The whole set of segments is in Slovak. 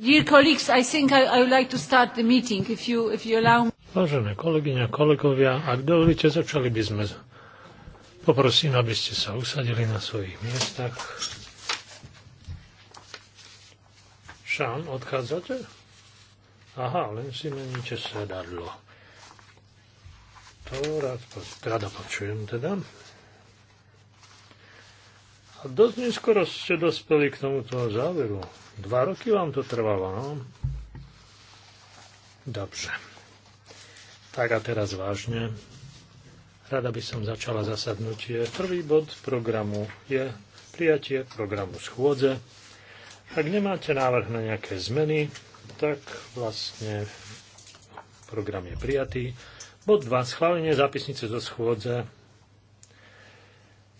Dear colleagues, I think I, I would like to start the meeting, if you, if you allow me. Vážené kolegyňa, kolegovia, ak dovolíte, začali by sme. Poprosím, aby ste sa usadili na svojich miestach. Šán, odchádzate? Aha, len si meníte sedadlo. To rád, rada počujem teda. A dosť neskoro ste dospeli k tomuto záveru. Dva roky vám to trvalo, no? Dobre. Tak a teraz vážne. Rada by som začala zasadnutie. Prvý bod programu je prijatie programu schôdze. Ak nemáte návrh na nejaké zmeny, tak vlastne program je prijatý. Bod 2. Schválenie zápisnice zo schôdze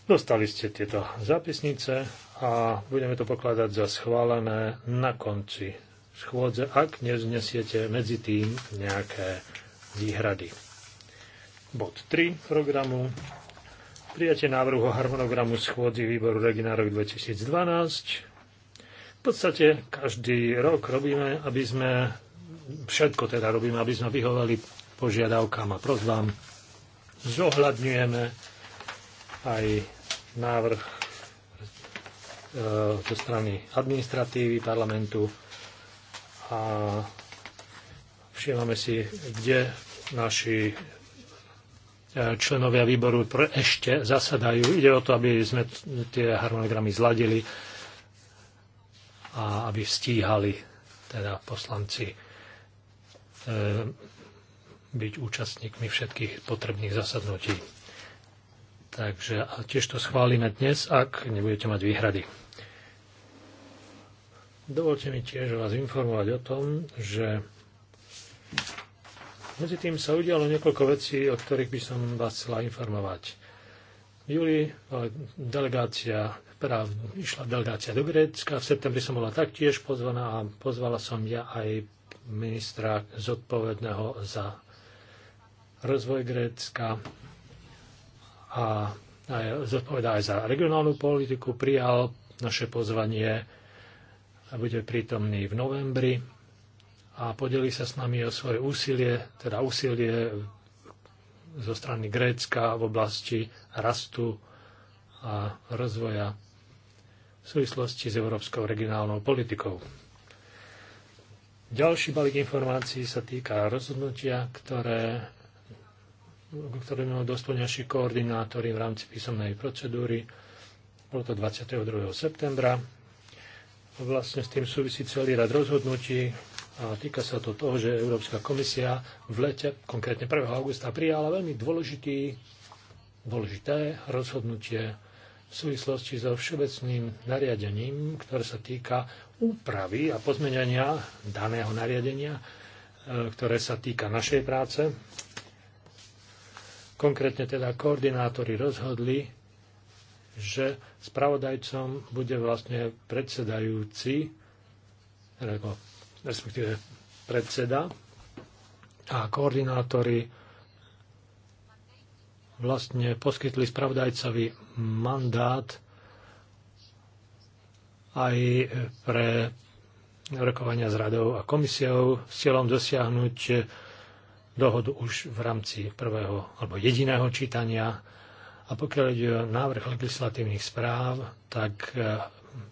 Dostali ste tieto zápisnice a budeme to pokladať za schválené na konci schôdze, ak neznesiete medzi tým nejaké výhrady. Bod 3 programu. Prijatie návrhu harmonogramu schôdzi výboru Regina rok 2012. V podstate každý rok robíme, aby sme všetko teda robíme, aby sme vyhovali požiadavkám a prozbám. Zohľadňujeme aj návrh e, zo strany administratívy parlamentu a všímame si, kde naši e, členovia výboru ešte zasadajú. Ide o to, aby sme tie harmonogramy zladili a aby stíhali teda poslanci e, byť účastníkmi všetkých potrebných zasadnutí. Takže a tiež to schválime dnes, ak nebudete mať výhrady. Dovolte mi tiež vás informovať o tom, že medzi tým sa udialo niekoľko vecí, o ktorých by som vás chcela informovať. V júli delegácia, práv, išla delegácia do Grécka, v septembri som bola taktiež pozvaná a pozvala som ja aj ministra zodpovedného za rozvoj Grécka a aj, zodpovedá aj za regionálnu politiku, prijal naše pozvanie a bude prítomný v novembri a podeli sa s nami o svoje úsilie, teda úsilie zo strany Grécka v oblasti rastu a rozvoja v súvislosti s európskou regionálnou politikou. Ďalší balík informácií sa týka rozhodnutia, ktoré ktoré mal dostať naši koordinátori v rámci písomnej procedúry. Bolo to 22. septembra. Vlastne s tým súvisí celý rad rozhodnutí a týka sa to toho, že Európska komisia v lete, konkrétne 1. augusta, prijala veľmi dôležitý, dôležité rozhodnutie v súvislosti so všeobecným nariadením, ktoré sa týka úpravy a pozmenenia daného nariadenia, e, ktoré sa týka našej práce Konkrétne teda koordinátori rozhodli, že spravodajcom bude vlastne predsedajúci, respektíve predseda a koordinátori vlastne poskytli spravodajcovi mandát aj pre rokovania s radou a komisiou s cieľom dosiahnuť dohodu už v rámci prvého alebo jediného čítania. A pokiaľ ide o návrh legislatívnych správ, tak e,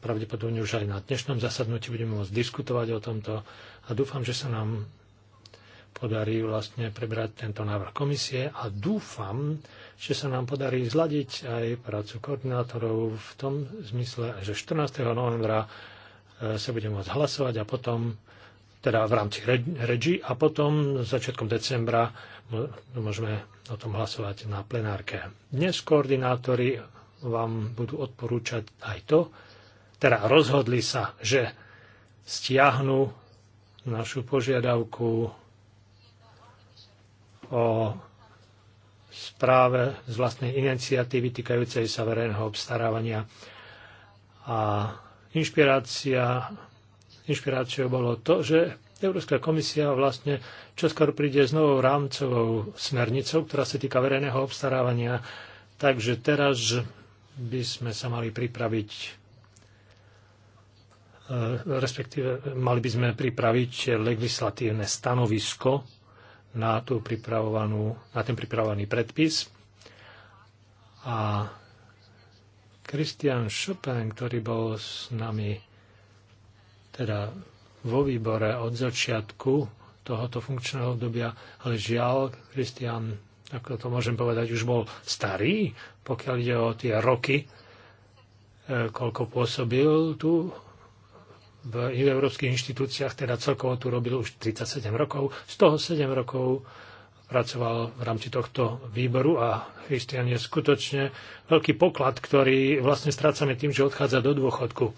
pravdepodobne už aj na dnešnom zasadnutí budeme môcť diskutovať o tomto a dúfam, že sa nám podarí vlastne prebrať tento návrh komisie a dúfam, že sa nám podarí zladiť aj prácu koordinátorov v tom zmysle, že 14. novembra e, sa bude môcť hlasovať a potom teda v rámci REGI a potom začiatkom decembra môžeme o tom hlasovať na plenárke. Dnes koordinátori vám budú odporúčať aj to, teda rozhodli sa, že stiahnu našu požiadavku o správe z vlastnej iniciatívy týkajúcej sa verejného obstarávania. A inšpirácia inšpiráciou bolo to, že Európska komisia vlastne čoskoro príde s novou rámcovou smernicou, ktorá sa týka verejného obstarávania. Takže teraz by sme sa mali pripraviť e, respektíve mali by sme pripraviť legislatívne stanovisko na, tú pripravovanú, na ten pripravovaný predpis. A Christian Chopin, ktorý bol s nami teda vo výbore od začiatku tohoto funkčného obdobia, ale žiaľ, Kristián, ako to môžem povedať, už bol starý, pokiaľ ide o tie roky, e, koľko pôsobil tu v európskych inštitúciách, teda celkovo tu robil už 37 rokov, z toho 7 rokov pracoval v rámci tohto výboru a Christian je skutočne veľký poklad, ktorý vlastne strácame tým, že odchádza do dôchodku.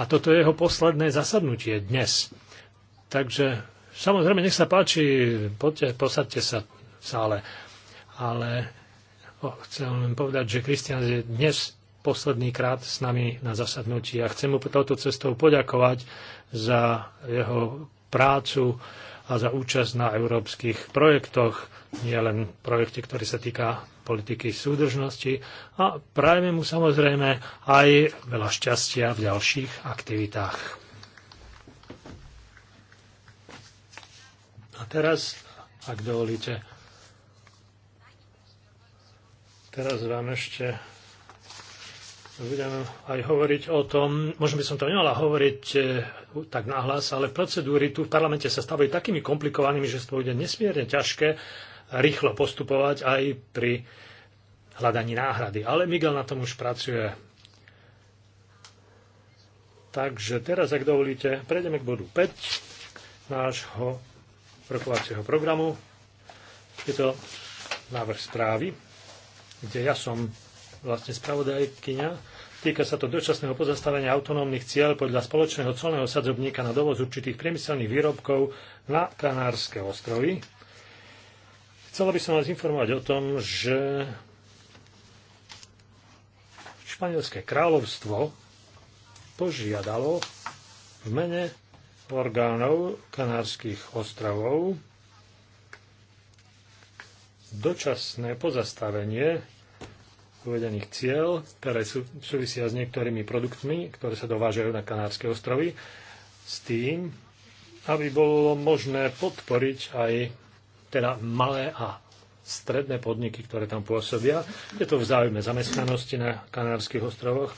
A toto je jeho posledné zasadnutie dnes. Takže samozrejme, nech sa páči, poďte, posadte sa v sále. Ale oh, chcem len povedať, že Kristian je dnes posledný krát s nami na zasadnutí a chcem mu touto cestou poďakovať za jeho prácu, a za účasť na európskych projektoch, nielen projekte, ktorý sa týka politiky súdržnosti a prajme mu samozrejme aj veľa šťastia v ďalších aktivitách. A teraz, ak dovolíte, teraz vám ešte budem aj hovoriť o tom, možno by som to nemala hovoriť e, tak nahlas, ale procedúry tu v parlamente sa stavujú takými komplikovanými, že to bude nesmierne ťažké rýchlo postupovať aj pri hľadaní náhrady. Ale Miguel na tom už pracuje. Takže teraz, ak dovolíte, prejdeme k bodu 5 nášho rokovacieho programu. Je to návrh správy, kde ja som vlastne spravodajkyňa Týka sa to dočasného pozastavenia autonómnych cieľ podľa spoločného colného sadzobníka na dovoz určitých priemyselných výrobkov na Kanárske ostrovy. Chcela by som vás informovať o tom, že Španielské kráľovstvo požiadalo v mene orgánov Kanárskych ostrovov dočasné pozastavenie uvedených cieľ, ktoré sú, súvisia s niektorými produktmi, ktoré sa dovážajú na Kanárske ostrovy, s tým, aby bolo možné podporiť aj teda malé a stredné podniky, ktoré tam pôsobia. Je to v záujme zamestnanosti na Kanárskych ostrovoch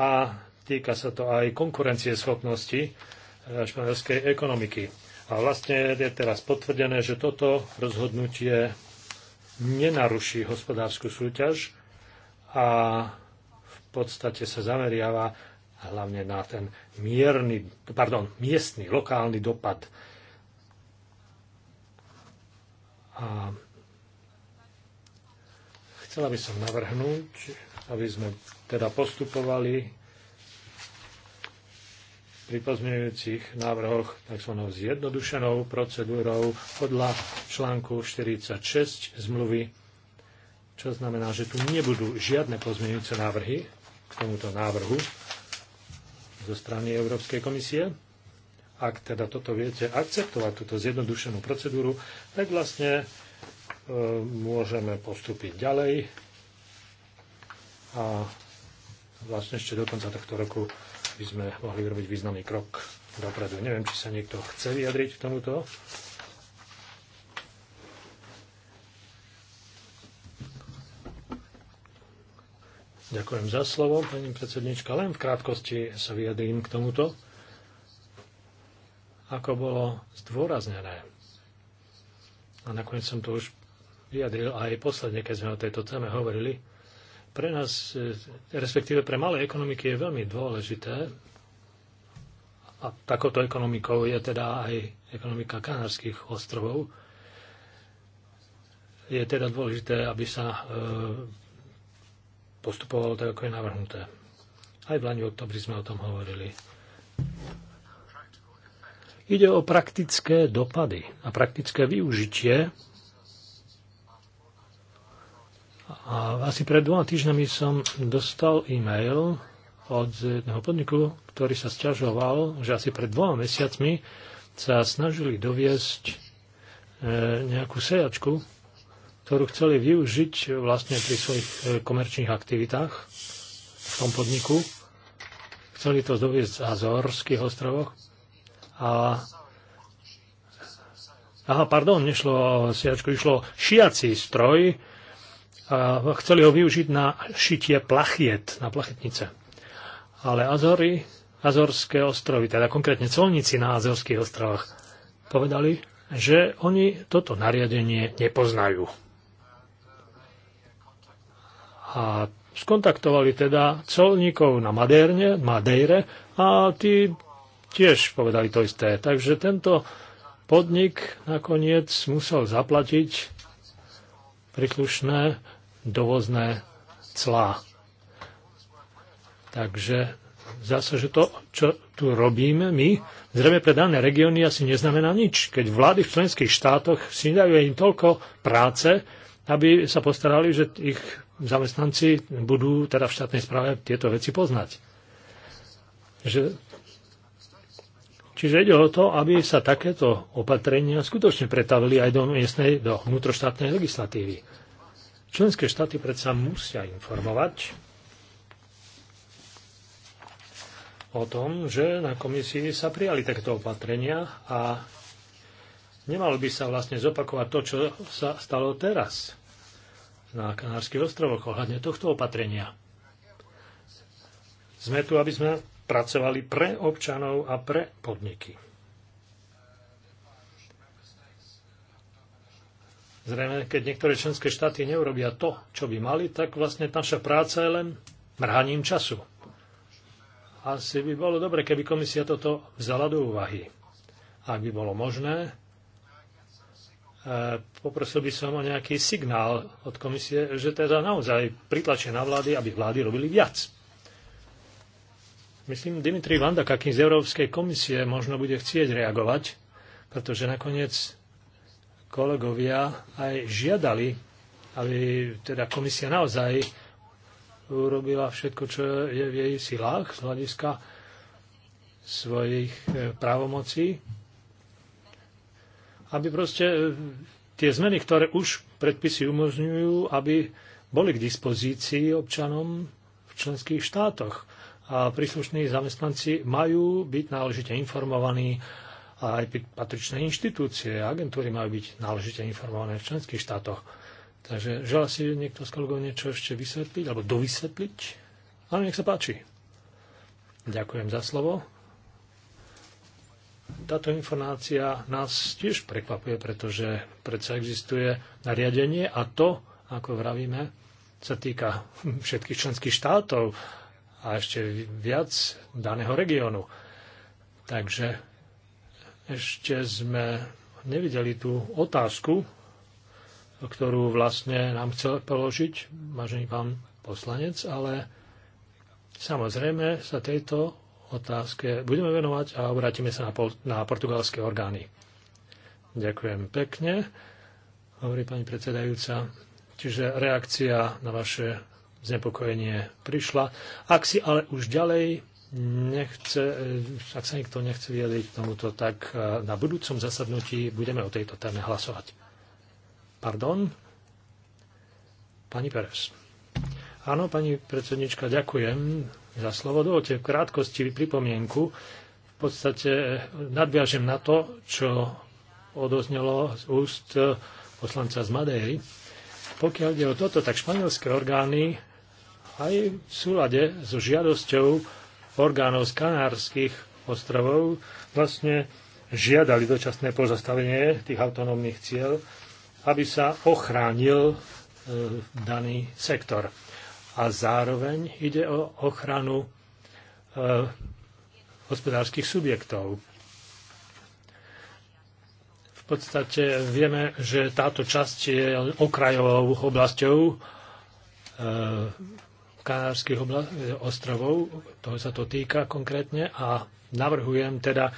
a týka sa to aj konkurencie schopnosti e, španielskej ekonomiky. A vlastne je teraz potvrdené, že toto rozhodnutie nenaruší hospodárskú súťaž a v podstate sa zameriava hlavne na ten mierny, pardon, miestny, lokálny dopad. A chcela by som navrhnúť, aby sme teda postupovali pri pozmeňujúcich návrhoch tzv. zjednodušenou procedúrou podľa článku 46 zmluvy čo znamená, že tu nebudú žiadne pozmeňujúce návrhy k tomuto návrhu zo strany Európskej komisie. Ak teda toto viete akceptovať, túto zjednodušenú procedúru, tak vlastne e, môžeme postúpiť ďalej a vlastne ešte do konca tohto roku by sme mohli urobiť významný krok dopredu. Neviem, či sa niekto chce vyjadriť k tomuto. Ďakujem za slovo, pani predsednička. Len v krátkosti sa vyjadrím k tomuto. Ako bolo zdôraznené, a nakoniec som to už vyjadril aj posledne, keď sme o tejto téme hovorili, pre nás, e, respektíve pre malé ekonomiky je veľmi dôležité, a takouto ekonomikou je teda aj ekonomika Kanárských ostrovov, je teda dôležité, aby sa e, postupovalo tak, ako je navrhnuté. Aj v Lani oktobri sme o tom hovorili. Ide o praktické dopady a praktické využitie. A asi pred dvoma týždňami som dostal e-mail od jedného podniku, ktorý sa sťažoval, že asi pred dvoma mesiacmi sa snažili doviesť e, nejakú sejačku ktorú chceli využiť vlastne pri svojich e, komerčných aktivitách v tom podniku. Chceli to doviezť z Azorských ostrovoch. A... Aha, pardon, nešlo o siačku, išlo šiací stroj. A chceli ho využiť na šitie plachiet, na plachetnice. Ale Azory, Azorské ostrovy, teda konkrétne colníci na Azorských ostrovoch, povedali, že oni toto nariadenie nepoznajú. A skontaktovali teda colníkov na Madérne, Madeire a tí tiež povedali to isté. Takže tento podnik nakoniec musel zaplatiť príslušné dovozné clá. Takže zase, že to, čo tu robíme my, zrejme pre dané regióny asi neznamená nič. Keď vlády v členských štátoch si dajú im toľko práce, aby sa postarali, že ich zamestnanci budú teda v štátnej správe tieto veci poznať. Že, čiže ide o to, aby sa takéto opatrenia skutočne pretavili aj do miestnej, do vnútroštátnej legislatívy. Členské štáty predsa musia informovať o tom, že na komisii sa prijali takéto opatrenia a nemalo by sa vlastne zopakovať to, čo sa stalo teraz na Kanárskych ostrovoch ohľadne tohto opatrenia. Sme tu, aby sme pracovali pre občanov a pre podniky. Zrejme, keď niektoré členské štáty neurobia to, čo by mali, tak vlastne naša práca je len mrhaním času. Asi by bolo dobre, keby komisia toto vzala do úvahy. Ak by bolo možné, poprosil by som o nejaký signál od komisie, že teda naozaj pritlačia na vlády, aby vlády robili viac. Myslím, Dimitri Vandakaký z Európskej komisie možno bude chcieť reagovať, pretože nakoniec kolegovia aj žiadali, aby teda komisia naozaj urobila všetko, čo je v jej silách z hľadiska svojich e, právomocí aby proste e, tie zmeny, ktoré už predpisy umožňujú, aby boli k dispozícii občanom v členských štátoch. A príslušní zamestnanci majú byť náležite informovaní a aj patričné inštitúcie a agentúry majú byť náležite informované v členských štátoch. Takže želá si niekto z kolegov niečo ešte vysvetliť alebo dovysvetliť? Áno, nech sa páči. Ďakujem za slovo táto informácia nás tiež prekvapuje, pretože predsa existuje nariadenie a to, ako vravíme, sa týka všetkých členských štátov a ešte viac daného regiónu. Takže ešte sme nevideli tú otázku, ktorú vlastne nám chcel položiť vážený pán poslanec, ale samozrejme sa tejto otázke budeme venovať a obrátime sa na, na portugalské orgány. Ďakujem pekne, hovorí pani predsedajúca. Čiže reakcia na vaše znepokojenie prišla. Ak si ale už ďalej nechce, ak sa nikto nechce vyjadriť k tomuto, tak eh, na budúcom zasadnutí budeme o tejto téme hlasovať. Pardon? Pani Perez. Áno, pani predsednička, ďakujem za slovo. Dovolte v krátkosti pripomienku. V podstate eh, nadviažem na to, čo odoznelo z úst eh, poslanca z Madéry. Pokiaľ ide o toto, tak španielské orgány aj v súlade so žiadosťou orgánov z Kanárskych ostrovov vlastne žiadali dočasné pozastavenie tých autonómnych cieľ, aby sa ochránil eh, daný sektor a zároveň ide o ochranu e, hospodárskych subjektov. V podstate vieme, že táto časť je okrajovou oblasťou e, Kanárskych obla- eh, ostrovov, toho sa to týka konkrétne a navrhujem teda,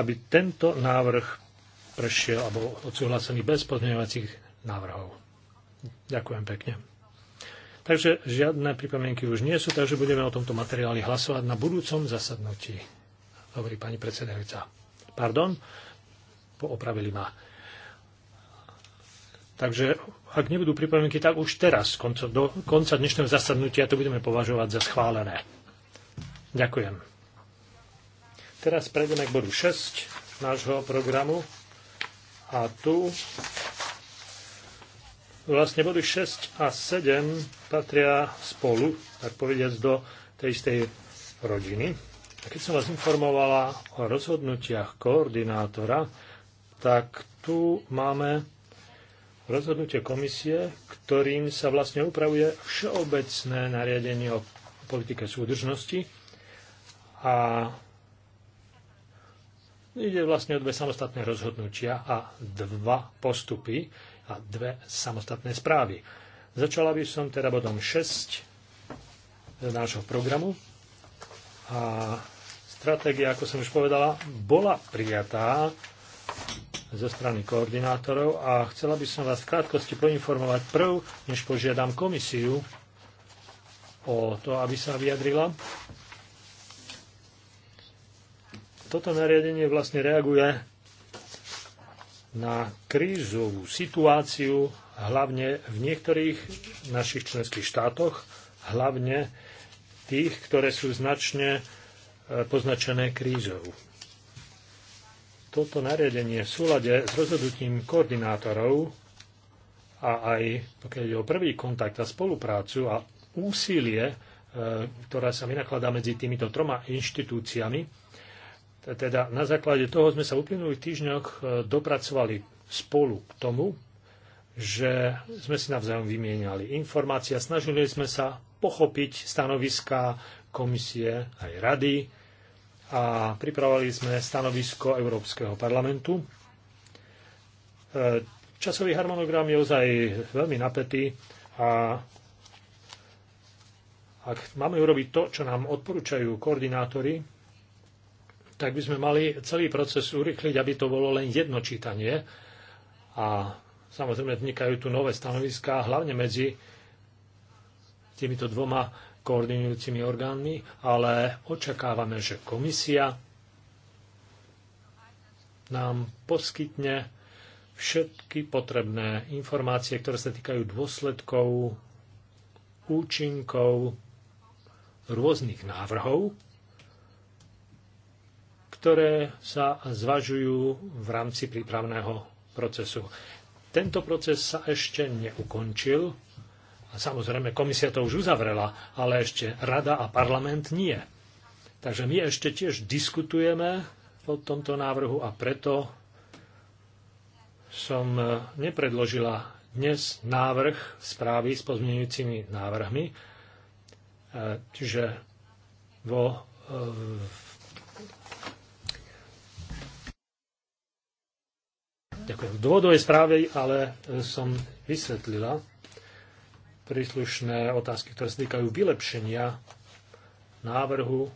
aby tento návrh prešiel alebo odsúhlasený bez pozmeňovacích návrhov. Ďakujem pekne. Takže žiadne pripomienky už nie sú, takže budeme o tomto materiáli hlasovať na budúcom zasadnutí. Hovorí pani predsedajúca. Pardon, poopravili ma. Takže ak nebudú pripomienky, tak už teraz, konco, do konca dnešného zasadnutia, to budeme považovať za schválené. Ďakujem. Teraz prejdeme k bodu 6 nášho programu. A tu vlastne body 6 a 7 patria spolu, tak povediať, do tej istej rodiny. A keď som vás informovala o rozhodnutiach koordinátora, tak tu máme rozhodnutie komisie, ktorým sa vlastne upravuje všeobecné nariadenie o politike súdržnosti a ide vlastne o dve samostatné rozhodnutia a dva postupy a dve samostatné správy. Začala by som teda bodom 6 nášho programu a stratégia, ako som už povedala, bola prijatá zo strany koordinátorov a chcela by som vás v krátkosti poinformovať prv, než požiadam komisiu o to, aby sa vyjadrila. Toto nariadenie vlastne reaguje na krízovú situáciu, hlavne v niektorých našich členských štátoch, hlavne tých, ktoré sú značne e, poznačené krízou. Toto nariadenie v súlade s rozhodnutím koordinátorov a aj pokiaľ ide o prvý kontakt a spoluprácu a úsilie, e, ktorá sa vynakladá medzi týmito troma inštitúciami, teda na základe toho sme sa v uplynulých týždňoch e, dopracovali spolu k tomu, že sme si navzájom vymieniali informácie a snažili sme sa pochopiť stanoviská komisie aj rady a pripravovali sme stanovisko Európskeho parlamentu. E, časový harmonogram je ozaj veľmi napätý a ak máme urobiť to, čo nám odporúčajú koordinátori, tak by sme mali celý proces urychliť, aby to bolo len jedno čítanie. A samozrejme vznikajú tu nové stanoviská, hlavne medzi týmito dvoma koordinujúcimi orgánmi, ale očakávame, že komisia nám poskytne všetky potrebné informácie, ktoré sa týkajú dôsledkov, účinkov rôznych návrhov ktoré sa zvažujú v rámci prípravného procesu. Tento proces sa ešte neukončil a samozrejme komisia to už uzavrela, ale ešte rada a parlament nie. Takže my ešte tiež diskutujeme o tomto návrhu a preto som nepredložila dnes návrh správy s pozmeňujúcimi návrhmi, e, čiže vo e, v Ďakujem. V dôvodovej správe ale e, som vysvetlila príslušné otázky, ktoré sa týkajú vylepšenia návrhu, e,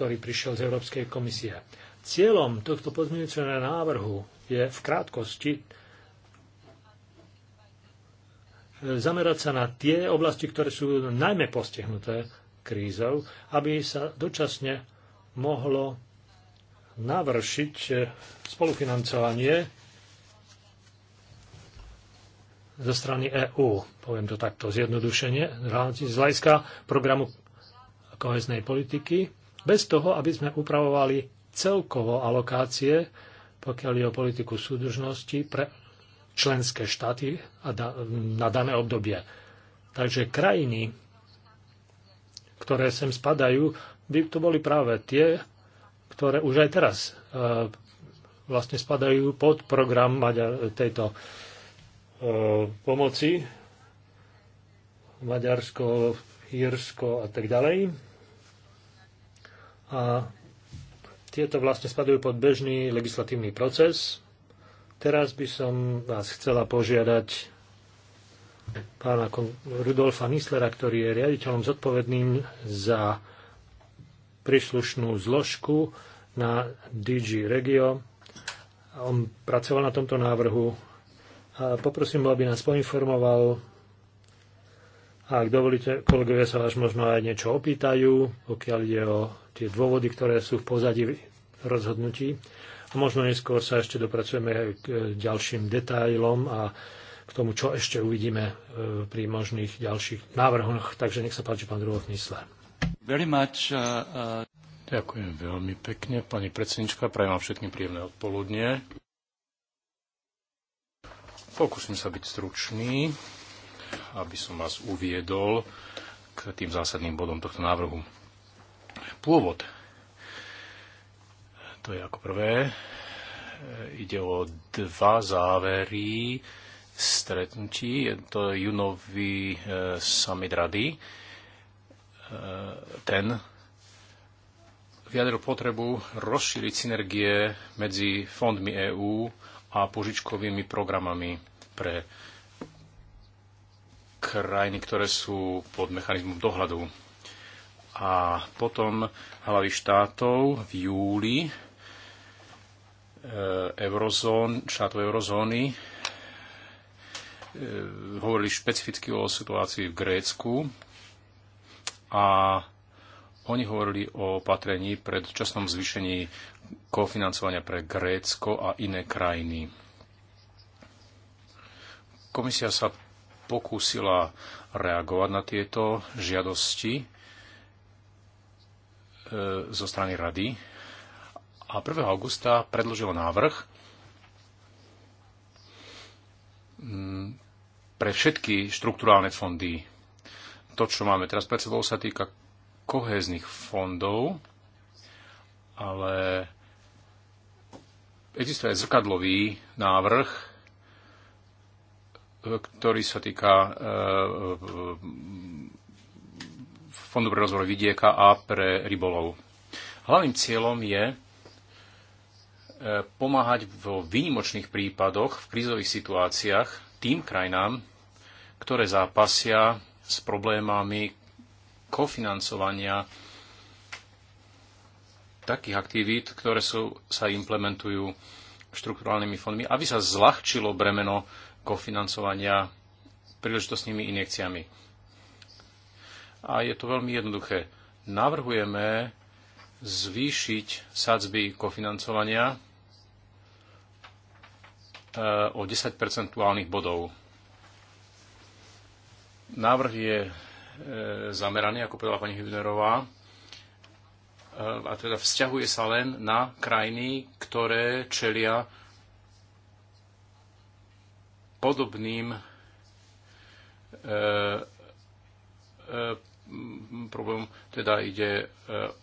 ktorý prišiel z Európskej komisie. Cieľom tohto pozmeňujúceho návrhu je v krátkosti e, zamerať sa na tie oblasti, ktoré sú najmä postihnuté krízou, aby sa dočasne mohlo navršiť e, spolufinancovanie zo strany EÚ, poviem to takto zjednodušenie, z hľadiska programu koheznej politiky, bez toho, aby sme upravovali celkovo alokácie, pokiaľ je o politiku súdržnosti pre členské štáty a da, na dané obdobie. Takže krajiny, ktoré sem spadajú, by to boli práve tie, ktoré už aj teraz e, vlastne spadajú pod program tejto e, pomoci Maďarsko, Írsko a tak ďalej. A tieto vlastne spadajú pod bežný legislatívny proces. Teraz by som vás chcela požiadať pána Rudolfa Nislera, ktorý je riaditeľom zodpovedným za príslušnú zložku na DG Regio. On pracoval na tomto návrhu a poprosím ho, aby nás poinformoval. A ak dovolíte, kolegovia sa vás možno aj niečo opýtajú, pokiaľ ide o tie dôvody, ktoré sú v pozadí rozhodnutí. A možno neskôr sa ešte dopracujeme aj k ďalším detailom a k tomu, čo ešte uvidíme e, pri možných ďalších návrhoch. Takže nech sa páči, pán Druhov Nisler. Uh, uh, Ďakujem veľmi pekne, pani predsednička. Prajem vám všetkým príjemné odpoludnie. Pokúsim sa byť stručný, aby som vás uviedol k tým zásadným bodom tohto návrhu. Pôvod. To je ako prvé. Ide o dva závery stretnutí. Je to junový eh, summit rady ten vyjadril potrebu rozšíriť synergie medzi fondmi EÚ a požičkovými programami pre krajiny, ktoré sú pod mechanizmom dohľadu. A potom hlavy štátov v júli e, eurozón, štátov eurozóny e, hovorili špecificky o situácii v Grécku a oni hovorili o opatrení pred časnom zvýšení kofinancovania pre Grécko a iné krajiny. Komisia sa pokúsila reagovať na tieto žiadosti e, zo strany rady a 1. augusta predložila návrh mm, pre všetky štruktúrálne fondy to, čo máme teraz pred sebou, sa týka kohéznych fondov, ale existuje aj zrkadlový návrh, ktorý sa týka eh, Fondu pre rozvoj vidieka a pre rybolov. Hlavným cieľom je eh, pomáhať vo výnimočných prípadoch, v krízových situáciách tým krajinám, ktoré zápasia s problémami kofinancovania takých aktivít, ktoré sú, sa implementujú štrukturálnymi fondmi, aby sa zľahčilo bremeno kofinancovania príležitostnými injekciami. A je to veľmi jednoduché. Navrhujeme zvýšiť sadzby kofinancovania e, o 10 percentuálnych bodov. Návrh je e, zameraný, ako povedala pani Hübnerová, e, a teda vzťahuje sa len na krajiny, ktoré čelia podobným e, problém, teda ide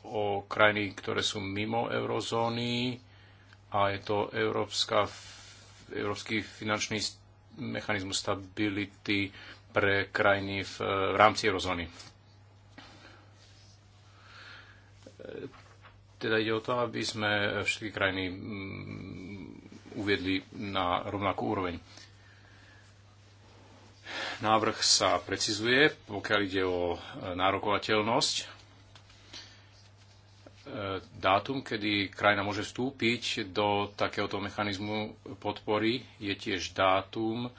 o krajiny, ktoré sú mimo eurozóny a je to európska, európsky finančný mechanizmus stability pre krajiny v, v rámci eurozóny. Teda ide o to, aby sme všetky krajiny mm, uviedli na rovnakú úroveň. Návrh sa precizuje, pokiaľ ide o e, nárokovateľnosť. E, dátum, kedy krajina môže vstúpiť do takéhoto mechanizmu podpory, je tiež dátum,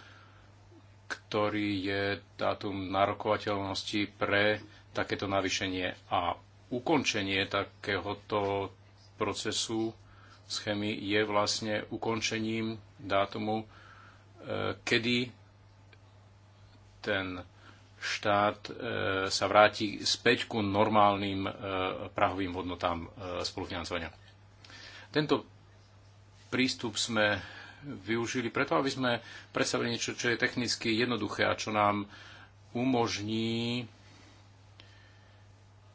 ktorý je dátum narokovateľnosti pre takéto navýšenie. A ukončenie takéhoto procesu schémy je vlastne ukončením dátumu, e, kedy ten štát e, sa vráti späť ku normálnym e, prahovým hodnotám spolufinancovania. Tento prístup sme využili preto, aby sme predstavili niečo, čo je technicky jednoduché a čo nám umožní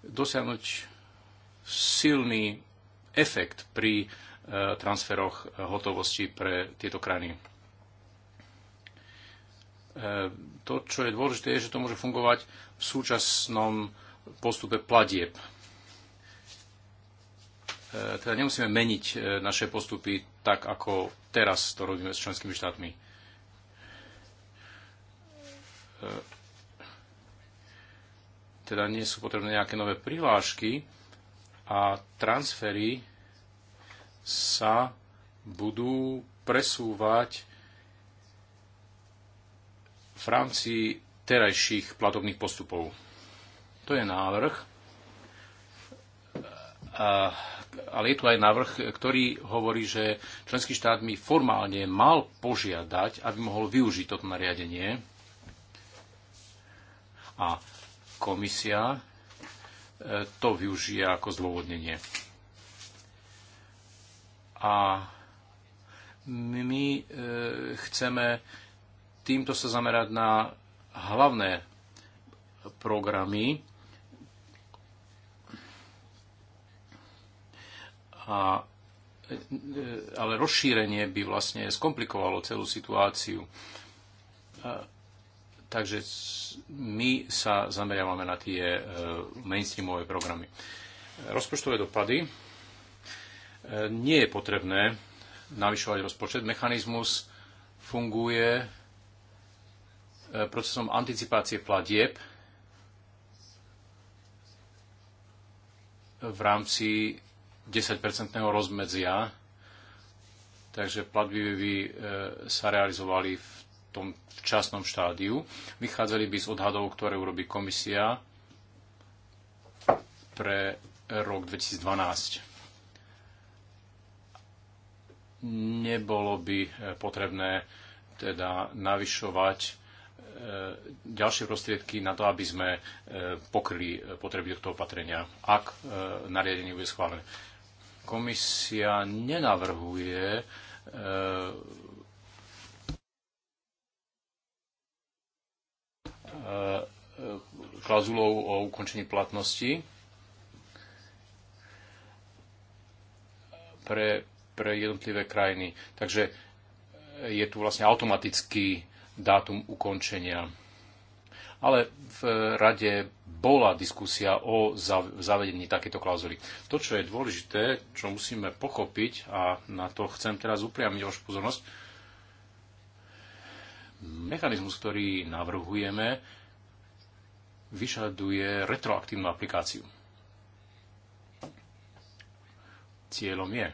dosiahnuť silný efekt pri e, transferoch hotovosti pre tieto krajiny. E, to, čo je dôležité, je, že to môže fungovať v súčasnom postupe platieb. E, teda nemusíme meniť naše postupy tak ako teraz to robíme s členskými štátmi. E, teda nie sú potrebné nejaké nové prihlášky a transfery sa budú presúvať v rámci terajších platobných postupov. To je návrh. E, ale je tu aj návrh, ktorý hovorí, že členský štát mi formálne mal požiadať, aby mohol využiť toto nariadenie. A komisia e, to využije ako zdôvodnenie. A my e, chceme týmto sa zamerať na hlavné programy, A, e, ale rozšírenie by vlastne skomplikovalo celú situáciu. A, takže my sa zameriavame na tie e, mainstreamové programy. Rozpočtové dopady. E, nie je potrebné navyšovať rozpočet. Mechanizmus funguje procesom anticipácie platieb v rámci 10-percentného rozmedzia, takže platby by e, sa realizovali v tom včasnom štádiu. Vychádzali by z odhadov, ktoré urobí komisia pre rok 2012. Nebolo by e, potrebné teda navyšovať e, ďalšie prostriedky na to, aby sme pokryli potreby tohto opatrenia, ak nariadenie bude schválené komisia nenavrhuje e, e, klauzulou o ukončení platnosti pre, pre jednotlivé krajiny. Takže je tu vlastne automatický dátum ukončenia ale v rade bola diskusia o zavedení takéto klauzuly. To, čo je dôležité, čo musíme pochopiť, a na to chcem teraz upriamiť vašu pozornosť, mechanizmus, ktorý navrhujeme, vyžaduje retroaktívnu aplikáciu. Cieľom je,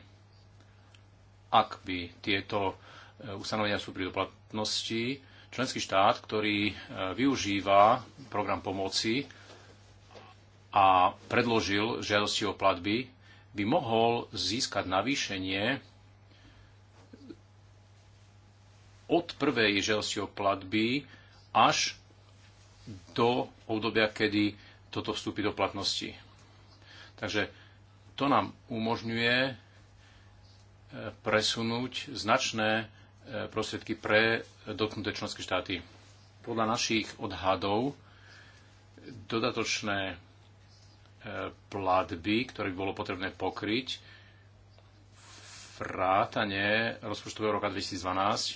ak by tieto e, ustanovenia sú pri doplatnosti, Členský štát, ktorý e, využíva program pomoci a predložil žiadosti o platby, by mohol získať navýšenie od prvej žiadosti o platby až do obdobia, kedy toto vstúpi do platnosti. Takže to nám umožňuje e, presunúť značné prostriedky pre dotknuté členské štáty. Podľa našich odhadov dodatočné e, platby, ktoré by bolo potrebné pokryť, vrátane rozpočtového roka 2012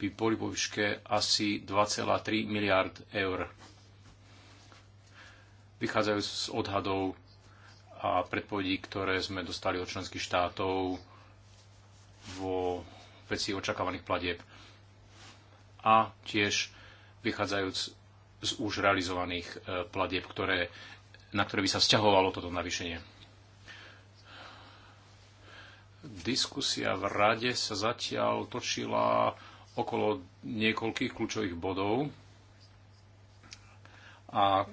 by boli po výške asi 2,3 miliard eur. Vychádzajú z odhadov a predpovedí, ktoré sme dostali od členských štátov vo veci očakávaných platieb a tiež vychádzajúc z už realizovaných e, platieb, ktoré, na ktoré by sa vzťahovalo toto navýšenie. Diskusia v rade sa zatiaľ točila okolo niekoľkých kľúčových bodov a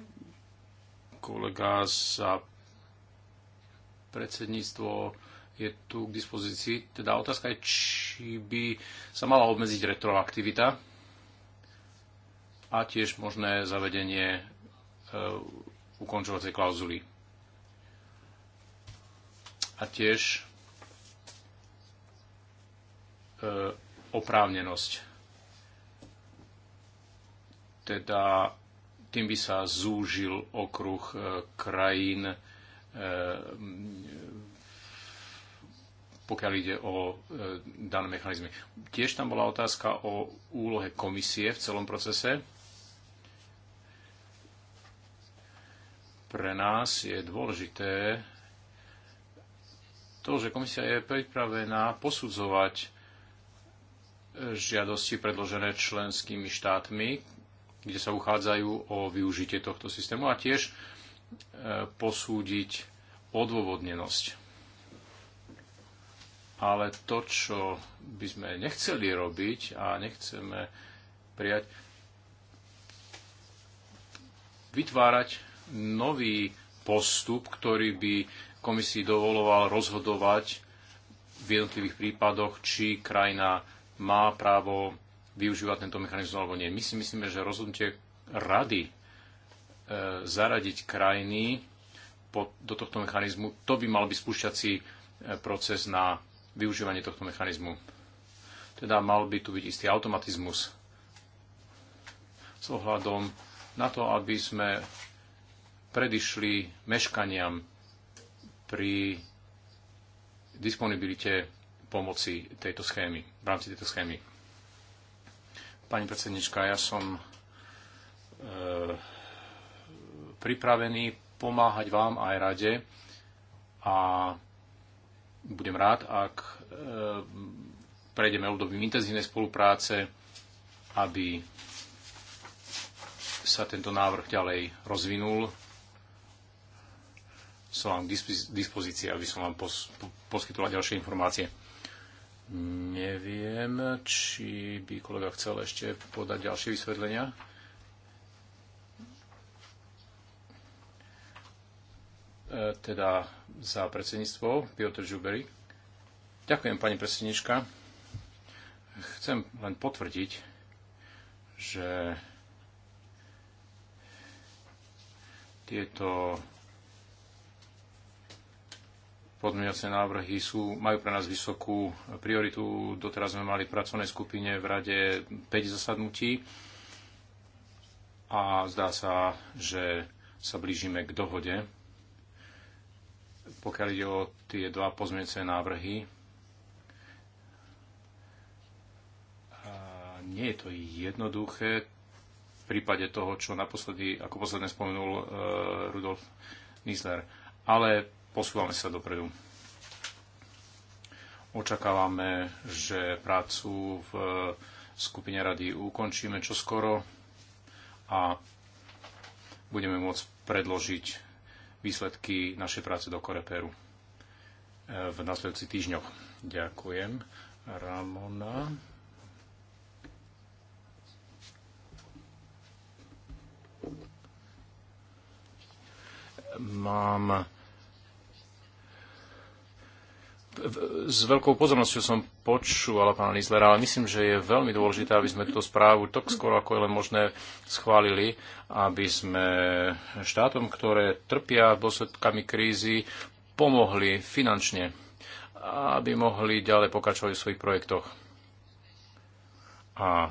kolega za predsedníctvo je tu k dispozícii. Teda otázka je, či by sa mala obmedziť retroaktivita a tiež možné zavedenie e, ukončovacej klauzuly. A tiež e, oprávnenosť. Teda tým by sa zúžil okruh e, krajín, e, pokiaľ ide o e, dané mechanizmy. Tiež tam bola otázka o úlohe komisie v celom procese. Pre nás je dôležité to, že komisia je pripravená posudzovať e, žiadosti predložené členskými štátmi, kde sa uchádzajú o využitie tohto systému a tiež e, posúdiť odôvodnenosť ale to, čo by sme nechceli robiť a nechceme prijať, vytvárať nový postup, ktorý by komisii dovoloval rozhodovať v jednotlivých prípadoch, či krajina má právo využívať tento mechanizmus alebo nie. My si myslíme, že rozhodnutie rady e, zaradiť krajiny pod, do tohto mechanizmu, to by mal byť spúšťací e, proces na využívanie tohto mechanizmu. Teda mal by tu byť istý automatizmus s ohľadom na to, aby sme predišli meškaniam pri disponibilite pomoci tejto schémy, v rámci tejto schémy. Pani predsednička, ja som e, pripravený pomáhať vám aj rade a budem rád, ak e, prejdeme obdobím intenzívnej spolupráce, aby sa tento návrh ďalej rozvinul. Som vám k dispozícii, aby som vám pos- poskytla ďalšie informácie. Neviem, či by kolega chcel ešte podať ďalšie vysvetlenia. E, teda za predsedníctvo, Piotr Žubery. Ďakujem, pani predsednička. Chcem len potvrdiť, že tieto podmienacné návrhy sú, majú pre nás vysokú prioritu. Doteraz sme mali v pracovnej skupine v rade 5 zasadnutí a zdá sa, že sa blížime k dohode pokiaľ ide o tie dva pozmeňujúce návrhy, nie je to jednoduché. V prípade toho, čo naposledy, ako posledne spomenul uh, Rudolf Nisler. Ale posúvame sa dopredu. Očakávame, že prácu v skupine rady ukončíme čoskoro a budeme môcť predložiť výsledky našej práce do Koreperu eh, v nasledujúcich týždňoch. Ďakujem. Ramona. Mám s veľkou pozornosťou som počúvala pána Nizlera, ale myslím, že je veľmi dôležité, aby sme túto správu tak skoro ako je len možné schválili, aby sme štátom, ktoré trpia dôsledkami krízy, pomohli finančne, aby mohli ďalej pokračovať v svojich projektoch. A e,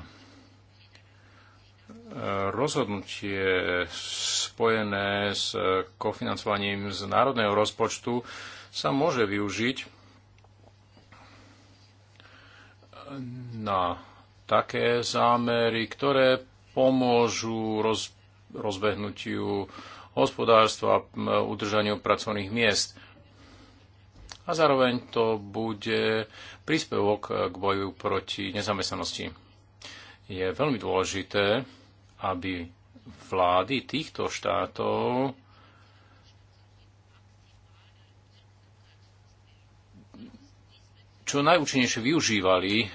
rozhodnutie spojené s kofinancovaním z národného rozpočtu sa môže využiť na také zámery, ktoré pomôžu roz, rozbehnutiu hospodárstva, udržaniu pracovných miest. A zároveň to bude príspevok k boju proti nezamestnanosti. Je veľmi dôležité, aby vlády týchto štátov čo najúčinnejšie využívali e,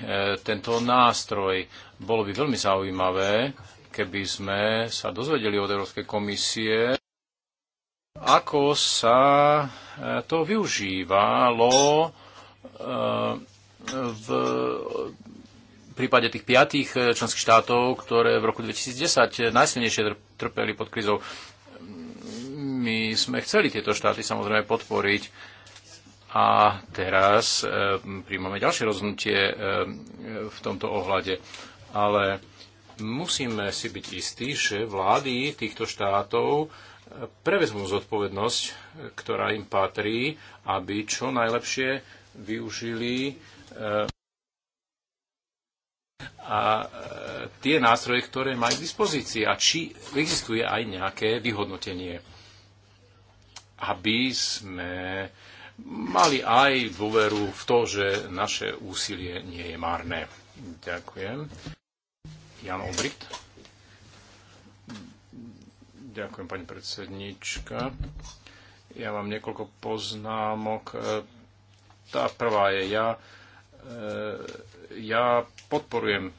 tento nástroj. Bolo by veľmi zaujímavé, keby sme sa dozvedeli od Európskej komisie, ako sa e, to využívalo e, v prípade tých piatých členských štátov, ktoré v roku 2010 najsilnejšie trpeli pod krizou. My sme chceli tieto štáty samozrejme podporiť a teraz e, príjmame ďalšie rozhodnutie e, v tomto ohľade. Ale musíme si byť istí, že vlády týchto štátov e, prevezmú zodpovednosť, ktorá im patrí, aby čo najlepšie využili e, a e, tie nástroje, ktoré majú k dispozícii a či existuje aj nejaké vyhodnotenie, aby sme mali aj dôveru v to, že naše úsilie nie je márne. Ďakujem. Jan Obrit. Ďakujem, pani predsednička. Ja mám niekoľko poznámok. Tá prvá je ja. E, ja podporujem e,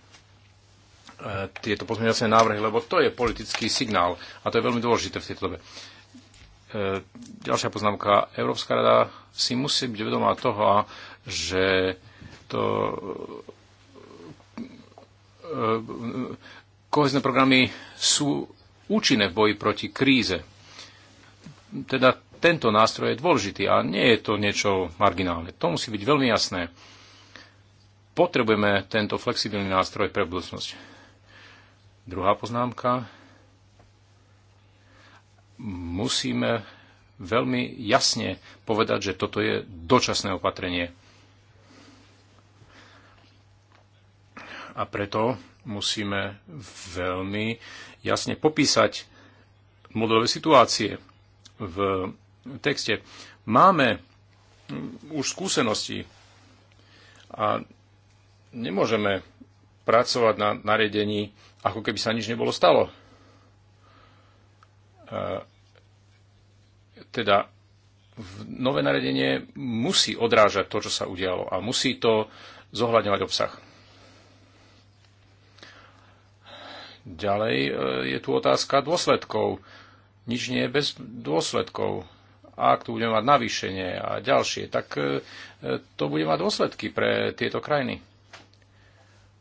tieto pozmeňovacie návrhy, lebo to je politický signál a to je veľmi dôležité v tejto dobe. E, ďalšia poznámka. Európska rada si musí byť vedomá toho, že to e, kohezné programy sú účinné v boji proti kríze. Teda tento nástroj je dôležitý a nie je to niečo marginálne. To musí byť veľmi jasné. Potrebujeme tento flexibilný nástroj pre budúcnosť. Druhá poznámka musíme veľmi jasne povedať, že toto je dočasné opatrenie. A preto musíme veľmi jasne popísať modelové situácie v texte. Máme už skúsenosti a nemôžeme pracovať na nariadení, ako keby sa nič nebolo stalo. E, teda nové naredenie musí odrážať to, čo sa udialo a musí to zohľadňovať obsah. Ďalej e, je tu otázka dôsledkov. Nič nie je bez dôsledkov. Ak tu budeme mať navýšenie a ďalšie, tak e, to bude mať dôsledky pre tieto krajiny.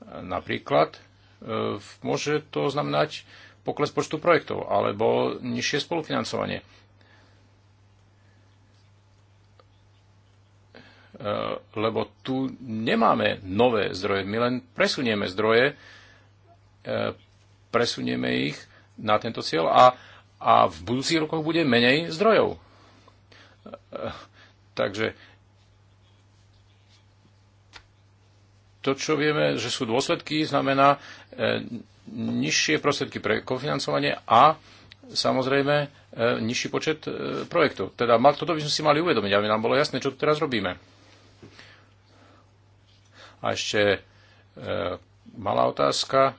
Napríklad môže to znamenať pokles počtu projektov alebo nižšie spolufinancovanie. E, lebo tu nemáme nové zdroje, my len presunieme zdroje, e, presunieme ich na tento cieľ a, a v budúcich rokoch bude menej zdrojov. E, takže to, čo vieme, že sú dôsledky, znamená nižšie prostriedky pre kofinancovanie a samozrejme e, nižší počet e, projektov. Teda toto by sme si mali uvedomiť, aby nám bolo jasné, čo tu teraz robíme. A ešte e, malá otázka.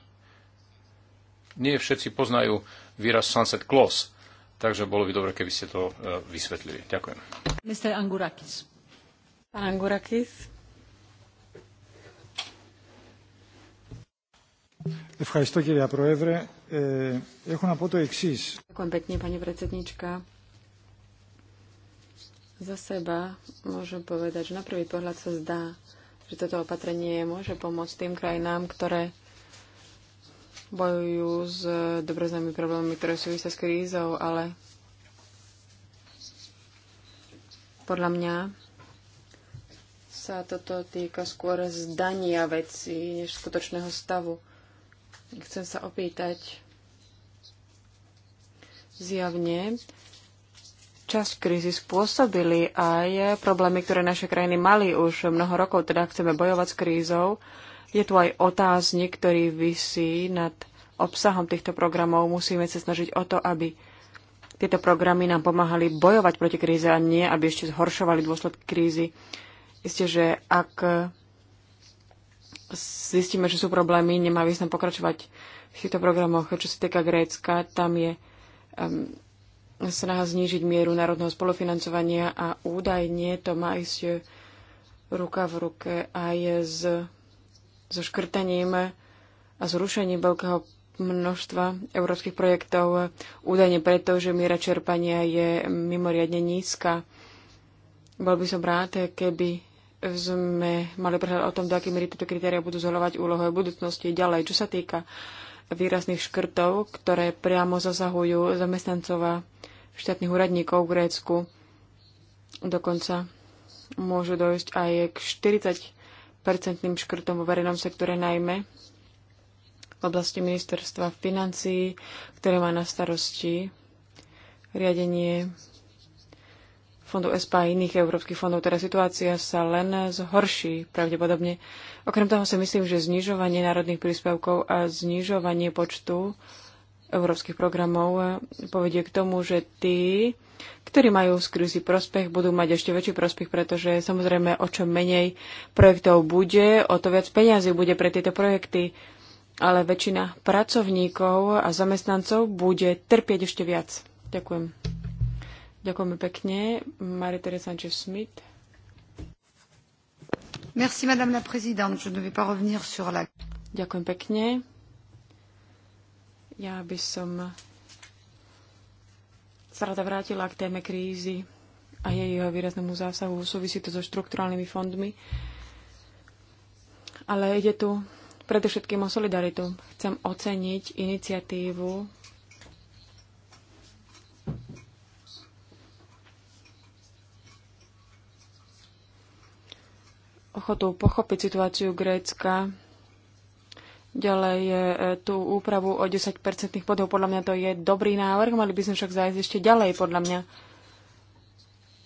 Nie všetci poznajú výraz sunset clause, takže bolo by dobre, keby ste to vysvetlili. Ďakujem. Mr. Angurakis. Pán Angurakis. Ευχαριστώ κυρία Πρόεδρε. Ε, έχω να πω το Ďakujem pekne, pani predsednička. Za seba môžem povedať, že na prvý pohľad sa zdá, že toto opatrenie môže pomôcť tým krajinám, ktoré bojujú s dobroznými problémami, ktoré súvisia s krízou, ale podľa mňa sa toto týka skôr zdania vecí, než skutočného stavu. Chcem sa opýtať, zjavne časť krízy spôsobili aj problémy, ktoré naše krajiny mali už mnoho rokov, teda chceme bojovať s krízou. Je tu aj otáznik, ktorý vysí nad obsahom týchto programov. Musíme sa snažiť o to, aby tieto programy nám pomáhali bojovať proti kríze a nie, aby ešte zhoršovali dôsledky krízy. Isté, že ak zistíme, že sú problémy, nemá význam pokračovať v týchto programoch. Čo sa týka Grécka, tam je um, snaha znížiť mieru národného spolufinancovania a údajne to má ísť ruka v ruke aj s, so škrtaním a zrušením veľkého množstva európskych projektov, údajne preto, že miera čerpania je mimoriadne nízka. Bol by som rád, keby sme mali prehľad o tom, do akej miery tieto kritéria budú zhľovať úlohu v budúcnosti ďalej. Čo sa týka výrazných škrtov, ktoré priamo zasahujú zamestnancov a štátnych úradníkov v Grécku, dokonca môžu dojsť aj k 40-percentným škrtom vo verejnom sektore najmä v oblasti ministerstva financí, ktoré má na starosti riadenie fondu ESPA a iných európskych fondov, teda situácia sa len zhorší pravdepodobne. Okrem toho si myslím, že znižovanie národných príspevkov a znižovanie počtu európskych programov povedie k tomu, že tí, ktorí majú z krízy prospech, budú mať ešte väčší prospech, pretože samozrejme o čo menej projektov bude, o to viac peniazy bude pre tieto projekty, ale väčšina pracovníkov a zamestnancov bude trpieť ešte viac. Ďakujem. Ďakujeme pekne. Marie-Thérèse Sanchez-Smith. Merci, madame la présidente. Je ne vais pas revenir sur la... Ďakujem pekne. Ja by som sa rada vrátila k téme krízy a jej jeho výraznému zásahu. Súvisí to so štrukturálnymi fondmi. Ale ide tu predovšetkým o solidaritu. Chcem oceniť iniciatívu ochotu pochopiť situáciu Grécka. Ďalej je e, tú úpravu o 10 bodov. Podľa mňa to je dobrý návrh, mali by sme však zájsť ešte ďalej, podľa mňa.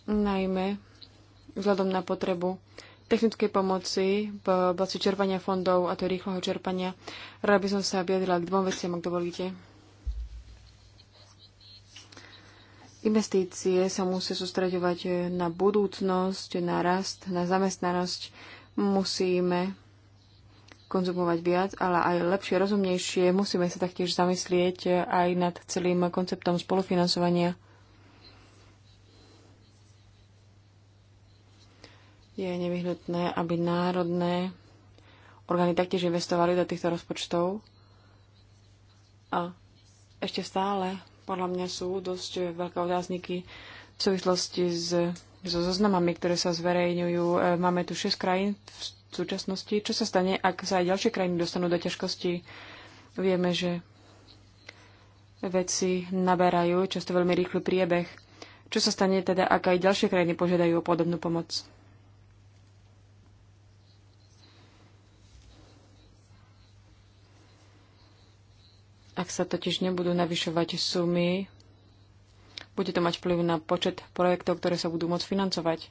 Najmä vzhľadom na potrebu technickej pomoci v oblasti čerpania fondov a to rýchleho čerpania. Rada by som sa vyjadrila k dvom veciam, ak dovolíte. Investície sa musia sústreďovať na budúcnosť, na rast, na zamestnanosť. Musíme konzumovať viac, ale aj lepšie, rozumnejšie. Musíme sa taktiež zamyslieť aj nad celým konceptom spolufinancovania. Je nevyhnutné, aby národné orgány taktiež investovali do týchto rozpočtov. A ešte stále podľa mňa sú dosť veľké otázniky v súvislosti s, so zoznamami, ktoré sa zverejňujú. E, máme tu 6 krajín v súčasnosti. Čo sa stane, ak sa aj ďalšie krajiny dostanú do ťažkosti? Vieme, že veci naberajú často veľmi rýchly priebeh. Čo sa stane teda, ak aj ďalšie krajiny požiadajú o podobnú pomoc? Ak sa totiž nebudú navyšovať sumy, bude to mať vplyv na počet projektov, ktoré sa budú môcť financovať.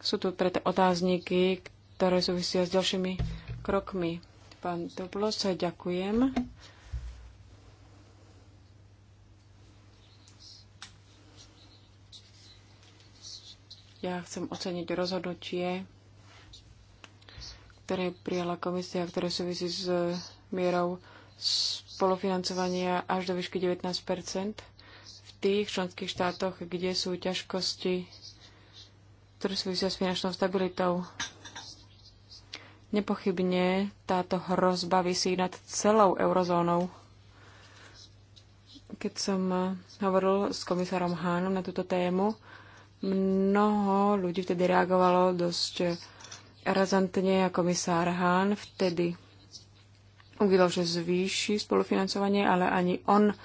Sú tu preto otázniky, ktoré súvisia s ďalšími krokmi. Pán Toplos, ďakujem. Ja chcem oceniť rozhodnutie, ktoré prijala komisia, ktoré súvisí s mierou spolufinancovania až do výšky 19 v tých členských štátoch, kde sú ťažkosti, ktoré súvisia s finančnou stabilitou. Nepochybne táto hrozba vysí nad celou eurozónou. Keď som hovoril s komisárom Hánom na túto tému, mnoho ľudí vtedy reagovalo dosť razantne a komisár Hahn vtedy uvidel, že zvýši spolufinancovanie, ale ani on um,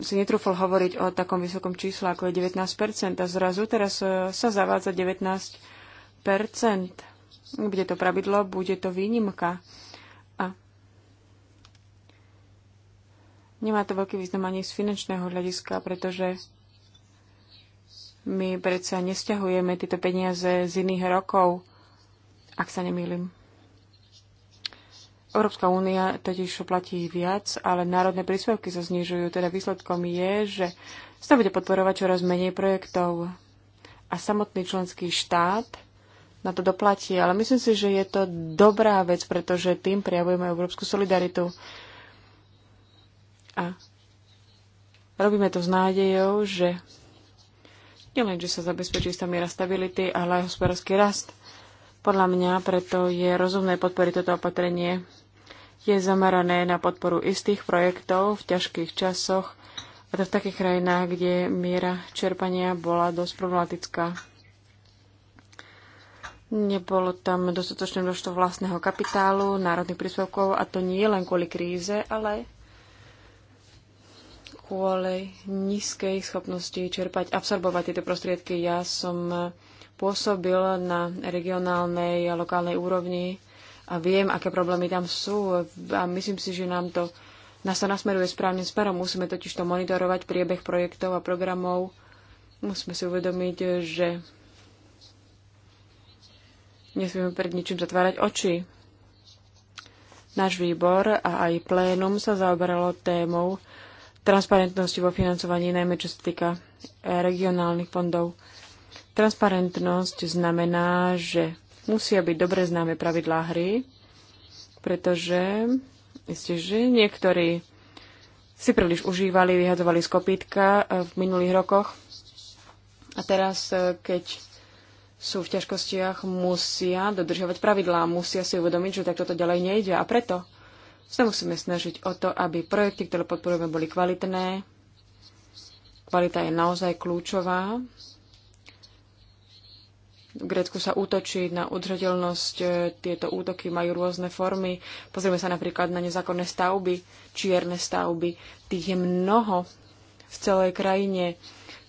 si netrúfal hovoriť o takom vysokom čísle, ako je 19%. A zrazu teraz uh, sa zavádza 19%. Bude to pravidlo, bude to výnimka. A nemá to veľký význam ani z finančného hľadiska, pretože my predsa nesťahujeme tieto peniaze z iných rokov, ak sa nemýlim. Európska únia totiž platí viac, ale národné príspevky sa znižujú. Teda výsledkom je, že sa bude podporovať čoraz menej projektov. A samotný členský štát na to doplatí. Ale myslím si, že je to dobrá vec, pretože tým prijavujeme európsku solidaritu. A robíme to s nádejou, že nielen, že sa zabezpečí istá miera stability, ale aj hospodársky rast. Podľa mňa preto je rozumné podporiť toto opatrenie je zamerané na podporu istých projektov v ťažkých časoch, a to v takých krajinách, kde miera čerpania bola dosť problematická. Nebolo tam dostatočné množstvo vlastného kapitálu, národných príspevkov a to nie len kvôli kríze, ale kvôli nízkej schopnosti čerpať, absorbovať tieto prostriedky. Ja som pôsobil na regionálnej a lokálnej úrovni a viem, aké problémy tam sú a myslím si, že nám to nás sa nasmeruje správnym smerom. Musíme totiž to monitorovať priebeh projektov a programov. Musíme si uvedomiť, že nesmieme pred ničím zatvárať oči. Náš výbor a aj plénum sa zaoberalo témou transparentnosti vo financovaní, najmä čo sa týka eh, regionálnych fondov. Transparentnosť znamená, že musia byť dobre známe pravidlá hry, pretože ste, že niektorí si príliš užívali, vyhadovali z kopítka e, v minulých rokoch a teraz, e, keď sú v ťažkostiach, musia dodržiavať pravidlá, musia si uvedomiť, že takto to ďalej nejde a preto sa musíme snažiť o to, aby projekty, ktoré podporujeme, boli kvalitné. Kvalita je naozaj kľúčová v Grécku sa útočí na udržateľnosť. E, tieto útoky majú rôzne formy. Pozrieme sa napríklad na nezákonné stavby, čierne stavby. Tých je mnoho v celej krajine.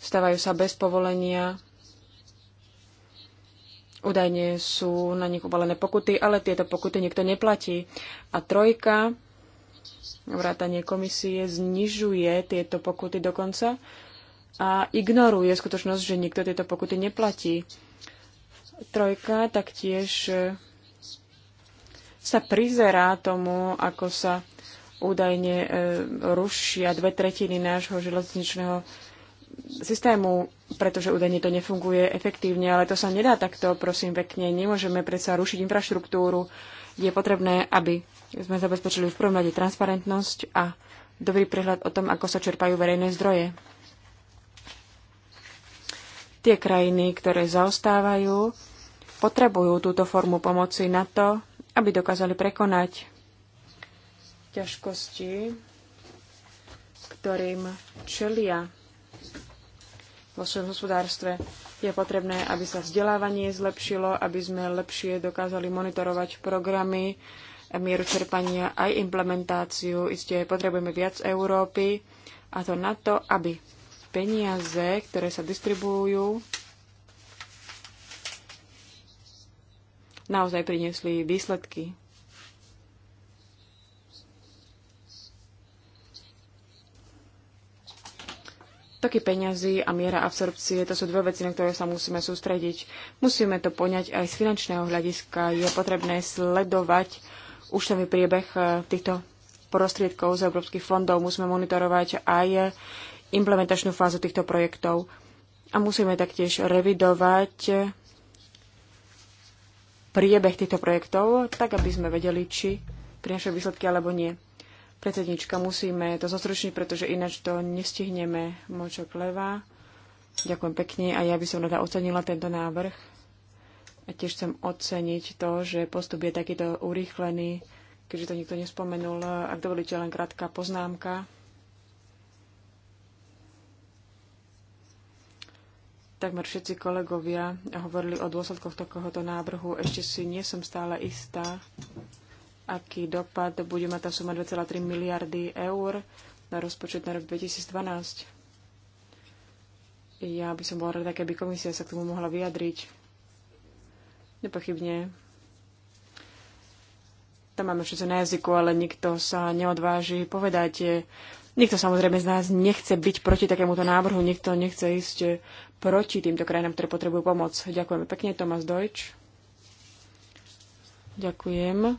Stavajú sa bez povolenia. Údajne sú na nich uvalené pokuty, ale tieto pokuty nikto neplatí. A trojka, vrátanie komisie, znižuje tieto pokuty dokonca a ignoruje skutočnosť, že nikto tieto pokuty neplatí Trojka taktiež e, sa prizerá tomu, ako sa údajne e, rušia dve tretiny nášho železničného systému, pretože údajne to nefunguje efektívne, ale to sa nedá takto, prosím pekne. Nemôžeme predsa rušiť infraštruktúru. Je potrebné, aby sme zabezpečili v prvom rade transparentnosť a dobrý prehľad o tom, ako sa čerpajú verejné zdroje. Tie krajiny, ktoré zaostávajú, potrebujú túto formu pomoci na to, aby dokázali prekonať ťažkosti, ktorým čelia vo svojom hospodárstve. Je potrebné, aby sa vzdelávanie zlepšilo, aby sme lepšie dokázali monitorovať programy, mieru čerpania aj implementáciu. Isté potrebujeme viac Európy a to na to, aby peniaze, ktoré sa distribujú, naozaj priniesli výsledky. Toky peňazí a miera absorpcie, to sú dve veci, na ktoré sa musíme sústrediť. Musíme to poňať aj z finančného hľadiska. Je potrebné sledovať už ten priebeh eh, týchto prostriedkov z európskych fondov. Musíme monitorovať aj implementačnú fázu týchto projektov. A musíme taktiež revidovať priebeh týchto projektov, tak aby sme vedeli, či prinašajú výsledky alebo nie. Predsednička, musíme to zostručniť, pretože ináč to nestihneme. Močok leva. Ďakujem pekne a ja by som rada ocenila tento návrh. A tiež chcem oceniť to, že postup je takýto urýchlený, keďže to nikto nespomenul. Ak dovolíte, len krátka poznámka. Takmer všetci kolegovia hovorili o dôsledkoch takéhoto návrhu. Ešte si nie som stále istá, aký dopad bude mať tá suma 2,3 miliardy eur na rozpočet na rok 2012. Ja by som bola rada, keby komisia sa k tomu mohla vyjadriť. Nepochybne. Tam máme všetko na jazyku, ale nikto sa neodváži povedať. Nikto samozrejme z nás nechce byť proti takémuto návrhu, nikto nechce ísť proti týmto krajinám, ktoré potrebujú pomoc. Ďakujeme pekne, Tomás Dojč. Ďakujem.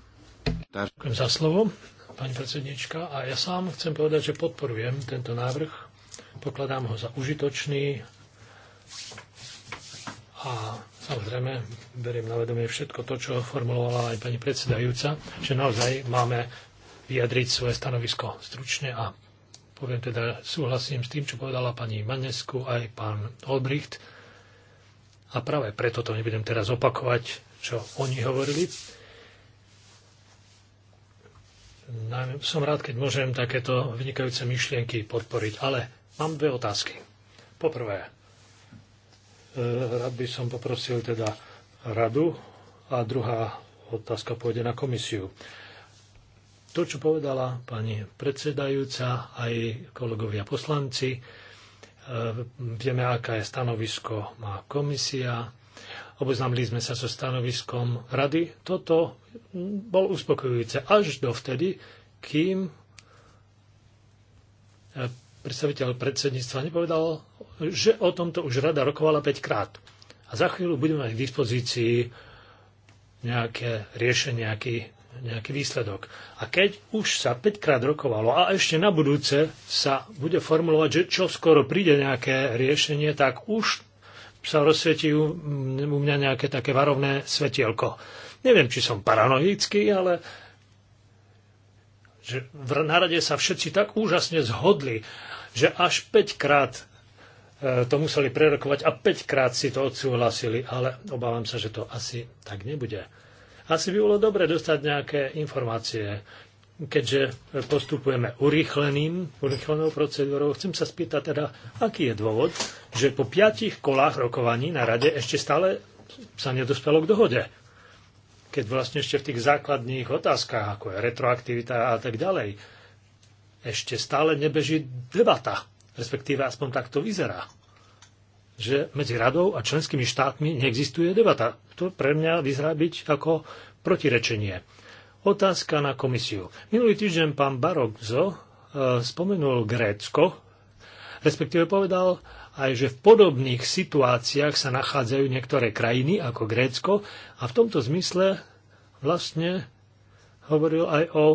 Ďakujem za slovo, pani predsednička. A ja sám chcem povedať, že podporujem tento návrh. Pokladám ho za užitočný a samozrejme beriem na vedomie všetko to, čo formulovala aj pani predsedajúca, že naozaj máme vyjadriť svoje stanovisko stručne a Poviem teda, súhlasím s tým, čo povedala pani Manesku aj pán Olbricht. A práve preto to nebudem teraz opakovať, čo oni hovorili. Som rád, keď môžem takéto vynikajúce myšlienky podporiť, ale mám dve otázky. Poprvé, e, rád by som poprosil teda radu a druhá otázka pôjde na komisiu to, čo povedala pani predsedajúca, aj kolegovia poslanci, e, vieme, aká je stanovisko má komisia, oboznámili sme sa so stanoviskom rady. Toto bol uspokojujúce až dovtedy, kým e, predstaviteľ predsedníctva nepovedal, že o tomto už rada rokovala 5 krát. A za chvíľu budeme mať k dispozícii nejaké riešenie, nejaký nejaký výsledok. A keď už sa 5 krát rokovalo a ešte na budúce sa bude formulovať, že čo skoro príde nejaké riešenie, tak už sa rozsvietí u mňa nejaké také varovné svetielko. Neviem, či som paranoický, ale že v narade sa všetci tak úžasne zhodli, že až 5 krát e, to museli prerokovať a 5 krát si to odsúhlasili, ale obávam sa, že to asi tak nebude. Asi by bolo dobre dostať nejaké informácie, keďže postupujeme urýchleným, urýchlenou procedúrou. Chcem sa spýtať teda, aký je dôvod, že po piatich kolách rokovaní na rade ešte stále sa nedospelo k dohode keď vlastne ešte v tých základných otázkach, ako je retroaktivita a tak ďalej, ešte stále nebeží debata, respektíve aspoň tak to vyzerá že medzi radou a členskými štátmi neexistuje debata. To pre mňa vyzerá byť ako protirečenie. Otázka na komisiu. Minulý týždeň pán Barokzo e, spomenul Grécko, respektíve povedal aj, že v podobných situáciách sa nachádzajú niektoré krajiny ako Grécko a v tomto zmysle vlastne hovoril aj o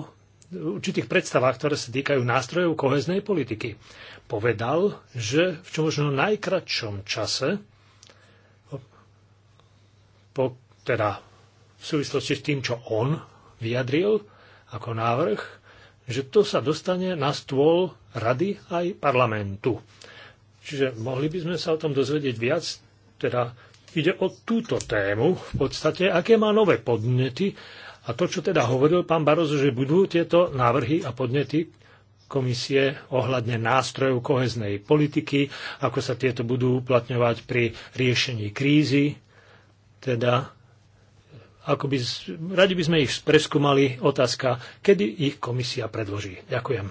určitých predstavách, ktoré sa týkajú nástrojov koheznej politiky. Povedal, že v čo možno najkračšom čase, po, teda v súvislosti s tým, čo on vyjadril ako návrh, že to sa dostane na stôl rady aj parlamentu. Čiže mohli by sme sa o tom dozvedieť viac, teda ide o túto tému v podstate, aké má nové podnety a to, čo teda hovoril pán Barozo, že budú tieto návrhy a podnety komisie ohľadne nástrojov koheznej politiky, ako sa tieto budú uplatňovať pri riešení krízy, teda ako by, radi by sme ich preskúmali otázka, kedy ich komisia predloží. Ďakujem.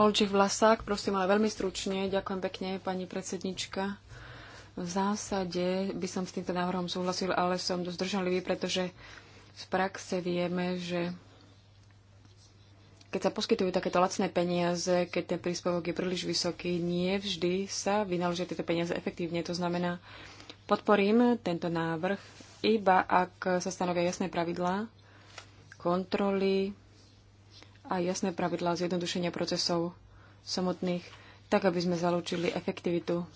Olčich Vlasák, prosím, ale veľmi stručne. Ďakujem pekne, pani predsednička. V zásade by som s týmto návrhom súhlasil, ale som dosť zdržanlivý, pretože z praxe vieme, že keď sa poskytujú takéto lacné peniaze, keď ten príspevok je príliš vysoký, nie vždy sa vynaložia tieto peniaze efektívne. To znamená, podporím tento návrh iba ak sa stanovia jasné pravidlá, kontroly a jasné pravidlá zjednodušenia procesov samotných, tak aby sme zalúčili efektivitu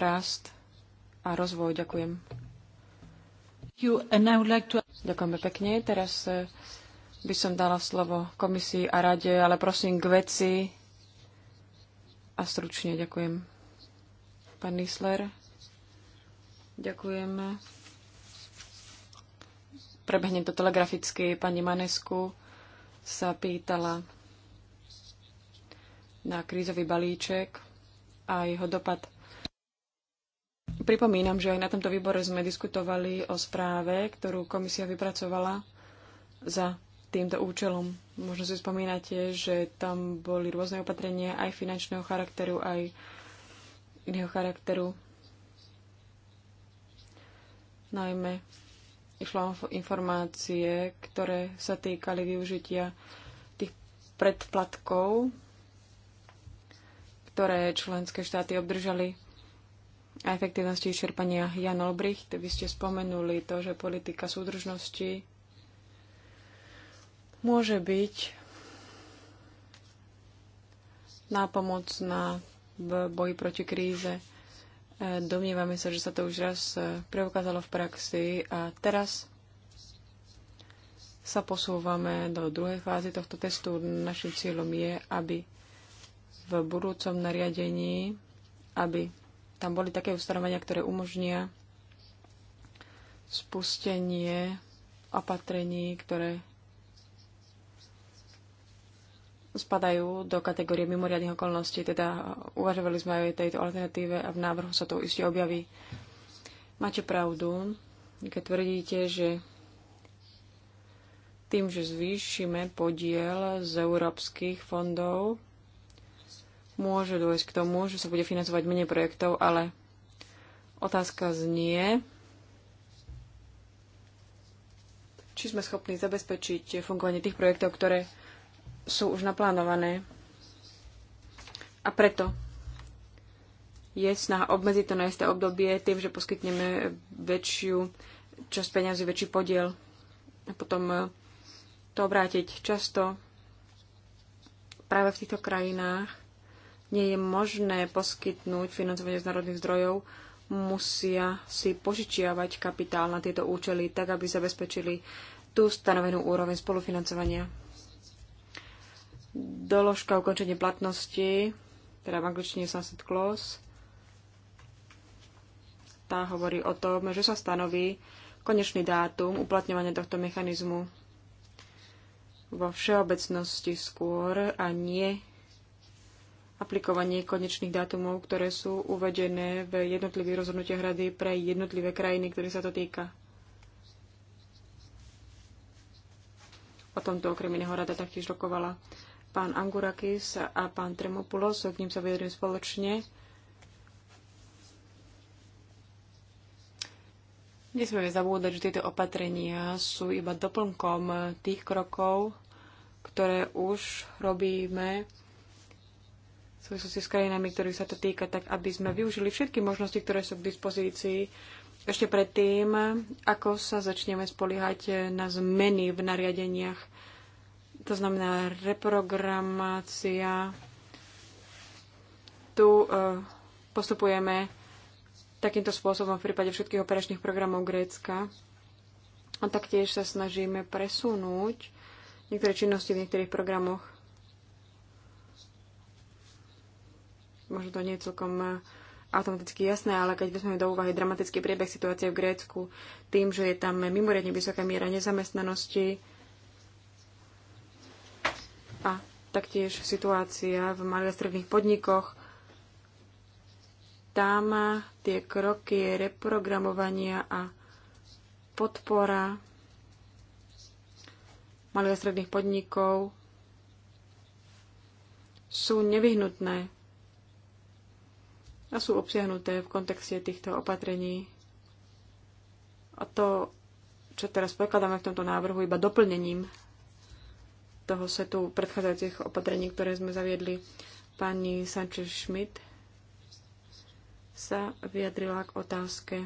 rast a rozvoj. Ďakujem. Like to... Ďakujeme pekne. Teraz eh, by som dala slovo komisii a rade, ale prosím k veci a stručne ďakujem. Pán Nisler, ďakujem. Prebehnem to telegraficky. Pani Manesku sa pýtala na krízový balíček a jeho dopad Pripomínam, že aj na tomto výbore sme diskutovali o správe, ktorú komisia vypracovala za týmto účelom. Možno si spomínate, že tam boli rôzne opatrenia aj finančného charakteru, aj iného charakteru. Najmä išlo o informácie, ktoré sa týkali využitia tých predplatkov, ktoré členské štáty obdržali a efektivnosti čerpania. Jan Olbricht, vy ste spomenuli to, že politika súdržnosti môže byť nápomocná v boji proti kríze. E, domnievame sa, že sa to už raz e, preukázalo v praxi a teraz sa posúvame do druhej fázy tohto testu. Našim cieľom je, aby v budúcom nariadení, aby tam boli také ustanovenia, ktoré umožnia spustenie opatrení, ktoré spadajú do kategórie mimoriadnych okolností, teda e, uvažovali sme aj o tejto alternatíve a v návrhu sa to isté objaví. Máte pravdu, keď tvrdíte, že tým, že zvýšime podiel z európskych fondov, môže dôjsť k tomu, že sa bude financovať menej projektov, ale otázka znie, či sme schopní zabezpečiť fungovanie tých projektov, ktoré sú už naplánované. A preto je snaha obmedziť to na isté obdobie tým, že poskytneme väčšiu časť peňazí, väčší podiel a potom eh, to obrátiť často práve v týchto krajinách nie je možné poskytnúť financovanie z národných zdrojov, musia si požičiavať kapitál na tieto účely, tak aby zabezpečili tú stanovenú úroveň spolufinancovania. Doložka ukončenie platnosti, teda v angličtine sunset clause, tá hovorí o tom, že sa stanoví konečný dátum uplatňovania tohto mechanizmu vo všeobecnosti skôr a nie aplikovanie konečných dátumov, ktoré sú uvedené v jednotlivých rozhodnutiach rady pre jednotlivé krajiny, ktoré sa to týka. O tomto okrem iného rada taktiež rokovala pán Angurakis a pán Tremopulos, k ním sa vyjadrím spoločne. Nesmieme zabúdať, že tieto opatrenia sú iba doplnkom tých krokov, ktoré už robíme v súvislosti s krajinami, ktorých sa to týka, tak aby sme využili všetky možnosti, ktoré sú k dispozícii ešte predtým, ako sa začneme spoliehať na zmeny v nariadeniach. To znamená reprogramácia. Tu e, postupujeme takýmto spôsobom v prípade všetkých operačných programov Grécka. A taktiež sa snažíme presunúť niektoré činnosti v niektorých programoch možno to nie je celkom eh, automaticky jasné, ale keď vezmeme do úvahy dramatický priebeh situácie v Grécku, tým, že je tam mimoriadne vysoká miera nezamestnanosti a taktiež situácia v malých a stredných podnikoch, tam eh, tie kroky reprogramovania a podpora malých a stredných podnikov sú nevyhnutné a sú obsiahnuté v kontexte týchto opatrení. A to, čo teraz prekladáme v tomto návrhu, iba doplnením toho setu predchádzajúcich opatrení, ktoré sme zaviedli. Pani Sanchez Schmidt sa vyjadrila k otázke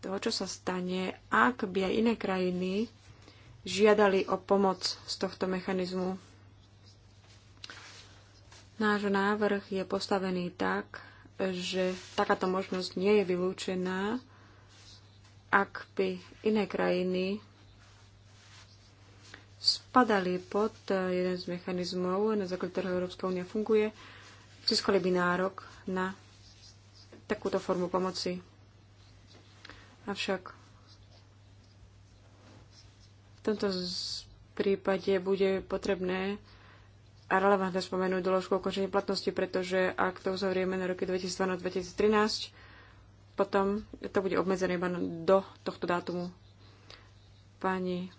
toho, čo sa stane, ak by aj iné krajiny žiadali o pomoc z tohto mechanizmu Náš návrh je postavený tak, že takáto možnosť nie je vylúčená, ak by iné krajiny spadali pod jeden z mechanizmov, na základe ktorého Európska únia funguje, získali by nárok na takúto formu pomoci. Avšak v tomto prípade bude potrebné relevantné spomenúť doložku ukončenia platnosti, pretože ak to uzavrieme na roky 2012-2013, potom to bude obmedzené iba do tohto dátumu. Pani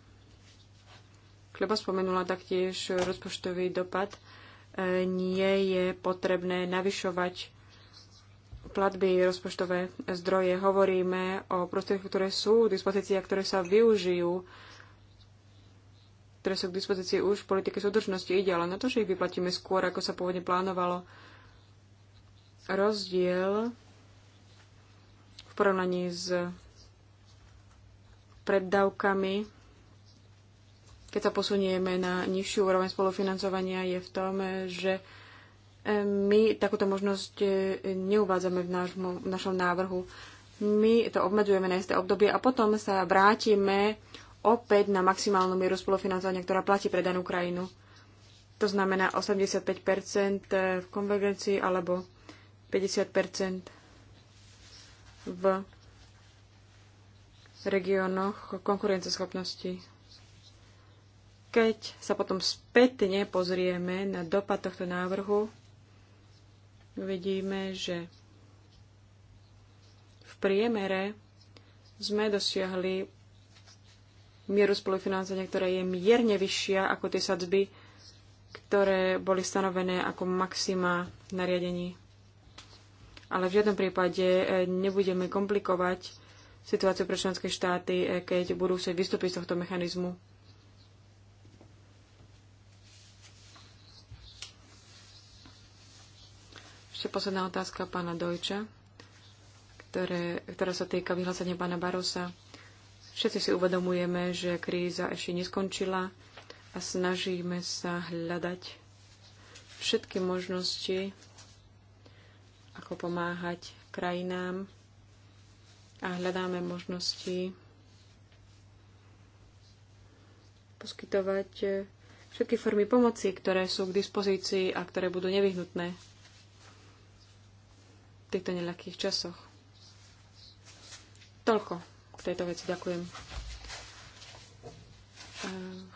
Kleba spomenula taktiež rozpočtový dopad. E, nie je potrebné navyšovať platby rozpočtové zdroje. Hovoríme o prostriedkoch, ktoré sú v dispozícii a ktoré sa využijú ktoré sú k dispozícii už v politike súdržnosti. Ide ale na to, že ich vyplatíme skôr, ako sa pôvodne plánovalo. Rozdiel v porovnaní s preddavkami, keď sa posunieme na nižšiu úroveň spolufinancovania, je v tom, že e, my takúto možnosť e, neuvádzame v, nášmu, v našom návrhu. My to obmedzujeme na isté obdobie a potom sa vrátime opäť na maximálnu mieru spolufinancovania, ktorá platí pre danú krajinu. To znamená 85 v konvergencii alebo 50 v regiónoch konkurenceschopnosti. Keď sa potom spätne pozrieme na dopad tohto návrhu, vidíme, že v priemere sme dosiahli mieru spolufinancovania, ktorá je mierne vyššia ako tie sadzby, ktoré boli stanovené ako maxima nariadení. Ale v žiadnom prípade e, nebudeme komplikovať situáciu pre členské štáty, e, keď budú chcieť vystúpiť z tohto mechanizmu. Ešte posledná otázka pána Dojča, ktoré, ktorá sa týka vyhlásenia pána Barosa Všetci si uvedomujeme, že kríza ešte neskončila a snažíme sa hľadať všetky možnosti, ako pomáhať krajinám a hľadáme možnosti poskytovať všetky formy pomoci, ktoré sú k dispozícii a ktoré budú nevyhnutné v týchto neľakých časoch. Toľko tejto veci. Ďakujem.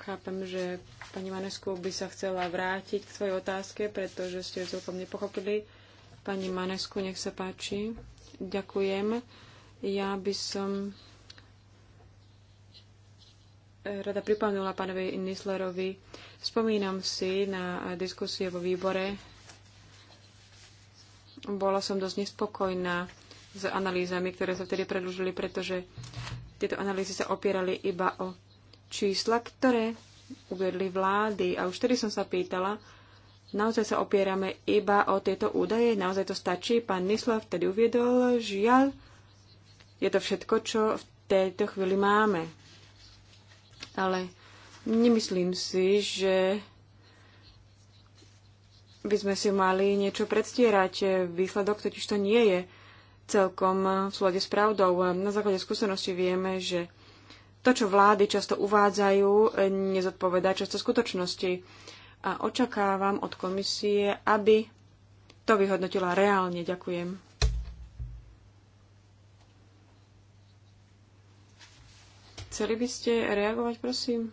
Chápem, že pani Manesku by sa chcela vrátiť k svojej otázke, pretože ste ju celkom nepochopili. Pani Manesku, nech sa páči. Ďakujem. Ja by som rada pripomenula pánovi Nislerovi. Spomínam si na diskusie vo výbore. Bola som dosť nespokojná s analýzami, ktoré sa vtedy predlžili, pretože tieto analýzy sa opierali iba o čísla, ktoré uviedli vlády. A už vtedy som sa pýtala, naozaj sa opierame iba o tieto údaje, naozaj to stačí. Pán Nislav vtedy uviedol, žiaľ, je to všetko, čo v tejto chvíli máme. Ale nemyslím si, že by sme si mali niečo predstierať. Výsledok totiž to nie je celkom v súlade s pravdou. Na základe skúsenosti vieme, že to, čo vlády často uvádzajú, nezodpovedá často skutočnosti. A očakávam od komisie, aby to vyhodnotila reálne. Ďakujem. Chceli by ste reagovať, prosím?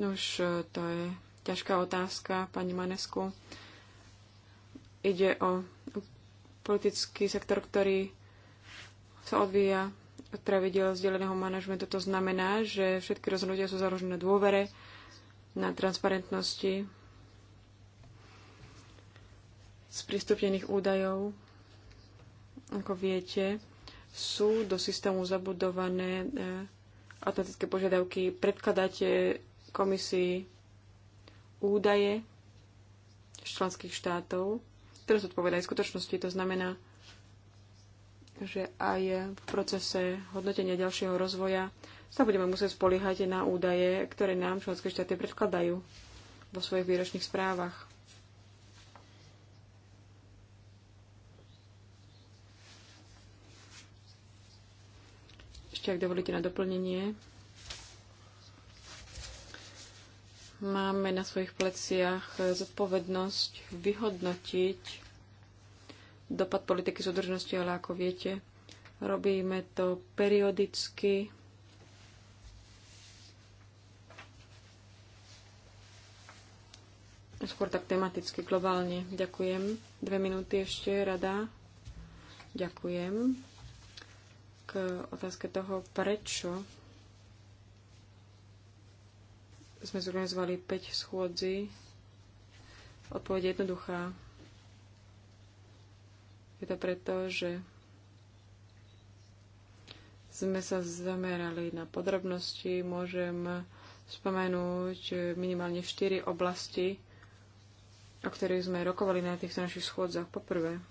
No už to je ťažká otázka, pani Manesku. Ide o politický sektor, ktorý sa odvíja od pravidel zdieľaného manažmentu. To znamená, že všetky rozhodnutia sú založené na dôvere, na transparentnosti, sprístupnených údajov. Ako viete, sú do systému zabudované eh, atletické požiadavky. Predkladáte komisii údaje z členských štátov, Teraz odpovedaj skutočnosti. To znamená, že aj v procese hodnotenia ďalšieho rozvoja sa budeme musieť spoliehať na údaje, ktoré nám členské štáty predkladajú vo svojich výročných správach. Ešte ak dovolíte na doplnenie. máme na svojich pleciach zodpovednosť vyhodnotiť dopad politiky súdržnosti, ale ako viete, robíme to periodicky. Skôr tak tematicky, globálne. Ďakujem. Dve minúty ešte, rada. Ďakujem. K otázke toho, prečo sme zorganizovali 5 schôdzi. Odpoveď je jednoduchá. Je to preto, že sme sa zamerali na podrobnosti. Môžem spomenúť minimálne 4 oblasti, o ktorých sme rokovali na týchto našich schôdzach. Poprvé,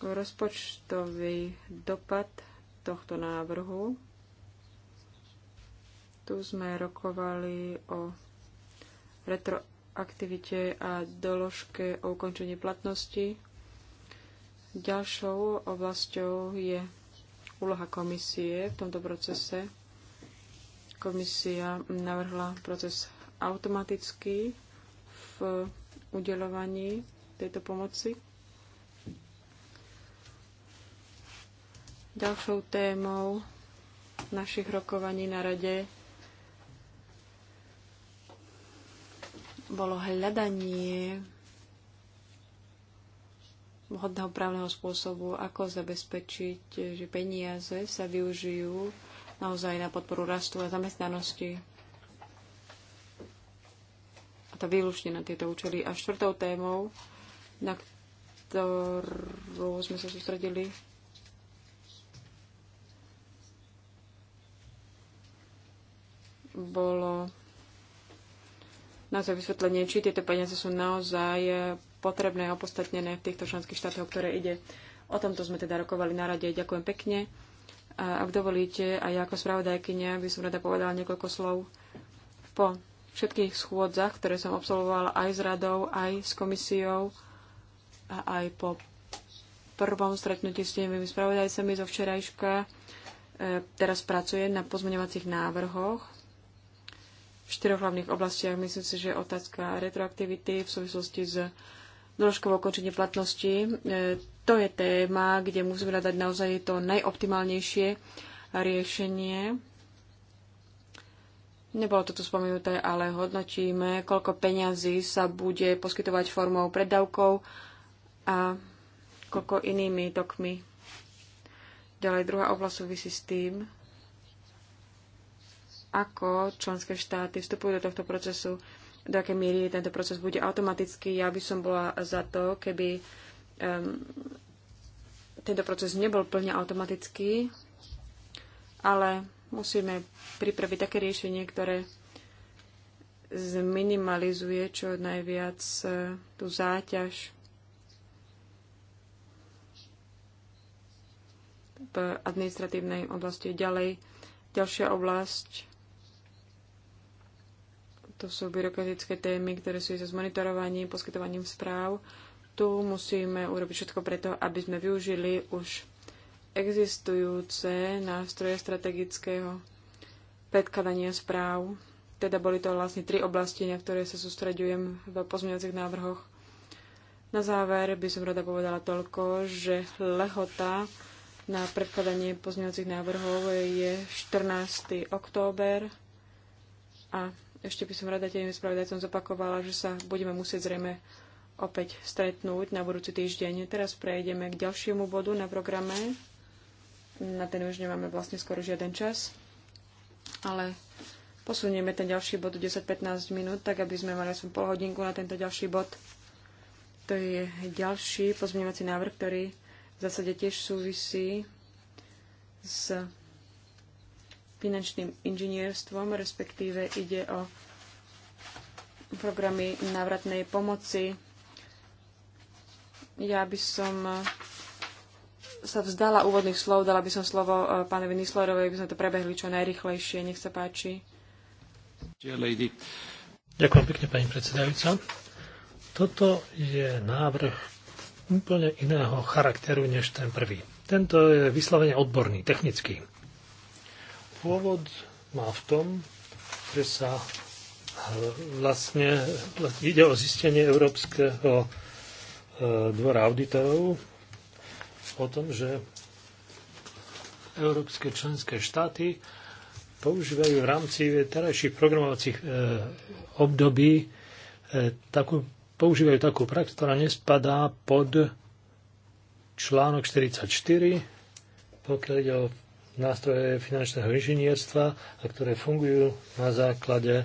rozpočtový dopad tohto návrhu tu sme rokovali o retroaktivite a doložke o ukončení platnosti. Ďalšou oblasťou je úloha komisie v tomto procese. Komisia navrhla proces automaticky v udelovaní tejto pomoci. Ďalšou témou našich rokovaní na rade bolo hľadanie vhodného právneho spôsobu, ako zabezpečiť, že peniaze sa využijú naozaj na podporu rastu a zamestnanosti. A to výlučne na tieto účely. A štvrtou témou, na ktorú sme sa sústredili, bolo naozaj vysvetlenie, či tieto peniaze sú naozaj eh, potrebné a opodstatnené v týchto členských štátoch, ktoré ide. O tomto sme teda rokovali na rade. Ďakujem pekne. A ak dovolíte, a ja ako spravodajkynia by som rada povedala niekoľko slov po všetkých schôdzach, ktoré som absolvovala aj s radou, aj s komisiou a aj po prvom stretnutí s tými spravodajcami zo včerajška. E, teraz pracujem na pozmeňovacích návrhoch v štyroch hlavných oblastiach. Myslím si, že otázka retroaktivity v súvislosti s dĺžkovou končením platnosti, e, to je téma, kde musíme dať naozaj to najoptimálnejšie riešenie. Nebolo toto spomenuté, ale hodnotíme, koľko peňazí sa bude poskytovať formou predávkov a koľko inými tokmi. Ďalej druhá oblasť súvisí s tým, ako členské štáty vstupujú do tohto procesu, do akej miery tento proces bude automatický. Ja by som bola za to, keby um, tento proces nebol plne automatický, ale musíme pripraviť také riešenie, ktoré zminimalizuje čo najviac e, tú záťaž v administratívnej oblasti. Ďalej, ďalšia oblasť to sú byrokratické témy, ktoré sú so monitorovaním, poskytovaním správ. Tu musíme urobiť všetko preto, aby sme využili už existujúce nástroje strategického predkladania správ. Teda boli to vlastne tri oblasti, na ktoré sa sústredujem v pozmeňovacích návrhoch. Na záver by som rada povedala toľko, že lehota na predkladanie pozmeňovacích návrhov je 14. október a ešte by som rada tým spravodajcom zopakovala, že sa budeme musieť zrejme opäť stretnúť na budúci týždeň. Teraz prejdeme k ďalšiemu bodu na programe. Na ten už nemáme vlastne skoro žiaden čas, ale posunieme ten ďalší bod 10-15 minút, tak aby sme mali som pol hodinku na tento ďalší bod. To je ďalší pozmeňovací návrh, ktorý v zásade tiež súvisí s finančným inžinierstvom, respektíve ide o programy návratnej pomoci. Ja by som sa vzdala úvodných slov, dala by som slovo e, pánovi Nislerovej, by sme to prebehli čo najrychlejšie. Nech sa páči. Ďakujem pekne, pani predsedajúca. Toto je návrh úplne iného charakteru než ten prvý. Tento je vyslovene odborný, technický. Pôvod má v tom, že sa eh, vlastne ide o zistenie Európskeho eh, dvora auditorov o tom, že európske členské štáty používajú v rámci terajších programovacích eh, období takú, používajú takú prax, ktorá nespadá pod článok 44, pokiaľ ide o nástroje finančného inžinierstva a ktoré fungujú na základe e,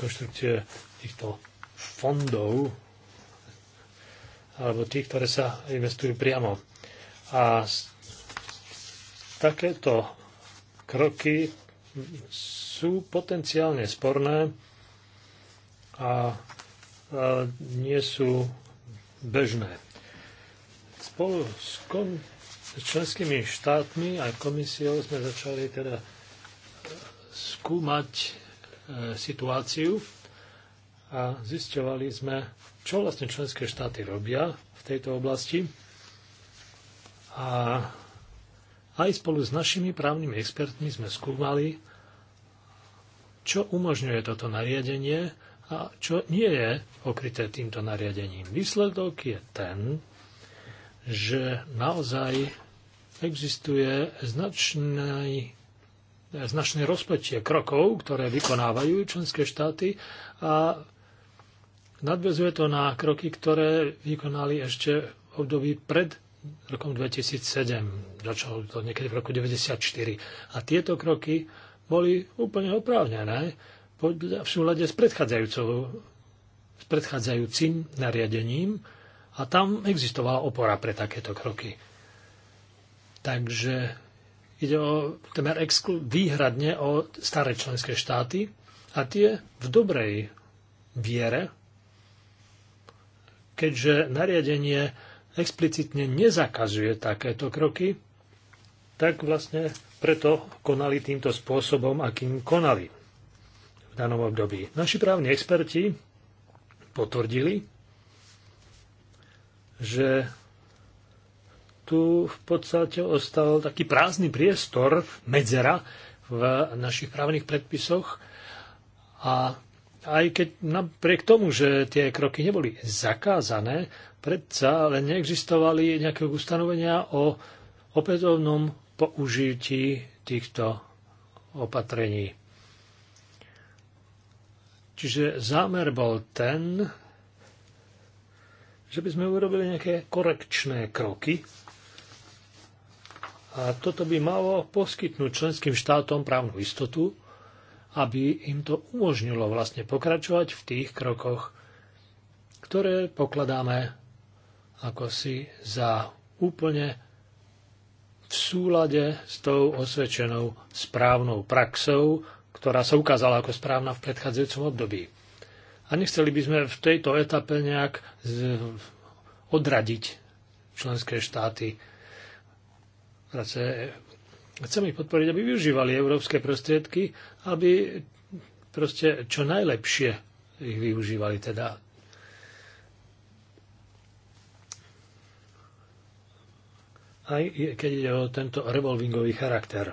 konštrukcie týchto fondov alebo tých, ktoré sa investujú priamo. A takéto kroky sú potenciálne sporné a nie sú bežné. Spolu s kon- s členskými štátmi a komisiou sme začali teda e, skúmať e, situáciu a zisťovali sme, čo vlastne členské štáty robia v tejto oblasti. A aj spolu s našimi právnymi expertmi sme skúmali, čo umožňuje toto nariadenie a čo nie je okryté týmto nariadením. Výsledok je ten, že naozaj existuje značné, značné rozpetie krokov, ktoré vykonávajú členské štáty a nadvezuje to na kroky, ktoré vykonali ešte v období pred rokom 2007. Začalo to niekedy v roku 1994. A tieto kroky boli úplne oprávnené v súlade s, predchádzajúcou, s predchádzajúcim nariadením a tam existovala opora pre takéto kroky. Takže ide o temer exklu- výhradne o staré členské štáty a tie v dobrej viere, keďže nariadenie explicitne nezakazuje takéto kroky, tak vlastne preto konali týmto spôsobom, akým konali v danom období. Naši právni experti potvrdili, že tu v podstate ostal taký prázdny priestor, medzera v našich právnych predpisoch a aj keď napriek tomu, že tie kroky neboli zakázané, predsa ale neexistovali nejaké ustanovenia o opätovnom použití týchto opatrení. Čiže zámer bol ten, že by sme urobili nejaké korekčné kroky a toto by malo poskytnúť členským štátom právnu istotu, aby im to umožnilo vlastne pokračovať v tých krokoch, ktoré pokladáme ako si za úplne v súlade s tou osvedčenou správnou praxou, ktorá sa ukázala ako správna v predchádzajúcom období. A nechceli by sme v tejto etape nejak odradiť členské štáty. Chceme ich podporiť, aby využívali európske prostriedky, aby proste čo najlepšie ich využívali teda. Aj keď ide o tento revolvingový charakter.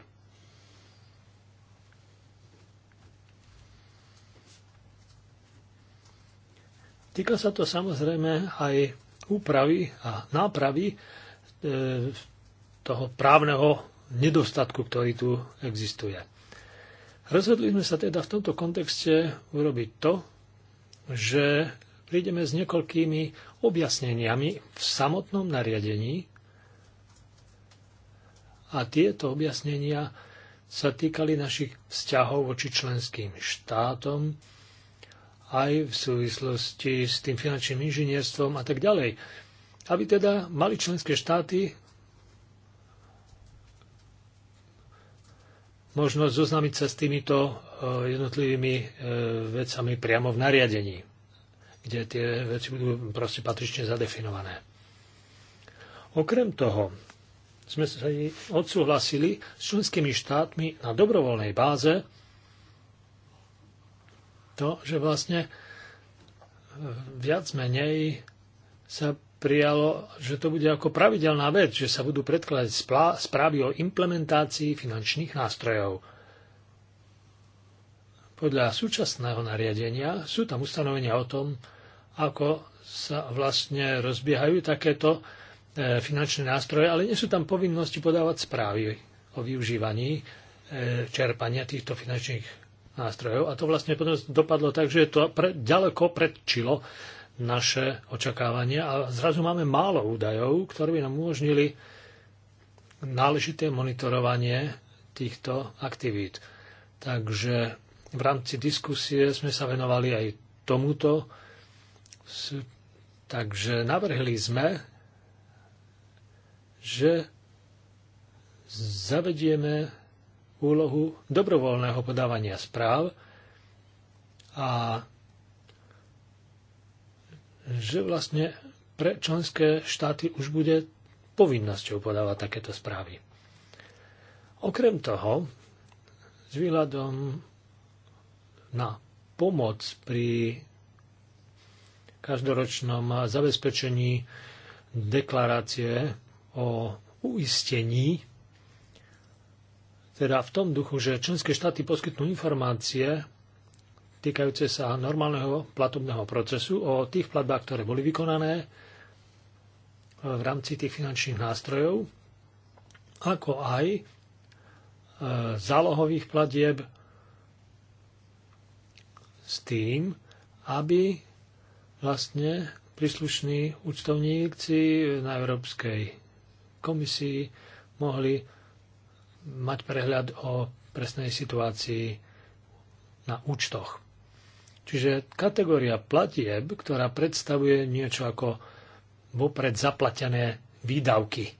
Týka sa to samozrejme aj úpravy a nápravy e, toho právneho nedostatku, ktorý tu existuje. Rozhodli sme sa teda v tomto kontexte urobiť to, že prídeme s niekoľkými objasneniami v samotnom nariadení a tieto objasnenia sa týkali našich vzťahov voči členským štátom, aj v súvislosti s tým finančným inžinierstvom a tak ďalej. Aby teda mali členské štáty možnosť zoznámiť sa s týmito eh, jednotlivými eh, vecami priamo v nariadení, kde tie veci budú proste patrične zadefinované. Okrem toho sme sa odsúhlasili s členskými štátmi na dobrovoľnej báze to, že vlastne e, viac menej sa prijalo, že to bude ako pravidelná vec, že sa budú predkladať správy o implementácii finančných nástrojov. Podľa súčasného nariadenia sú tam ustanovenia o tom, ako sa vlastne rozbiehajú takéto e, finančné nástroje, ale nie sú tam povinnosti podávať správy o využívaní e, čerpania týchto finančných nástrojov. A to vlastne potom dopadlo tak, že to pre, ďaleko predčilo naše očakávania a zrazu máme málo údajov, ktoré by nám umožnili náležité monitorovanie týchto aktivít. Takže v rámci diskusie sme sa venovali aj tomuto. Takže navrhli sme, že zavedieme úlohu dobrovoľného podávania správ a že vlastne pre členské štáty už bude povinnosťou podávať takéto správy. Okrem toho, s výhľadom na pomoc pri každoročnom zabezpečení deklarácie o uistení teda v tom duchu, že členské štáty poskytnú informácie týkajúce sa normálneho platobného procesu o tých platbách, ktoré boli vykonané v rámci tých finančných nástrojov, ako aj e, zálohových platieb s tým, aby vlastne príslušní účtovníci na Európskej komisii mohli mať prehľad o presnej situácii na účtoch. Čiže kategória platieb, ktorá predstavuje niečo ako vopred zaplatené výdavky.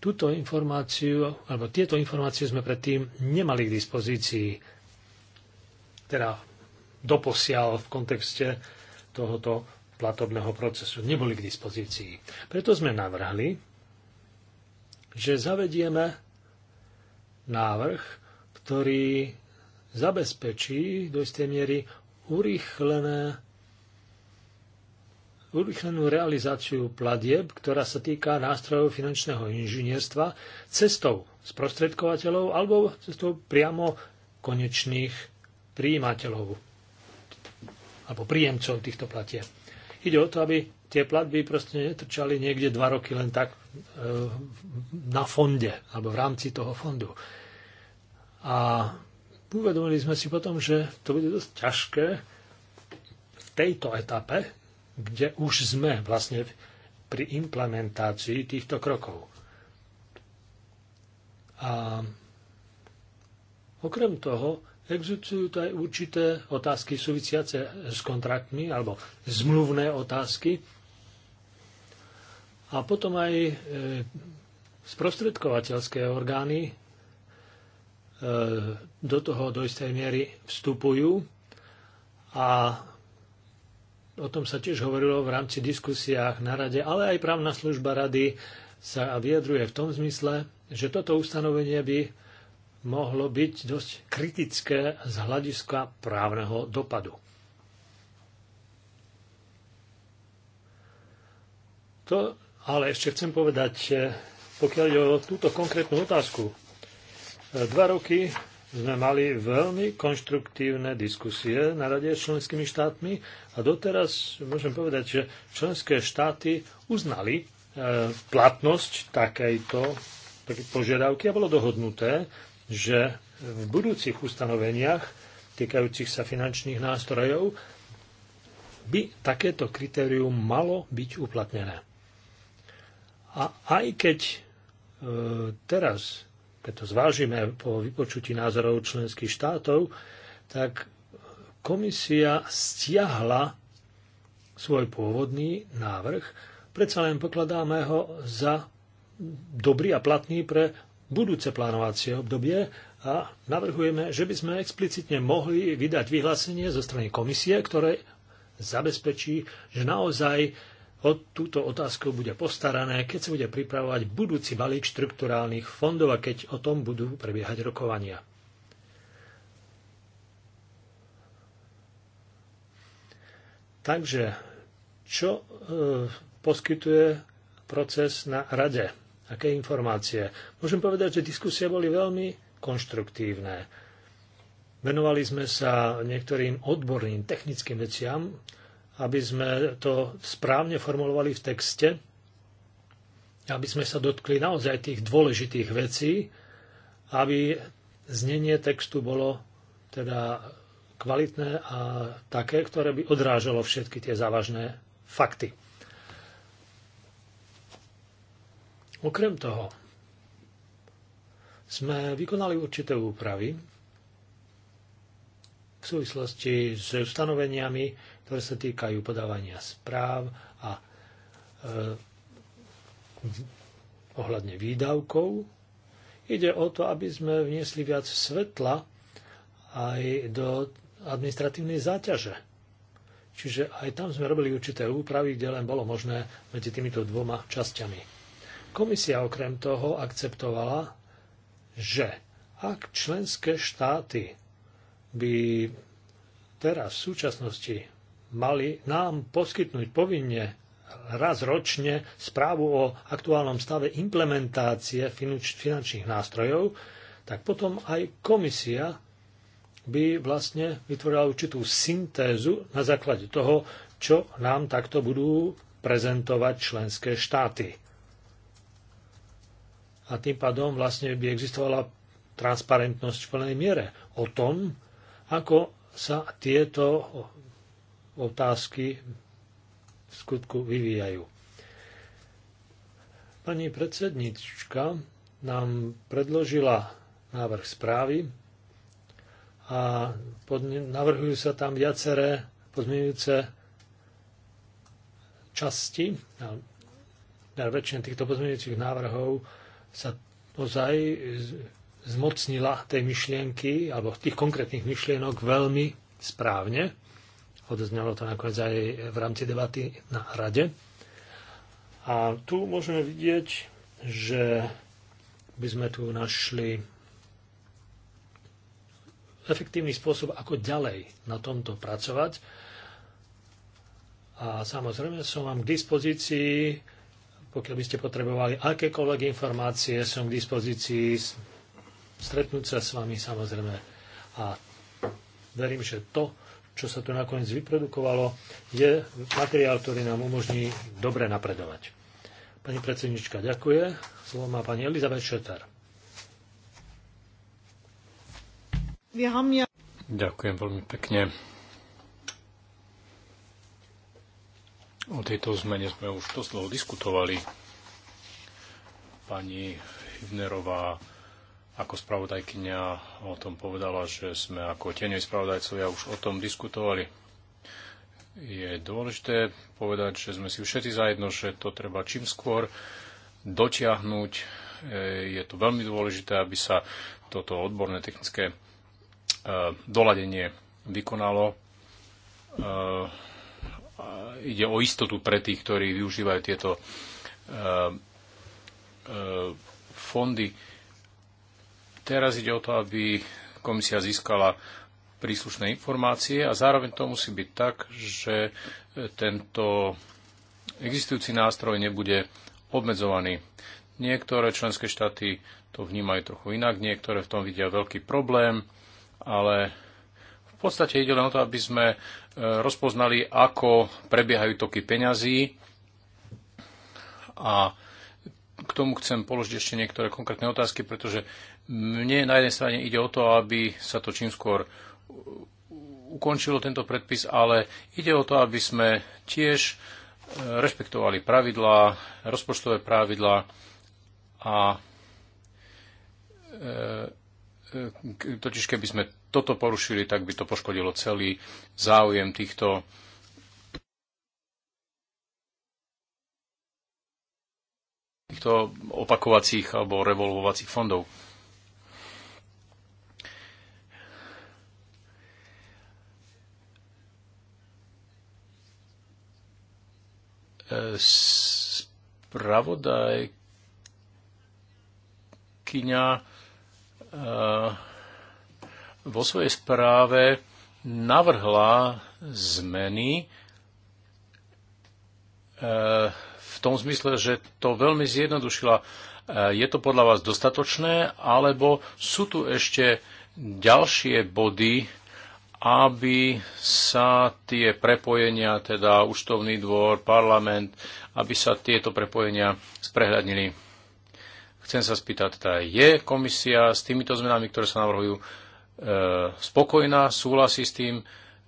Tuto informáciu, alebo tieto informácie sme predtým nemali k dispozícii, teda doposiaľ v kontexte tohoto platobného procesu. Neboli k dispozícii. Preto sme navrhli, že zavedieme návrh, ktorý zabezpečí do istej miery urýchlené urychlenú realizáciu platieb, ktorá sa týka nástrojov finančného inžinierstva cestou sprostredkovateľov alebo cestou priamo konečných príjimateľov alebo príjemcov týchto platieb. Ide o to, aby tie platby proste netrčali niekde dva roky len tak eh, na fonde alebo v rámci toho fondu. A uvedomili sme si potom, že to bude dosť ťažké v tejto etape, kde už sme vlastne pri implementácii týchto krokov. A okrem toho existujú aj určité otázky súvisiace s kontraktmi alebo zmluvné otázky, a potom aj e, sprostredkovateľské orgány e, do toho do istej miery vstupujú a o tom sa tiež hovorilo v rámci diskusiách na rade, ale aj právna služba rady sa vyjadruje v tom zmysle, že toto ustanovenie by mohlo byť dosť kritické z hľadiska právneho dopadu. To ale ešte chcem povedať, e, pokiaľ je o túto konkrétnu otázku, e, dva roky sme mali veľmi konštruktívne diskusie na rade s členskými štátmi a doteraz môžem povedať, že členské štáty uznali e, platnosť takejto požiadavky a bolo dohodnuté, že v budúcich ustanoveniach týkajúcich sa finančných nástrojov by takéto kritérium malo byť uplatnené. A aj keď e, teraz, keď to zvážime po vypočutí názorov členských štátov, tak komisia stiahla svoj pôvodný návrh, predsa len pokladáme ho za dobrý a platný pre budúce plánovacie obdobie a navrhujeme, že by sme explicitne mohli vydať vyhlásenie zo strany komisie, ktoré zabezpečí, že naozaj o túto otázku bude postarané, keď sa bude pripravovať budúci balík štrukturálnych fondov a keď o tom budú prebiehať rokovania. Takže, čo e, poskytuje proces na rade? Aké informácie? Môžem povedať, že diskusie boli veľmi konštruktívne. Venovali sme sa niektorým odborným technickým veciam, aby sme to správne formulovali v texte, aby sme sa dotkli naozaj tých dôležitých vecí, aby znenie textu bolo teda kvalitné a také, ktoré by odrážalo všetky tie závažné fakty. Okrem toho sme vykonali určité úpravy v súvislosti s ustanoveniami, ktoré sa týkajú podávania správ a e, ohľadne výdavkov. Ide o to, aby sme vniesli viac svetla aj do administratívnej záťaže. Čiže aj tam sme robili určité úpravy, kde len bolo možné medzi týmito dvoma časťami. Komisia okrem toho akceptovala, že ak členské štáty by teraz v súčasnosti mali nám poskytnúť povinne raz ročne správu o aktuálnom stave implementácie finančných nástrojov, tak potom aj komisia by vlastne vytvorila určitú syntézu na základe toho, čo nám takto budú prezentovať členské štáty. A tým pádom vlastne by existovala transparentnosť v plnej miere o tom, ako sa tieto otázky v skutku vyvíjajú. Pani predsednička nám predložila návrh správy a navrhujú sa tam viaceré pozmeňujúce časti. Väčšina týchto pozmeňujúcich návrhov sa ozaj zmocnila tej myšlienky, alebo tých konkrétnych myšlienok veľmi správne. Odznelo to nakoniec aj v rámci debaty na rade. A tu môžeme vidieť, že by sme tu našli efektívny spôsob, ako ďalej na tomto pracovať. A samozrejme som vám k dispozícii, pokiaľ by ste potrebovali akékoľvek informácie, som k dispozícii stretnúť sa s vami samozrejme a verím, že to, čo sa tu nakoniec vyprodukovalo, je materiál, ktorý nám umožní dobre napredovať. Pani predsednička, ďakuje. Slovo má pani Elizabeth Šeter. Ďakujem veľmi pekne. O tejto zmene sme už dosť dlho diskutovali. Pani Hivnerová ako spravodajkyňa o tom povedala, že sme ako tieňoví spravodajcovia už o tom diskutovali. Je dôležité povedať, že sme si všetci zajedno, že to treba čím skôr dotiahnuť. E, je to veľmi dôležité, aby sa toto odborné technické e, doladenie vykonalo. E, ide o istotu pre tých, ktorí využívajú tieto fondy Teraz ide o to, aby komisia získala príslušné informácie a zároveň to musí byť tak, že e, tento existujúci nástroj nebude obmedzovaný. Niektoré členské štáty to vnímajú trochu inak, niektoré v tom vidia veľký problém, ale v podstate ide len o to, aby sme e, rozpoznali, ako prebiehajú toky peňazí a k tomu chcem položiť ešte niektoré konkrétne otázky, pretože mne na jednej strane ide o to, aby sa to čím skôr ukončilo tento predpis, ale ide o to, aby sme tiež e, rešpektovali pravidlá, rozpočtové pravidlá a e, e, totiž keby sme toto porušili, tak by to poškodilo celý záujem týchto týchto opakovacích alebo revolvovacích fondov. Spravodajkyňa eh, vo svojej správe navrhla zmeny eh, tom zmysle, že to veľmi zjednodušila. E, je to podľa vás dostatočné, alebo sú tu ešte ďalšie body, aby sa tie prepojenia, teda účtovný dvor, parlament, aby sa tieto prepojenia sprehľadnili. Chcem sa spýtať, teda je komisia s týmito zmenami, ktoré sa navrhujú, e, spokojná, súhlasí s tým,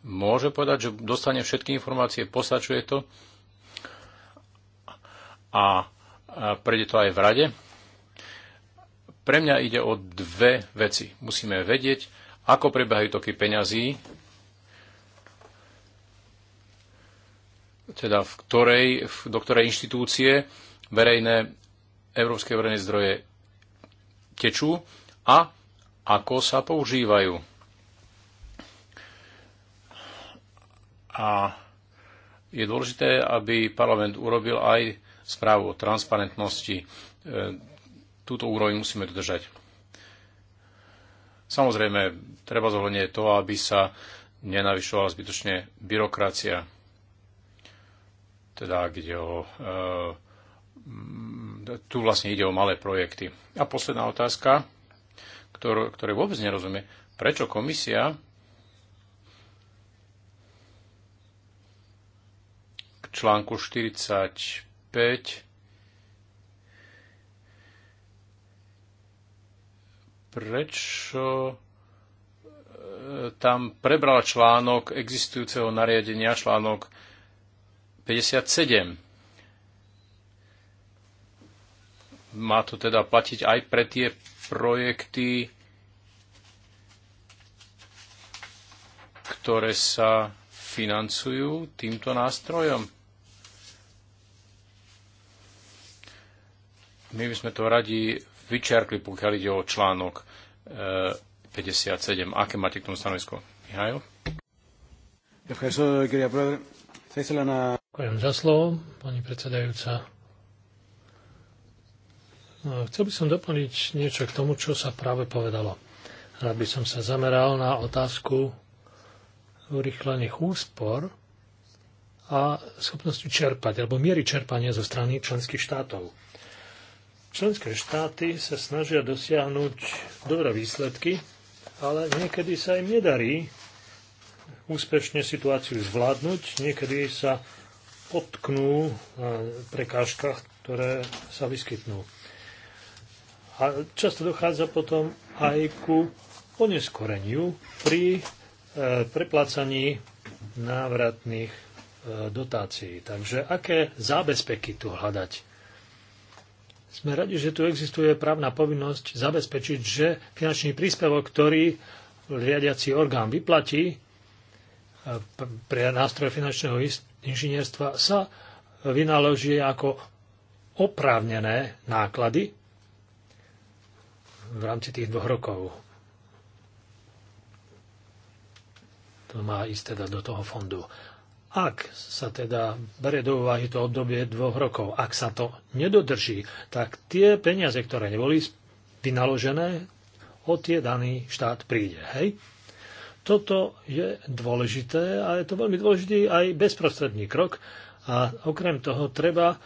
môže povedať, že dostane všetky informácie, postačuje to? a prejde to aj v rade. Pre mňa ide o dve veci. Musíme vedieť, ako prebiehajú toky peňazí, teda v ktorej, do ktorej inštitúcie verejné, európske verejné zdroje tečú a ako sa používajú. A je dôležité, aby parlament urobil aj správu o transparentnosti. E, túto úroveň musíme dodržať. Samozrejme, treba zohľadniť to, aby sa nenavyšovala zbytočne byrokracia, teda kde ide e, tu vlastne ide o malé projekty. A posledná otázka, ktorú, ktoré vôbec nerozumie, prečo komisia k článku 45 prečo eh, tam prebrala článok existujúceho nariadenia, článok 57. Má to teda platiť aj pre tie projekty, ktoré sa financujú týmto nástrojom? My by sme to radi vyčiarkli, pokiaľ ide o článok 57. E, Aké máte k tomu stanovisko? Mihajlo? Ďakujem za slovo, pani predsedajúca. No, chcel by som doplniť niečo k tomu, čo sa práve povedalo. Rád by som sa zameral na otázku urychlených úspor a schopnosti čerpať, alebo miery čerpania zo strany členských štátov Členské štáty sa snažia dosiahnuť dobré výsledky, ale niekedy sa im nedarí úspešne situáciu zvládnuť, niekedy sa potknú na e, prekážkach, ktoré sa vyskytnú. A často dochádza potom aj ku oneskoreniu pri e, preplácaní návratných e, dotácií. Takže aké zábezpeky tu hľadať? Sme radi, že tu existuje právna povinnosť zabezpečiť, že finančný príspevok, ktorý riadiaci orgán vyplatí e, pre nástroje finančného inžinierstva, sa vynaloží ako oprávnené náklady v rámci tých dvoch rokov. To má ísť teda do toho fondu. Ak sa teda bere do úvahy to obdobie dvoch rokov, ak sa to nedodrží, tak tie peniaze, ktoré neboli vynaložené, o tie daný štát príde. Hej? Toto je dôležité a je to veľmi dôležitý aj bezprostredný krok a okrem toho treba e,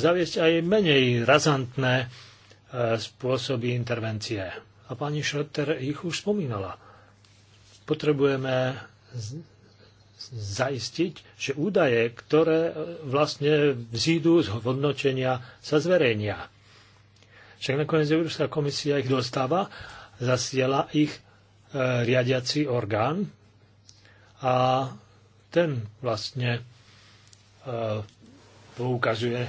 zaviesť aj menej razantné e, spôsoby intervencie. A pani Schroeter ich už spomínala. Potrebujeme zaistiť, že údaje, ktoré e, vlastne vzídu z hodnotenia, sa zverejnia. Však nakoniec Európska komisia ich dostáva, zasiela ich e, riadiaci orgán a ten vlastne e, poukazuje,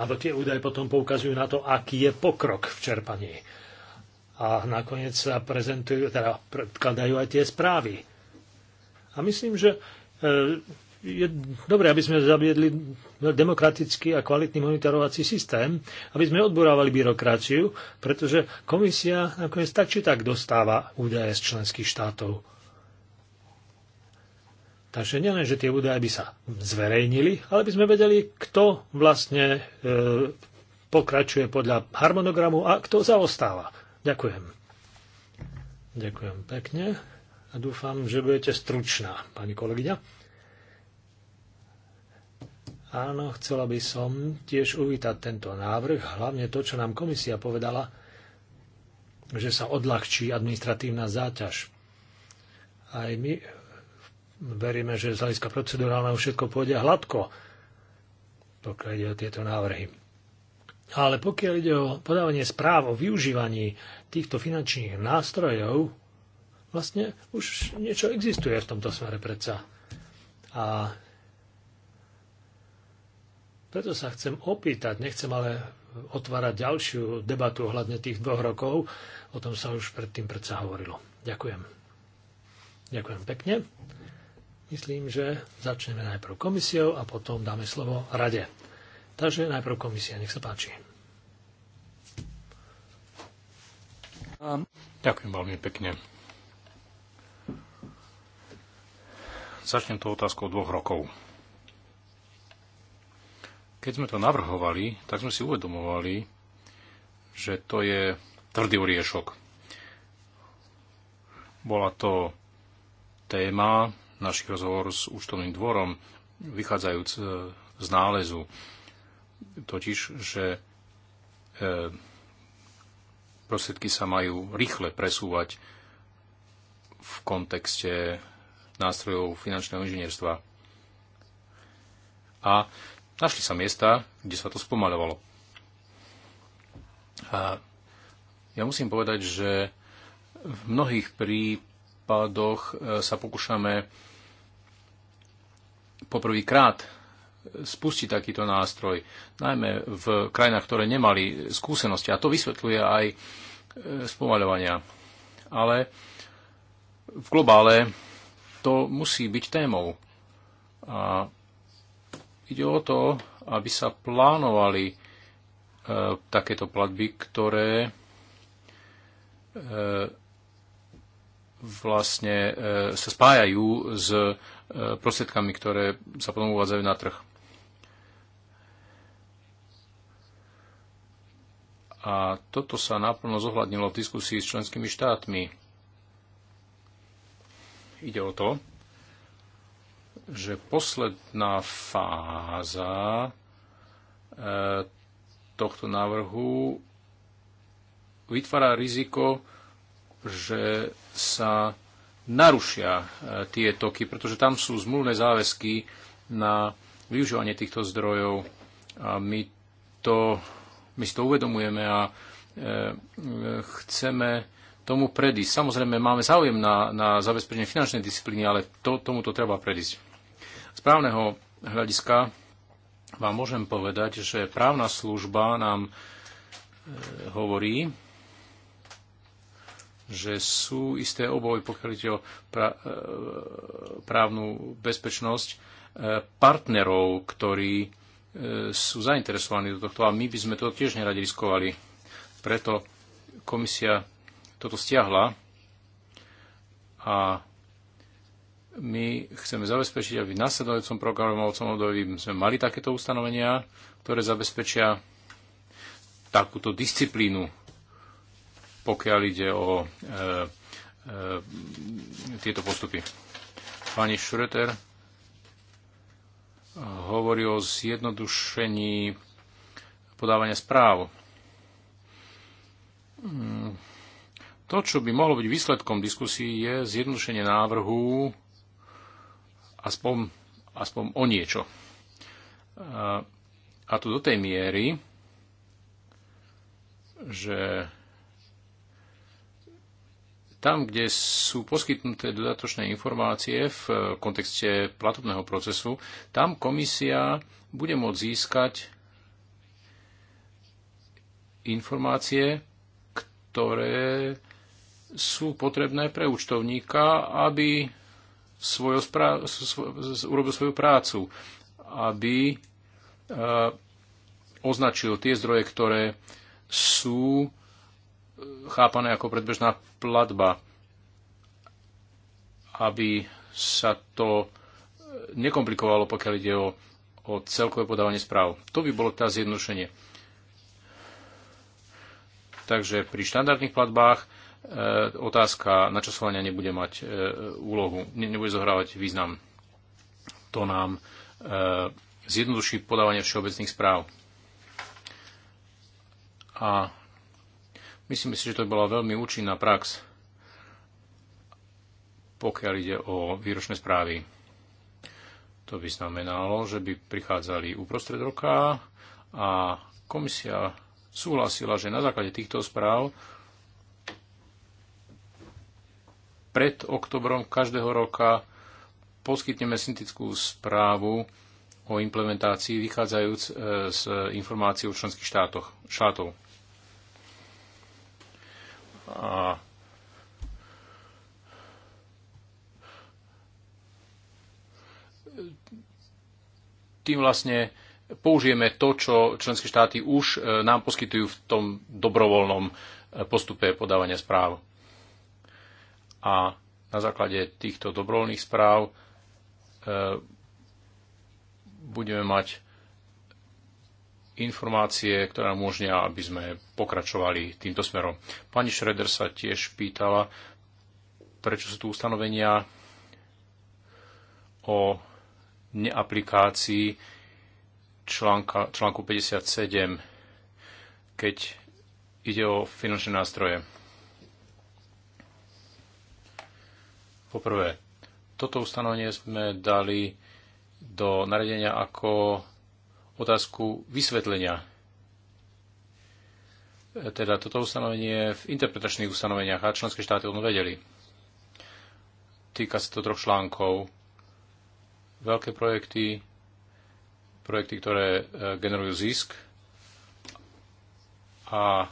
alebo tie údaje potom poukazujú na to, aký je pokrok v čerpaní. A nakoniec sa prezentujú, teda predkladajú aj tie správy. A myslím, že Eh, je dobré, aby sme zaviedli demokratický a kvalitný monitorovací systém, aby sme odborávali byrokraciu, pretože komisia nakoniec tak či tak dostáva údaje z členských štátov. Takže nielen, že tie údaje by sa zverejnili, ale by sme vedeli, kto vlastne e, pokračuje podľa harmonogramu a kto zaostáva. Ďakujem. Ďakujem pekne a dúfam, že budete stručná, pani kolegyňa. Áno, chcela by som tiež uvítať tento návrh, hlavne to, čo nám komisia povedala, že sa odľahčí administratívna záťaž. Aj my veríme, že z hľadiska procedurálneho všetko pôjde hladko, pokiaľ ide o tieto návrhy. Ale pokiaľ ide o podávanie správ o využívaní týchto finančných nástrojov, vlastne už niečo existuje v tomto smere predsa. A preto sa chcem opýtať, nechcem ale otvárať ďalšiu debatu ohľadne tých dvoch rokov, o tom sa už predtým predsa hovorilo. Ďakujem. Ďakujem pekne. Myslím, že začneme najprv komisiou a potom dáme slovo rade. Takže najprv komisia, nech sa páči. Ďakujem veľmi pekne. Začnem to otázkou dvoch rokov. Keď sme to navrhovali, tak sme si uvedomovali, že to je tvrdý oriešok. Bola to téma našich rozhovorov s účtovným dvorom, vychádzajúc e, z nálezu. Totiž, že e, prostriedky sa majú rýchle presúvať v kontexte nástrojov finančného inžinierstva. A našli sa miesta, kde sa to spomaľovalo. A ja musím povedať, že v mnohých prípadoch e, sa pokúšame poprvýkrát spustiť takýto nástroj, najmä v krajinách, ktoré nemali skúsenosti. A to vysvetľuje aj e, spomaľovania. Ale v globále to musí byť témou. A ide o to, aby sa plánovali e, takéto platby, ktoré e, vlastne e, sa spájajú s e, prostriedkami, ktoré sa potom uvádzajú na trh. A toto sa naplno zohľadnilo v diskusii s členskými štátmi ide o to, že posledná fáza e, tohto návrhu vytvára riziko, že sa narušia e, tie toky, pretože tam sú zmluvné záväzky na využívanie týchto zdrojov a my, to, my si to uvedomujeme a e, e chceme tomu predísť. Samozrejme, máme záujem na, na zabezpečenie finančnej disciplíny, ale to, tomuto treba predísť. Z právneho hľadiska vám môžem povedať, že právna služba nám e, hovorí, že sú isté obavy, pokiaľ ide o pra, e, právnu bezpečnosť e, partnerov, ktorí e, sú zainteresovaní do tohto a my by sme to tiež neradi riskovali. Preto komisia toto stiahla a my chceme zabezpečiť, aby v nasledujúcom programovacom období sme mali takéto ustanovenia, ktoré zabezpečia takúto disciplínu, pokiaľ ide o e, e, tieto postupy. Pani Schröter hovorí o zjednodušení podávania správ. Mm to, čo by mohlo byť výsledkom diskusí, je zjednodušenie návrhu aspoň, aspoň o niečo. A, e, a to do tej miery, že tam, kde sú poskytnuté dodatočné informácie v e, kontexte platobného procesu, tam komisia bude môcť získať informácie, ktoré sú potrebné pre účtovníka, aby svojo spra- urobil svoju prácu, aby eh, označil tie zdroje, ktoré sú eh, chápané ako predbežná platba, aby sa to eh, nekomplikovalo, pokiaľ ide o, o celkové podávanie správ. To by bolo teda zjednodušenie. Takže pri štandardných platbách E, otázka načasovania nebude mať e, úlohu, nebude zohrávať význam. To nám e, zjednoduší podávanie všeobecných správ. A myslím si, že to bola veľmi účinná prax, pokiaľ ide o výročné správy. To by znamenalo, že by prichádzali uprostred roka a komisia súhlasila, že na základe týchto správ pred oktobrom každého roka poskytneme syntetickú správu o implementácii, vychádzajúc e, z informácií o členských štátoch, štátov. A tým vlastne použijeme to, čo členské štáty už e, nám poskytujú v tom dobrovoľnom e, postupe podávania správ a na základe týchto dobrovoľných správ e, budeme mať informácie, ktoré nám umožnia, aby sme pokračovali týmto smerom. Pani Šreder sa tiež pýtala, prečo sú tu ustanovenia o neaplikácii článka, článku 57, keď ide o finančné nástroje. Poprvé, toto ustanovenie sme dali do naredenia ako otázku vysvetlenia. Teda toto ustanovenie v interpretačných ustanoveniach a členské štáty o vedeli. Týka sa to troch článkov. Veľké projekty, projekty, ktoré eh, generujú zisk a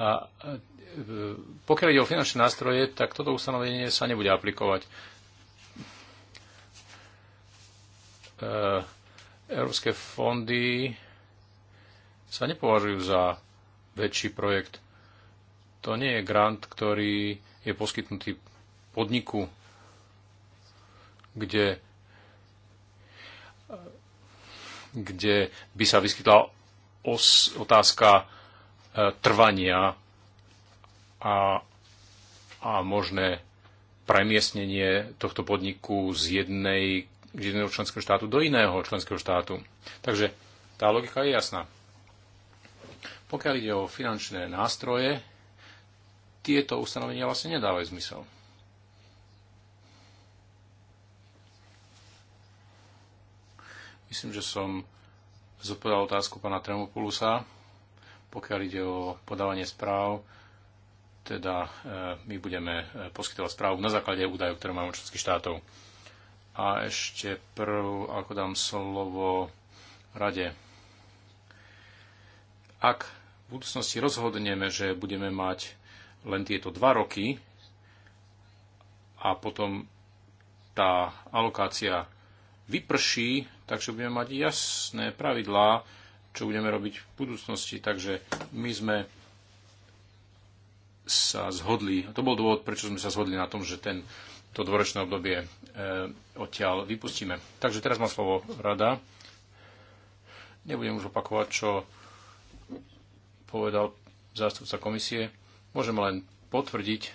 A e, pokiaľ ide o finančné nástroje, tak toto ustanovenie sa nebude aplikovať. E, európske fondy sa nepovažujú za väčší projekt. To nie je grant, ktorý je poskytnutý podniku, kde, kde by sa vyskytla os, otázka E, trvania a, a možné premiestnenie tohto podniku z, jednej, z jedného členského štátu do iného členského štátu. Takže tá logika je jasná. Pokiaľ ide o finančné nástroje, tieto ustanovenia vlastne nedávajú zmysel. Myslím, že som zodpovedal otázku pána Tremopulusa pokiaľ ide o podávanie správ, teda e, my budeme e, poskytovať správu na základe údajov, ktoré máme členských štátov. A ešte prv, ako dám slovo rade. Ak v budúcnosti rozhodneme, že budeme mať len tieto dva roky a potom tá alokácia vyprší, takže budeme mať jasné pravidlá, čo budeme robiť v budúcnosti. Takže my sme sa zhodli, a to bol dôvod, prečo sme sa zhodli na tom, že ten, to dvoročné obdobie e, odtiaľ vypustíme. Takže teraz má slovo rada. Nebudem už opakovať, čo povedal zástupca komisie. Môžem len potvrdiť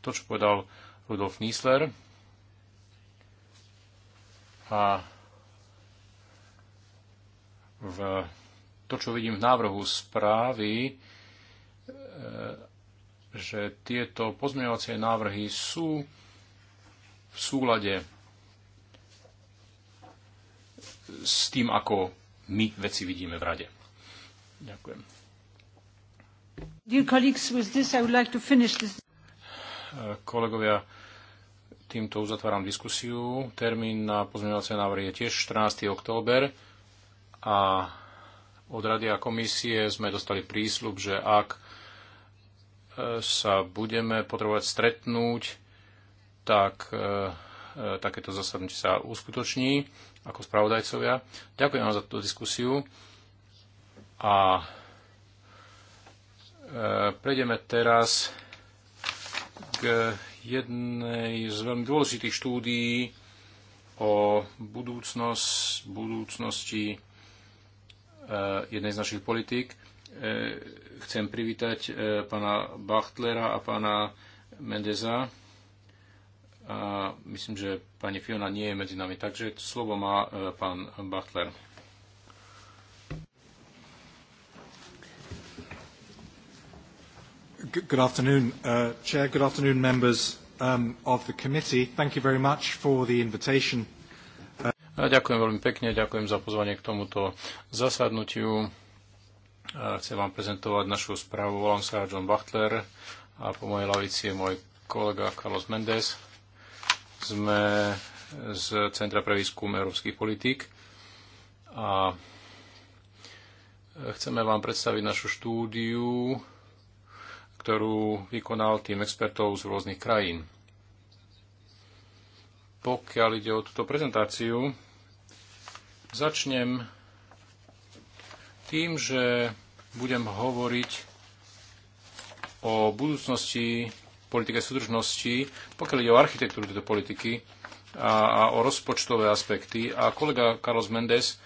to, čo povedal Rudolf Niesler a v to, čo vidím v návrhu správy, e, že tieto pozmeňovacie návrhy sú v súlade s tým, ako my veci vidíme v rade. Ďakujem. E, kolegovia, týmto uzatváram diskusiu. Termín na pozmeňovacie návrhy je tiež 14. október. A od Rady a komisie sme dostali prísľub, že ak e, sa budeme potrebovať stretnúť, tak e, e, takéto zasadnutie sa uskutoční ako spravodajcovia. Ďakujem vám za túto diskusiu a prejdeme teraz k jednej z veľmi dôležitých štúdií o budúcnosť, budúcnosti Eh, jednej z našich politík. Eh, chcem privítať eh, pána Bachtlera a pána Mendeza. A myslím, že pani Fiona nie je medzi nami, takže slovo má pán Bachtler. Good afternoon, uh, Chair. Good afternoon, members um, of the committee. Thank you very much for the invitation ďakujem veľmi pekne, ďakujem za pozvanie k tomuto zasadnutiu. chcem vám prezentovať našu správu. Volám sa John Butler a po mojej lavici je môj kolega Carlos Mendes. Sme z Centra pre výskum európskych politík a chceme vám predstaviť našu štúdiu, ktorú vykonal tým expertov z rôznych krajín. Pokiaľ ide o túto prezentáciu, Začnem tým, že budem hovoriť o budúcnosti politike súdržnosti, pokiaľ ide o architektúru tejto politiky a, a o rozpočtové aspekty. A kolega Carlos Mendes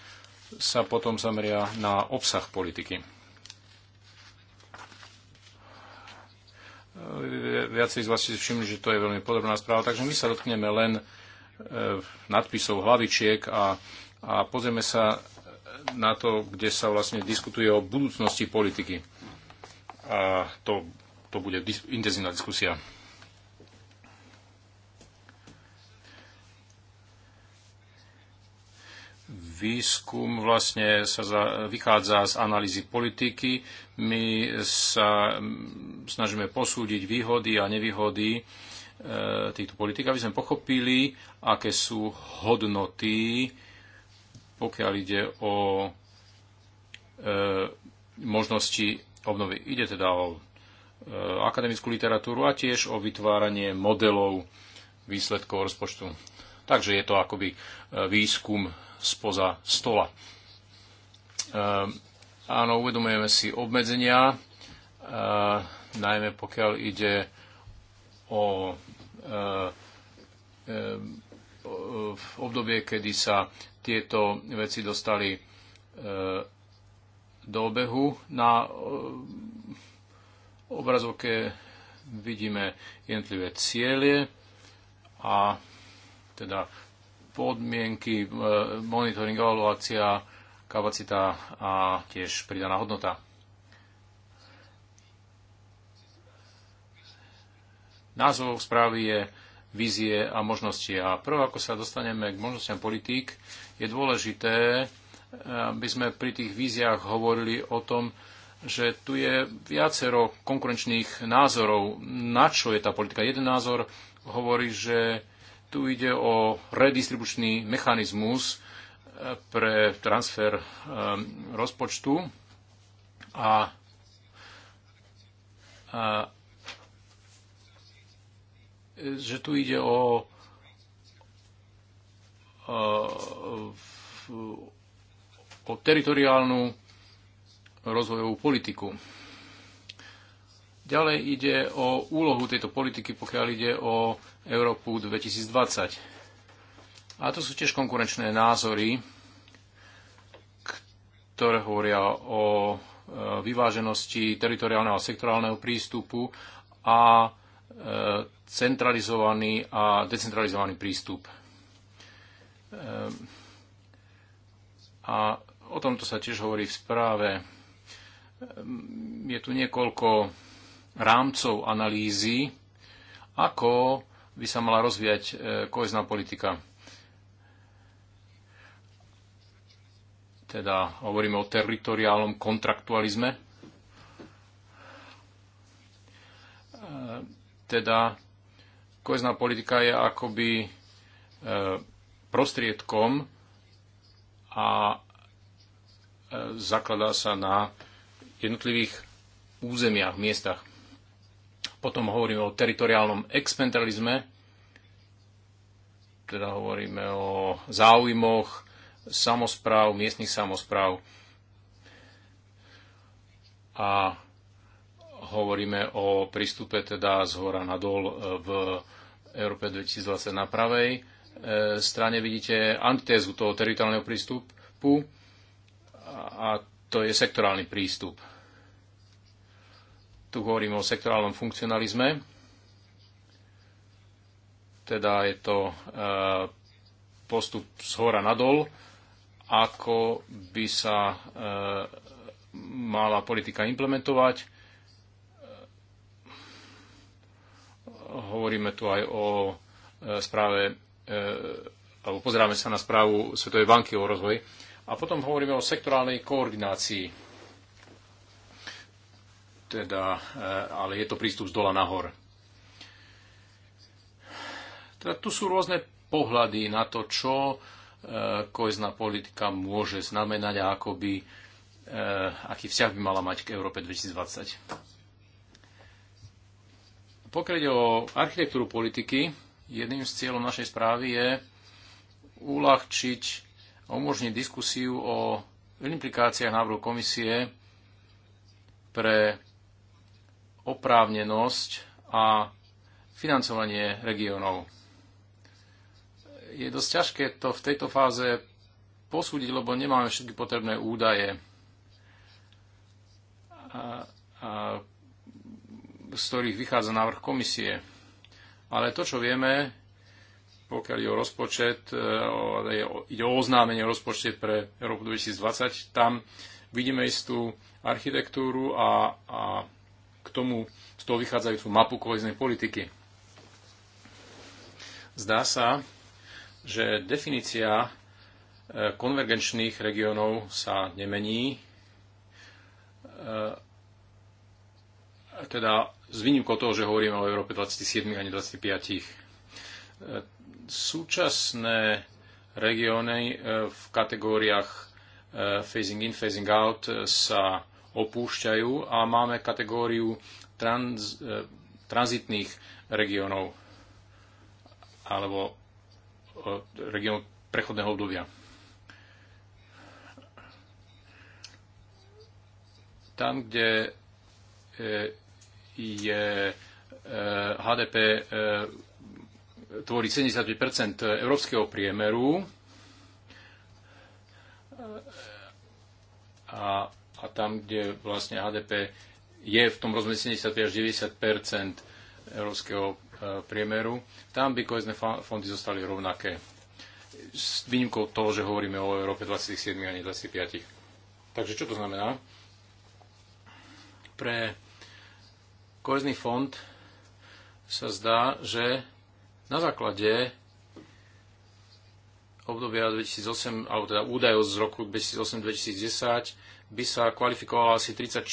sa potom zameria na obsah politiky. Viacej z vás si všimli, že to je veľmi podrobná správa, takže my sa dotkneme len eh, nadpisov, hlavičiek a a pozrieme sa na to, kde sa vlastne diskutuje o budúcnosti politiky. A to, to bude dis- intenzívna diskusia. výskum vlastne sa za, vychádza z analýzy politiky. My sa snažíme posúdiť výhody a nevýhody e, týchto politik, aby sme pochopili, aké sú hodnoty pokiaľ ide o e, možnosti obnovy. Ide teda o e, akademickú literatúru a tiež o vytváranie modelov výsledkov rozpočtu. Takže je to akoby e, výskum spoza stola. E, áno, uvedomujeme si obmedzenia, e, najmä pokiaľ ide o e, e, obdobie, kedy sa tieto veci dostali e, do obehu. Na e, obrazovke vidíme jednotlivé cieľe a teda podmienky, e, monitoring, evaluácia, kapacita a tiež pridaná hodnota. Názov správy je vízie a možnosti. A prv, ako sa dostaneme k možnostiam politík, je dôležité, eh, aby sme pri tých víziách hovorili o tom, že tu je viacero konkurenčných názorov, na čo je tá politika. Jeden názor hovorí, že tu ide o redistribučný mechanizmus eh, pre transfer eh, rozpočtu a, že tu ide o Eh, o teritoriálnu rozvojovú politiku. Ďalej ide o úlohu tejto politiky, pokiaľ ide o Európu 2020. A to sú tiež konkurenčné názory, ktoré hovoria o eh, vyváženosti teritoriálneho a sektorálneho prístupu a eh, centralizovaný a decentralizovaný prístup. A o tomto sa tiež hovorí v správe. Je tu niekoľko rámcov analýzy, ako by sa mala rozvíjať e, kohezná politika. Teda hovoríme o teritoriálnom kontraktualizme. E, teda kohezná politika je akoby e, prostriedkom a e, zakladá sa na jednotlivých územiach, miestach. Potom hovoríme o teritoriálnom expentralizme, teda hovoríme o záujmoch samozpráv, miestnych samozpráv a hovoríme o prístupe teda z hora na dol e, v Európe 2020 na pravej E, strane vidíte antitézu toho teritoriálneho prístupu a to je sektorálny prístup. Tu hovorím o sektorálnom funkcionalizme, teda je to e, postup z hora nadol, ako by sa e, mala politika implementovať. Hovoríme tu aj o správe Eh, alebo pozeráme sa na správu Svetovej banky o rozvoji a potom hovoríme o sektorálnej koordinácii. Teda, eh, ale je to prístup z dola nahor. Teda tu sú rôzne pohľady na to, čo e, politika môže znamenať a ako by, aký vzťah by mala mať k Európe 2020. Pokiaľ ide o architektúru politiky, Jedným z cieľom našej správy je uľahčiť a umožniť diskusiu o implikáciách návrhu komisie pre oprávnenosť a financovanie regiónov. Je dosť ťažké to v tejto fáze posúdiť, lebo nemáme všetky potrebné údaje, a, a, z ktorých vychádza návrh komisie. Ale to, čo vieme, pokiaľ ide o rozpočet, e, ide o oznámenie o rozpočte pre Európu 2020, tam vidíme istú architektúru a, a k tomu z toho vychádzajúcu mapu koheznej politiky. Zdá sa, že definícia e, konvergenčných regiónov sa nemení. E, teda s výnimkou toho, že hovoríme o Európe 27 a 25. E, súčasné regióny e, v kategóriách e, phasing in, phasing out sa opúšťajú a máme kategóriu trans, tranzitných regiónov alebo regiónov prechodného obdobia. Tam, kde je HDP eh, eh, tvorí 75 európskeho priemeru eh, a, a tam, kde vlastne HDP je v tom rozmedzi 75 až 90 európskeho priemeru, tam by kohezné fondy zostali rovnaké. S výnimkou toho, že hovoríme o Európe 27 a nie 25. Takže čo to znamená? Pre Kohezný fond sa zdá, že na základe obdobia 2008, alebo teda údajov z roku 2008-2010, by sa kvalifikovalo asi 30 eh,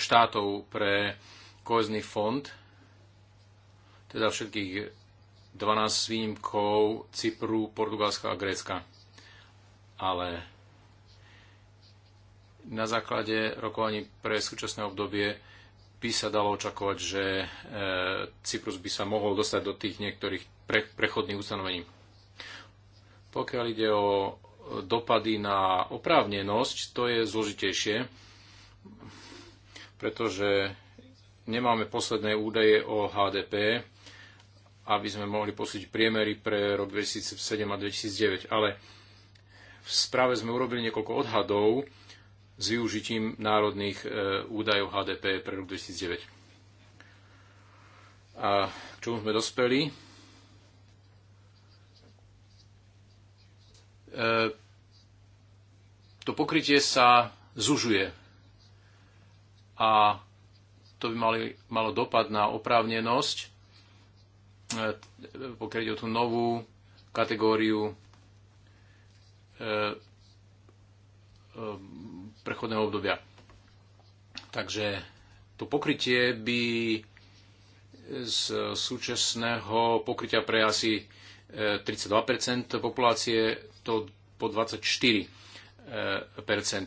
štátov pre kohezný fond, teda všetkých 12 výnimkov Cypru, Portugalska a Grécka. Ale na základe rokovaní pre súčasné obdobie by sa dalo očakovať, že e, Cyprus by sa mohol dostať do tých niektorých pre, prechodných ustanovení. Pokiaľ ide o dopady na oprávnenosť, to je zložitejšie, pretože nemáme posledné údaje o HDP, aby sme mohli posúdiť priemery pre rok 2007 a 2009, ale v správe sme urobili niekoľko odhadov, s využitím národných e, údajov HDP pre rok 2009. A k čomu sme dospeli? E, to pokrytie sa zužuje a to by mali, malo dopad na oprávnenosť, e, pokiaľ ide o tú novú kategóriu prechodného obdobia. Takže to pokrytie by z súčasného pokrytia pre asi 32 e, populácie to po 24 e,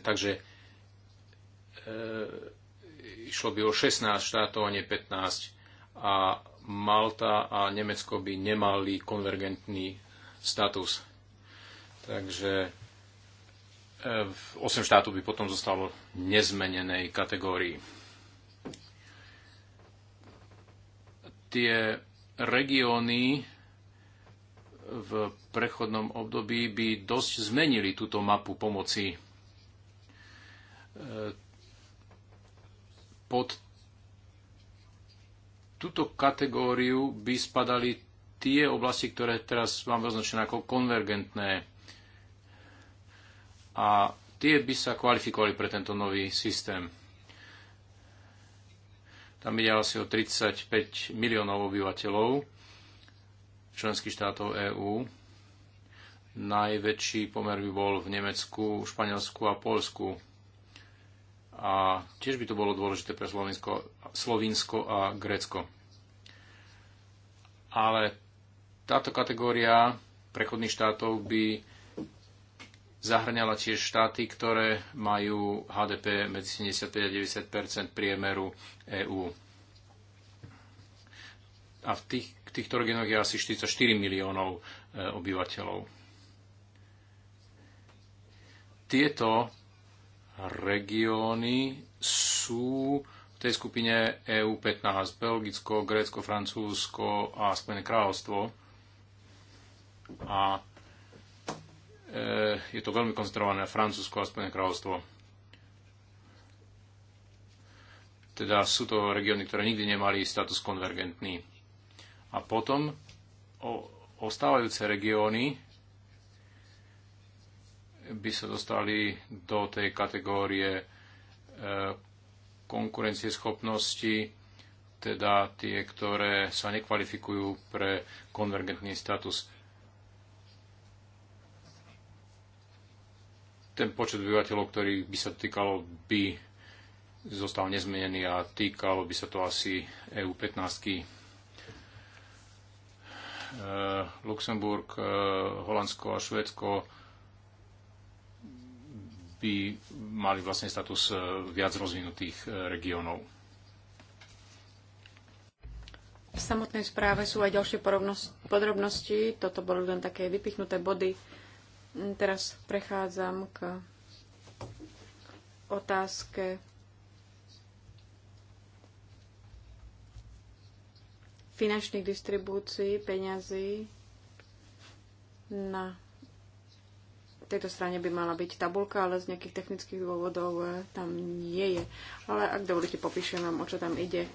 Takže e, išlo by o 16 štátov a nie 15 a Malta a Nemecko by nemali konvergentný status. Takže 8 štátov by potom zostalo v nezmenenej kategórii. Tie regióny v prechodnom období by dosť zmenili túto mapu pomoci. E, pod túto kategóriu by spadali tie oblasti, ktoré teraz mám označené ako konvergentné a tie by sa kvalifikovali pre tento nový systém. Tam ide asi o 35 miliónov obyvateľov členských štátov EÚ. Najväčší pomer by bol v Nemecku, Španielsku a Polsku. A tiež by to bolo dôležité pre Slovinsko, Slovinsko a Grécko. Ale táto kategória prechodných štátov by zahrňala tiež štáty, ktoré majú HDP medzi 75 a 90 priemeru EÚ. A v tých, týchto regiónoch je asi 44 miliónov e, obyvateľov. Tieto regióny sú v tej skupine EU 15, Belgicko, Grécko, Francúzsko a Spojené kráľovstvo. A je to veľmi koncentrované na Francúzsko a Spojené kráľovstvo. Teda sú to regióny, ktoré nikdy nemali status konvergentný. A potom o, ostávajúce regióny by sa dostali do tej kategórie e, konkurencieschopnosti, teda tie, ktoré sa nekvalifikujú pre konvergentný status. ten počet obyvateľov, ktorých by sa týkalo, by zostal nezmenený a týkalo by sa to asi EU-15. E, Luxemburg, e, Holandsko a Švédsko by mali vlastne status e, viac rozvinutých e, regiónov. V samotnej správe sú aj ďalšie podrobnosti. Toto boli len také vypichnuté body Teraz prechádzam k otázke finančných distribúcií peňazí na tejto strane by mala byť tabulka, ale z nejakých technických dôvodov eh, tam nie je. Ale ak dovolíte, popíšem vám, o čo tam ide.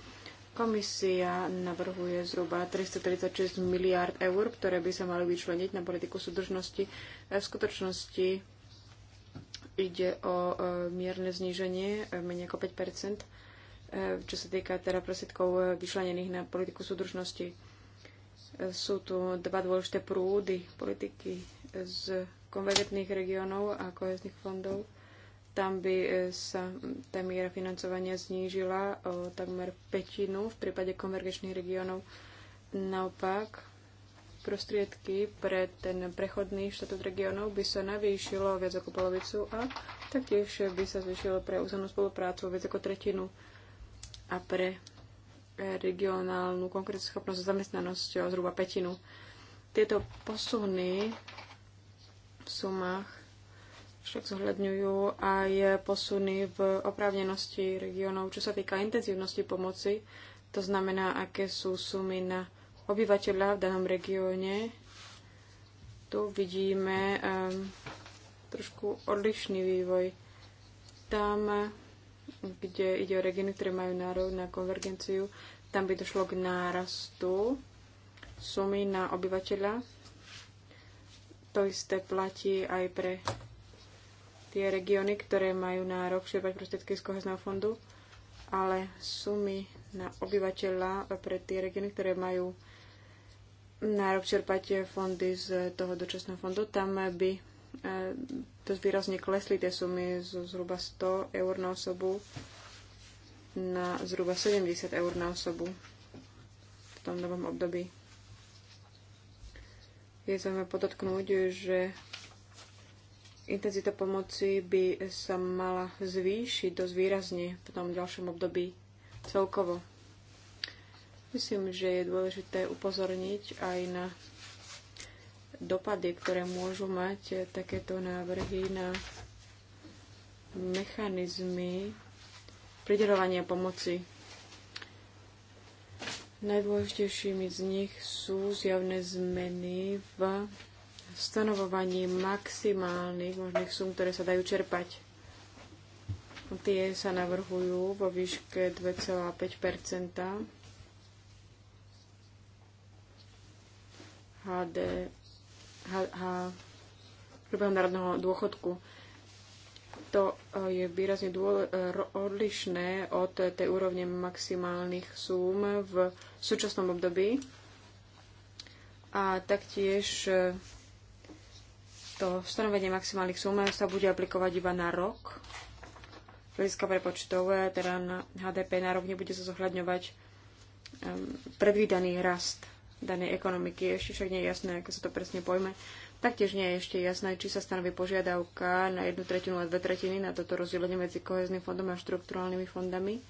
Komisia navrhuje zhruba 336 miliárd eur, ktoré by sa mali vyčleniť na politiku súdržnosti. V skutočnosti ide o e, mierne zníženie, e, menej ako 5 e, čo sa týka teda prostriedkov vyčlenených na politiku súdržnosti. Sú tu dva dôležité prúdy politiky z konvergentných regiónov a kohezných fondov tam by e, sa tá miera financovania znížila o takmer petinu v prípade konvergečných regiónov. Naopak, prostriedky pre ten prechodný štatút regiónov by sa navýšilo viac ako polovicu a taktiež by sa zvýšilo pre územnú spoluprácu viac ako tretinu a pre regionálnu schopnosť a zamestnanosť o zhruba petinu. Tieto posuny v sumách však zohľadňujú aj posuny v oprávnenosti regionov, čo sa týka intenzívnosti pomoci, to znamená, aké sú sumy na obyvateľa v danom regióne. Tu vidíme um, trošku odlišný vývoj. Tam, kde ide o regióny, ktoré majú nárok na konvergenciu, tam by došlo k nárastu sumy na obyvateľa. To isté platí aj pre tie regióny, ktoré majú nárok čerpať prostriedky z kohezného fondu, ale sumy na obyvateľa pre tie regióny, ktoré majú nárok čerpať fondy z toho dočasného fondu, tam by to e, výrazne klesli tie sumy z zhruba 100 eur na osobu na zhruba 70 eur na osobu v tom novom období. Je zaujímavé podotknúť, že Intenzita pomoci by sa mala zvýšiť dosť výrazne v tom ďalšom období celkovo. Myslím, že je dôležité upozorniť aj na dopady, ktoré môžu mať takéto návrhy na mechanizmy pridelovania pomoci. Najdôležitejšími z nich sú zjavné zmeny v stanovovanie maximálnych možných sum, ktoré sa dajú čerpať. Tie sa navrhujú vo výške 2,5 HD, H, H, hrubého národného dôchodku. To e, je výrazne dôle, odlišné od tej úrovne maximálnych súm v súčasnom období. A taktiež e, to stanovenie maximálnych sum sa bude aplikovať iba na rok. Hľadiska prepočtové, eh, teda na HDP na rok nebude sa zohľadňovať um, predvídaný rast danej ekonomiky. Ešte však nie je jasné, ako sa to presne pojme. Taktiež nie je ešte jasné, či sa stanoví požiadavka na jednu tretinu a dve tretiny na toto rozdelenie medzi kohezným fondom a štrukturálnymi fondami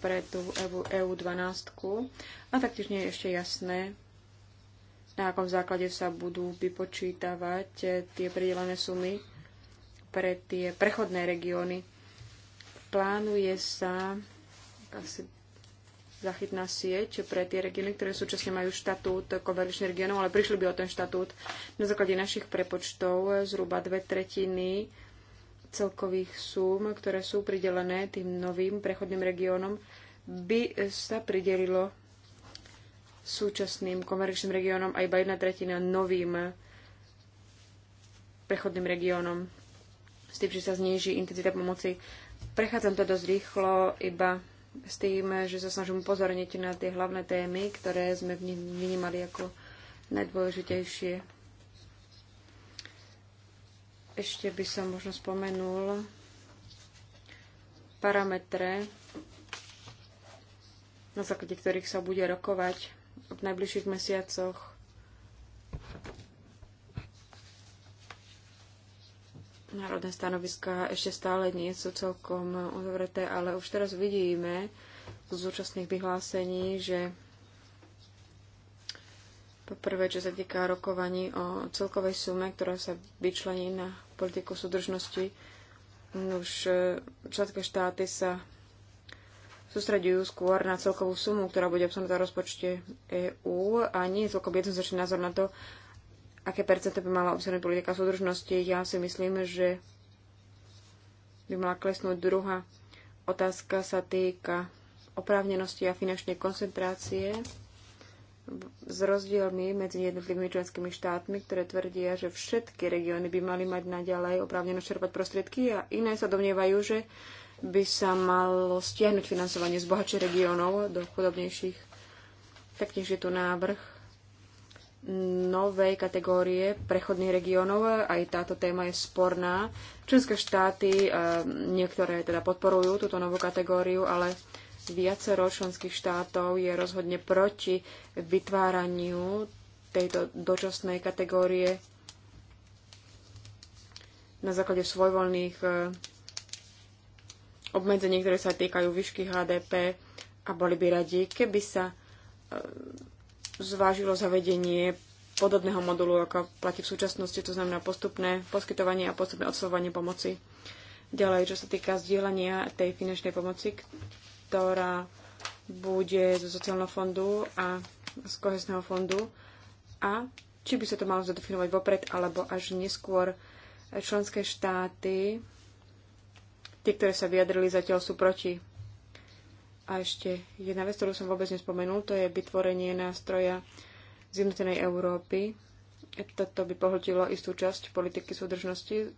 pre tú EU12. E a taktiež nie je ešte jasné, na akom základe sa budú vypočítavať eh, tie pridelené sumy pre tie prechodné regióny. Plánuje sa asi zachytná sieť pre tie regióny, ktoré súčasne majú štatút konverčných regiónov, ale prišli by o ten štatút. Na základe našich prepočtov eh, zhruba dve tretiny celkových súm, ktoré sú pridelené tým novým prechodným regiónom, by sa pridelilo súčasným komerčným regiónom a iba jedna tretina novým prechodným regiónom. S tým, že sa zníži intenzita pomoci. Prechádzam to dosť rýchlo, iba s tým, že sa snažím upozorniť na tie hlavné témy, ktoré sme vnímali ako najdôležitejšie. Ešte by som možno spomenul parametre, na základe ktorých sa bude rokovať v najbližších mesiacoch. Národné stanoviska ešte stále nie sú celkom uzavreté, ale už teraz vidíme z súčasných vyhlásení, že poprvé, čo sa týka rokovaní o celkovej sume, ktorá sa vyčlení na politiku súdržnosti, už členské štáty sa sústredujú skôr na celkovú sumu, ktorá bude obsahnutá v rozpočte EÚ a nie je celkom jednoznačný názor na to, aké percento by mala obsahnúť politika súdržnosti. Ja si myslím, že by mala klesnúť druhá otázka sa týka oprávnenosti a finančnej koncentrácie s rozdielmi medzi jednotlivými členskými štátmi, ktoré tvrdia, že všetky regióny by mali mať naďalej oprávnenosť čerpať prostriedky a iné sa domnievajú, že by sa malo stiahnuť financovanie z bohatších regiónov do chudobnejších. Taktiež je tu návrh novej kategórie prechodných regiónov. Aj táto téma je sporná. Členské štáty, eh, niektoré teda podporujú túto novú kategóriu, ale viacero členských štátov je rozhodne proti vytváraniu tejto dočasnej kategórie na základe svojvoľných eh, Obmedzenie, ktoré sa týkajú výšky HDP a boli by radi, keby sa e, zvážilo zavedenie podobného modulu, ako platí v súčasnosti, to znamená postupné poskytovanie a postupné odsúvanie pomoci. Ďalej, čo sa týka zdieľania tej finančnej pomoci, ktorá bude zo sociálneho fondu a z kohesného fondu a či by sa to malo zadefinovať vopred alebo až neskôr členské štáty Tí, ktorí sa vyjadrili, zatiaľ sú proti. A ešte jedna vec, ktorú som vôbec nespomenul, to je vytvorenie nástroja z jednotenej Európy. Toto by pohltilo istú časť politiky súdržnosti,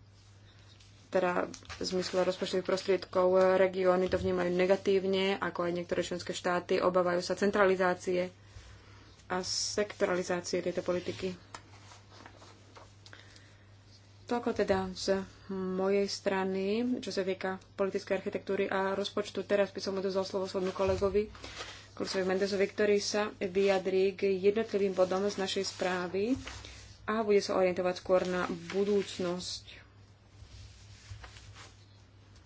teda v zmysle rozpočtových prostriedkov. Regióny to vnímajú negatívne, ako aj niektoré členské štáty. Obávajú sa centralizácie a sektoralizácie tejto politiky. Toľko teda z mojej strany, čo sa týka politickej architektúry a rozpočtu. Teraz by som odozval slovo svojmu kolegovi, Kursovi Mendezovi, ktorý sa vyjadrí k jednotlivým bodom z našej správy a bude sa orientovať skôr na budúcnosť.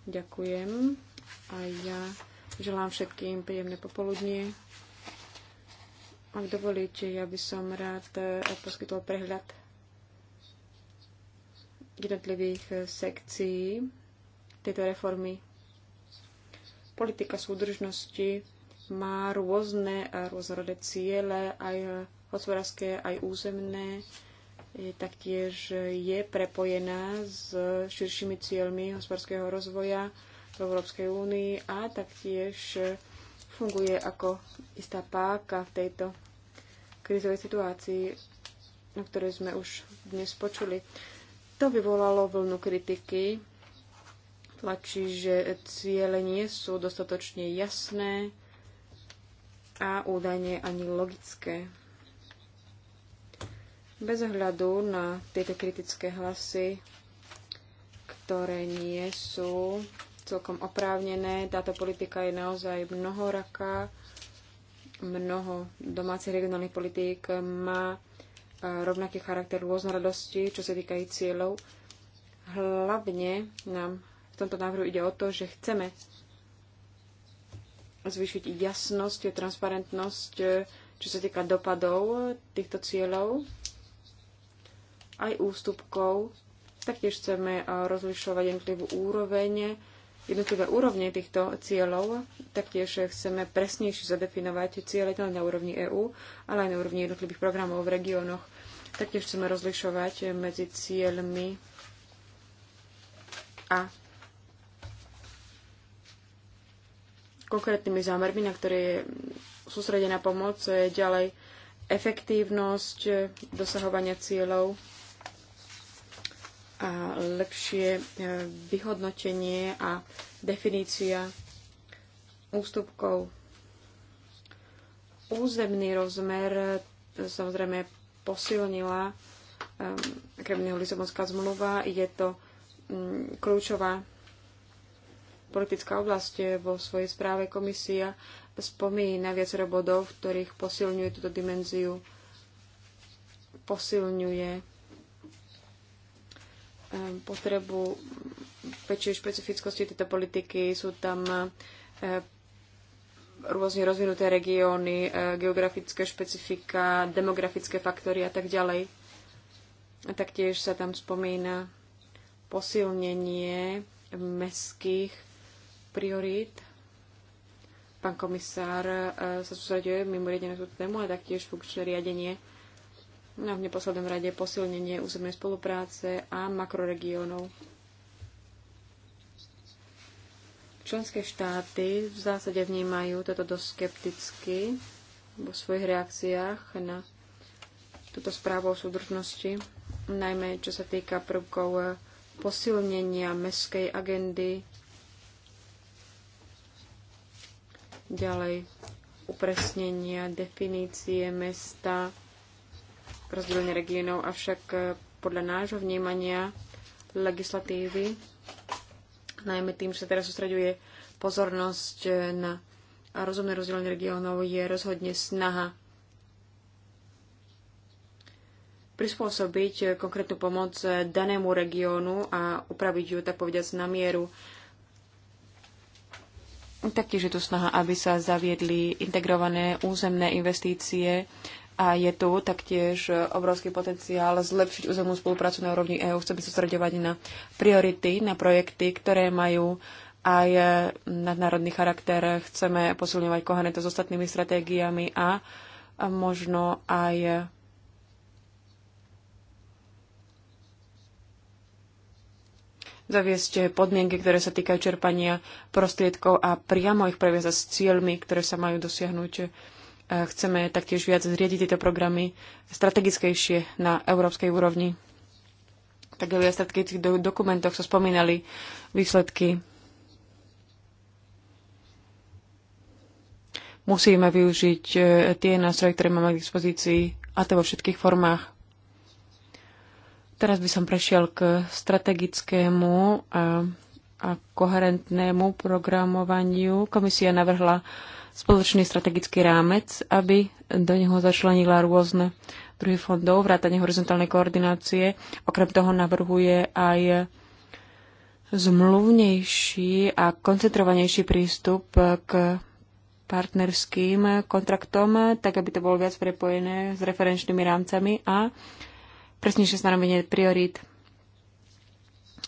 Ďakujem a ja želám všetkým príjemné popoludnie. Ak dovolíte, ja by som rád poskytol prehľad jednotlivých eh, sekcií tejto reformy. Politika súdržnosti má rôzne a rôzorodé ciele, aj hospodárske, aj územné. Taktiež eh, je prepojená s širšími cieľmi hospodárskeho rozvoja v Európskej únii a taktiež eh, funguje ako istá páka v tejto krizovej situácii, o ktorej sme už dnes počuli. To vyvolalo vlnu kritiky, tlačí, že ciele nie sú dostatočne jasné a údajne ani logické. Bez ohľadu na tieto kritické hlasy, ktoré nie sú celkom oprávnené, táto politika je naozaj mnohoraká, mnoho domácich regionálnych politík má rovnaký charakter rôznorodosti, čo sa týka ich cieľov. Hlavne nám v tomto návrhu ide o to, že chceme zvýšiť jasnosť, transparentnosť, čo sa týka dopadov týchto cieľov, aj ústupkov. Taktiež chceme rozlišovať jednotlivú úroveň jednotlivé úrovne týchto cieľov. Taktiež chceme presnejšie zadefinovať cieľe nielen na úrovni EÚ, ale aj na úrovni jednotlivých programov v regiónoch. Taktiež chceme rozlišovať medzi cieľmi a konkrétnymi zámermi, na ktoré je sústredená pomoc, ďalej efektívnosť dosahovania cieľov a lepšie e, vyhodnotenie a definícia ústupkov. Územný rozmer e, samozrejme posilnila okrem e, Lisabonská zmluva. Je to kľúčová politická oblasť vo svojej správe komisia spomína viacero bodov, v ktorých posilňuje túto dimenziu, posilňuje Ehm, potrebu väčšej špecifickosti tejto politiky. Sú tam ehm, rôzne rozvinuté regióny, ehm, geografické špecifika, demografické faktory a tak ďalej. A taktiež sa tam spomína posilnenie mestských priorít. Pán komisár sa sústreduje mimoriadne na tú tému a taktiež funkčné riadenie No v neposlednom rade posilnenie územnej spolupráce a makroregiónov. Členské štáty v zásade vnímajú toto dosť skepticky vo svojich reakciách na túto správu o súdržnosti, najmä čo sa týka prvkov posilnenia meskej agendy, ďalej upresnenia definície mesta, rozdelenie regiónov, avšak e, podľa nášho vnímania legislatívy, najmä tým, že sa teraz sústreďuje pozornosť e, na rozumné rozdelenie regiónov, je rozhodne snaha prispôsobiť e, konkrétnu pomoc danému regiónu a upraviť ju, tak povediať, na mieru. Taktiež je tu snaha, aby sa zaviedli integrované územné investície a je tu taktiež obrovský potenciál zlepšiť územnú spoluprácu na úrovni EÚ. Chceme sústredovať na priority, na projekty, ktoré majú aj nadnárodný charakter. Chceme posilňovať to s ostatnými stratégiami a možno aj zaviesť podmienky, ktoré sa týkajú čerpania prostriedkov a priamo ich previazať s cieľmi, ktoré sa majú dosiahnuť. Chceme taktiež viac zriediť tieto programy strategickejšie na európskej úrovni. Tak v strategických dokumentoch sa spomínali výsledky. Musíme využiť e, tie nástroje, ktoré máme k dispozícii, a to vo všetkých formách. Teraz by som prešiel k strategickému a, a koherentnému programovaniu. Komisia navrhla spoločný strategický rámec, aby do neho začlenila rôzne druhy fondov, vrátanie horizontálnej koordinácie. Okrem toho navrhuje aj zmluvnejší a koncentrovanejší prístup k partnerským kontraktom, tak aby to bolo viac prepojené s referenčnými rámcami a presnejšie stanovenie priorít.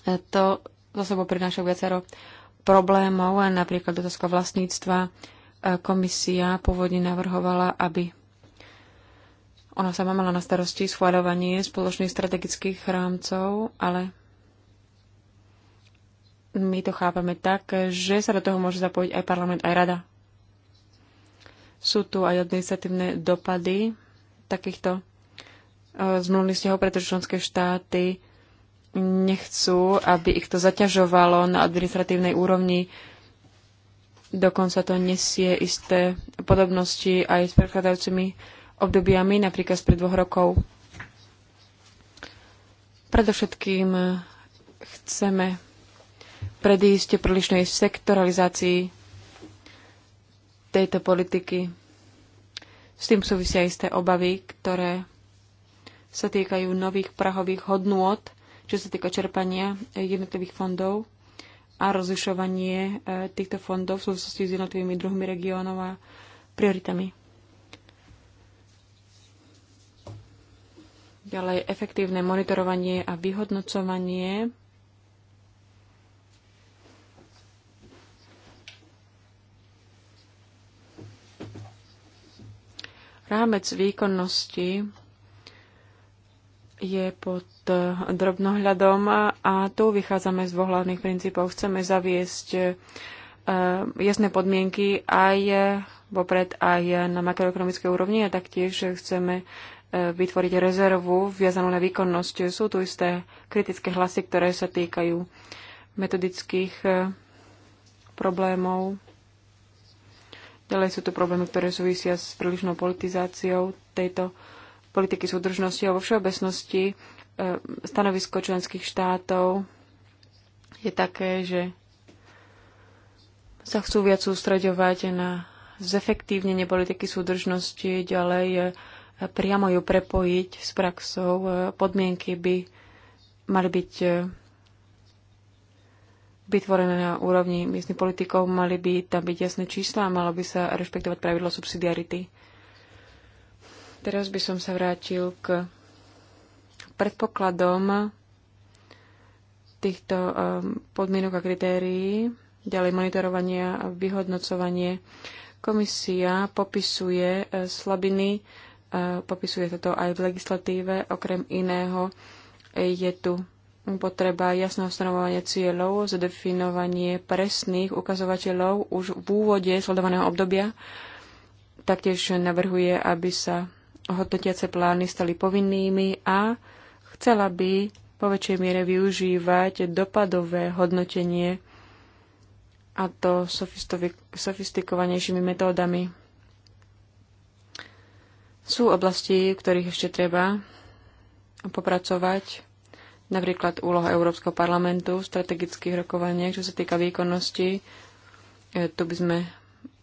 To za sebou prináša viacero problémov, napríklad otázka vlastníctva, komisia pôvodne navrhovala, aby ona sama mala na starosti schváľovanie spoločných strategických rámcov, ale my to chápame tak, že sa do toho môže zapojiť aj parlament, aj rada. Sú tu aj administratívne dopady takýchto e, zmluvných vzťahov, pretože členské štáty nechcú, aby ich to zaťažovalo na administratívnej úrovni Dokonca to nesie isté podobnosti aj s predchádzajúcimi obdobiami, napríklad pred dvoch rokov. Predovšetkým chceme predísť prílišnej sektoralizácii tejto politiky. S tým súvisia isté obavy, ktoré sa týkajú nových prahových hodnôt, čo sa týka čerpania jednotlivých fondov a rozlišovanie e, týchto fondov v súvislosti s jednotlivými druhmi regiónov a prioritami. Ďalej efektívne monitorovanie a vyhodnocovanie. Rámec výkonnosti je pod Eh, drobnohľadom a tu vychádzame z dvoch hlavných princípov. Chceme zaviesť eh, jasné podmienky aj eh, vopred, aj na makroekonomickej úrovni a taktiež chceme vytvoriť rezervu viazanú na výkonnosť. Sú tu isté kritické hlasy, ktoré sa týkajú metodických problémov. Ďalej sú tu problémy, ktoré súvisia s prílišnou politizáciou tejto politiky súdržnosti a vo všeobecnosti E, stanovisko členských štátov je také, že sa chcú viac sústreďovať na zefektívnenie politiky súdržnosti, ďalej e, priamo ju prepojiť s praxou. E, podmienky by mali byť vytvorené na úrovni miestnych politikov, mali by tam byť jasné čísla a malo by sa rešpektovať pravidlo subsidiarity. Teraz by som sa vrátil k predpokladom týchto eh, podmienok a kritérií, ďalej monitorovanie a vyhodnocovanie, komisia popisuje eh, slabiny, eh, popisuje toto aj v legislatíve, okrem iného je tu potreba jasného stanovovania cieľov, zadefinovanie presných ukazovateľov už v úvode sledovaného obdobia. Taktiež navrhuje, aby sa hodnotiace plány stali povinnými a chcela by po väčšej miere využívať dopadové hodnotenie a to sofistikovanejšími metódami. Sú oblasti, v ktorých ešte treba popracovať, napríklad úloha Európskeho parlamentu v strategických rokovaniach, čo sa týka výkonnosti. E, tu by sme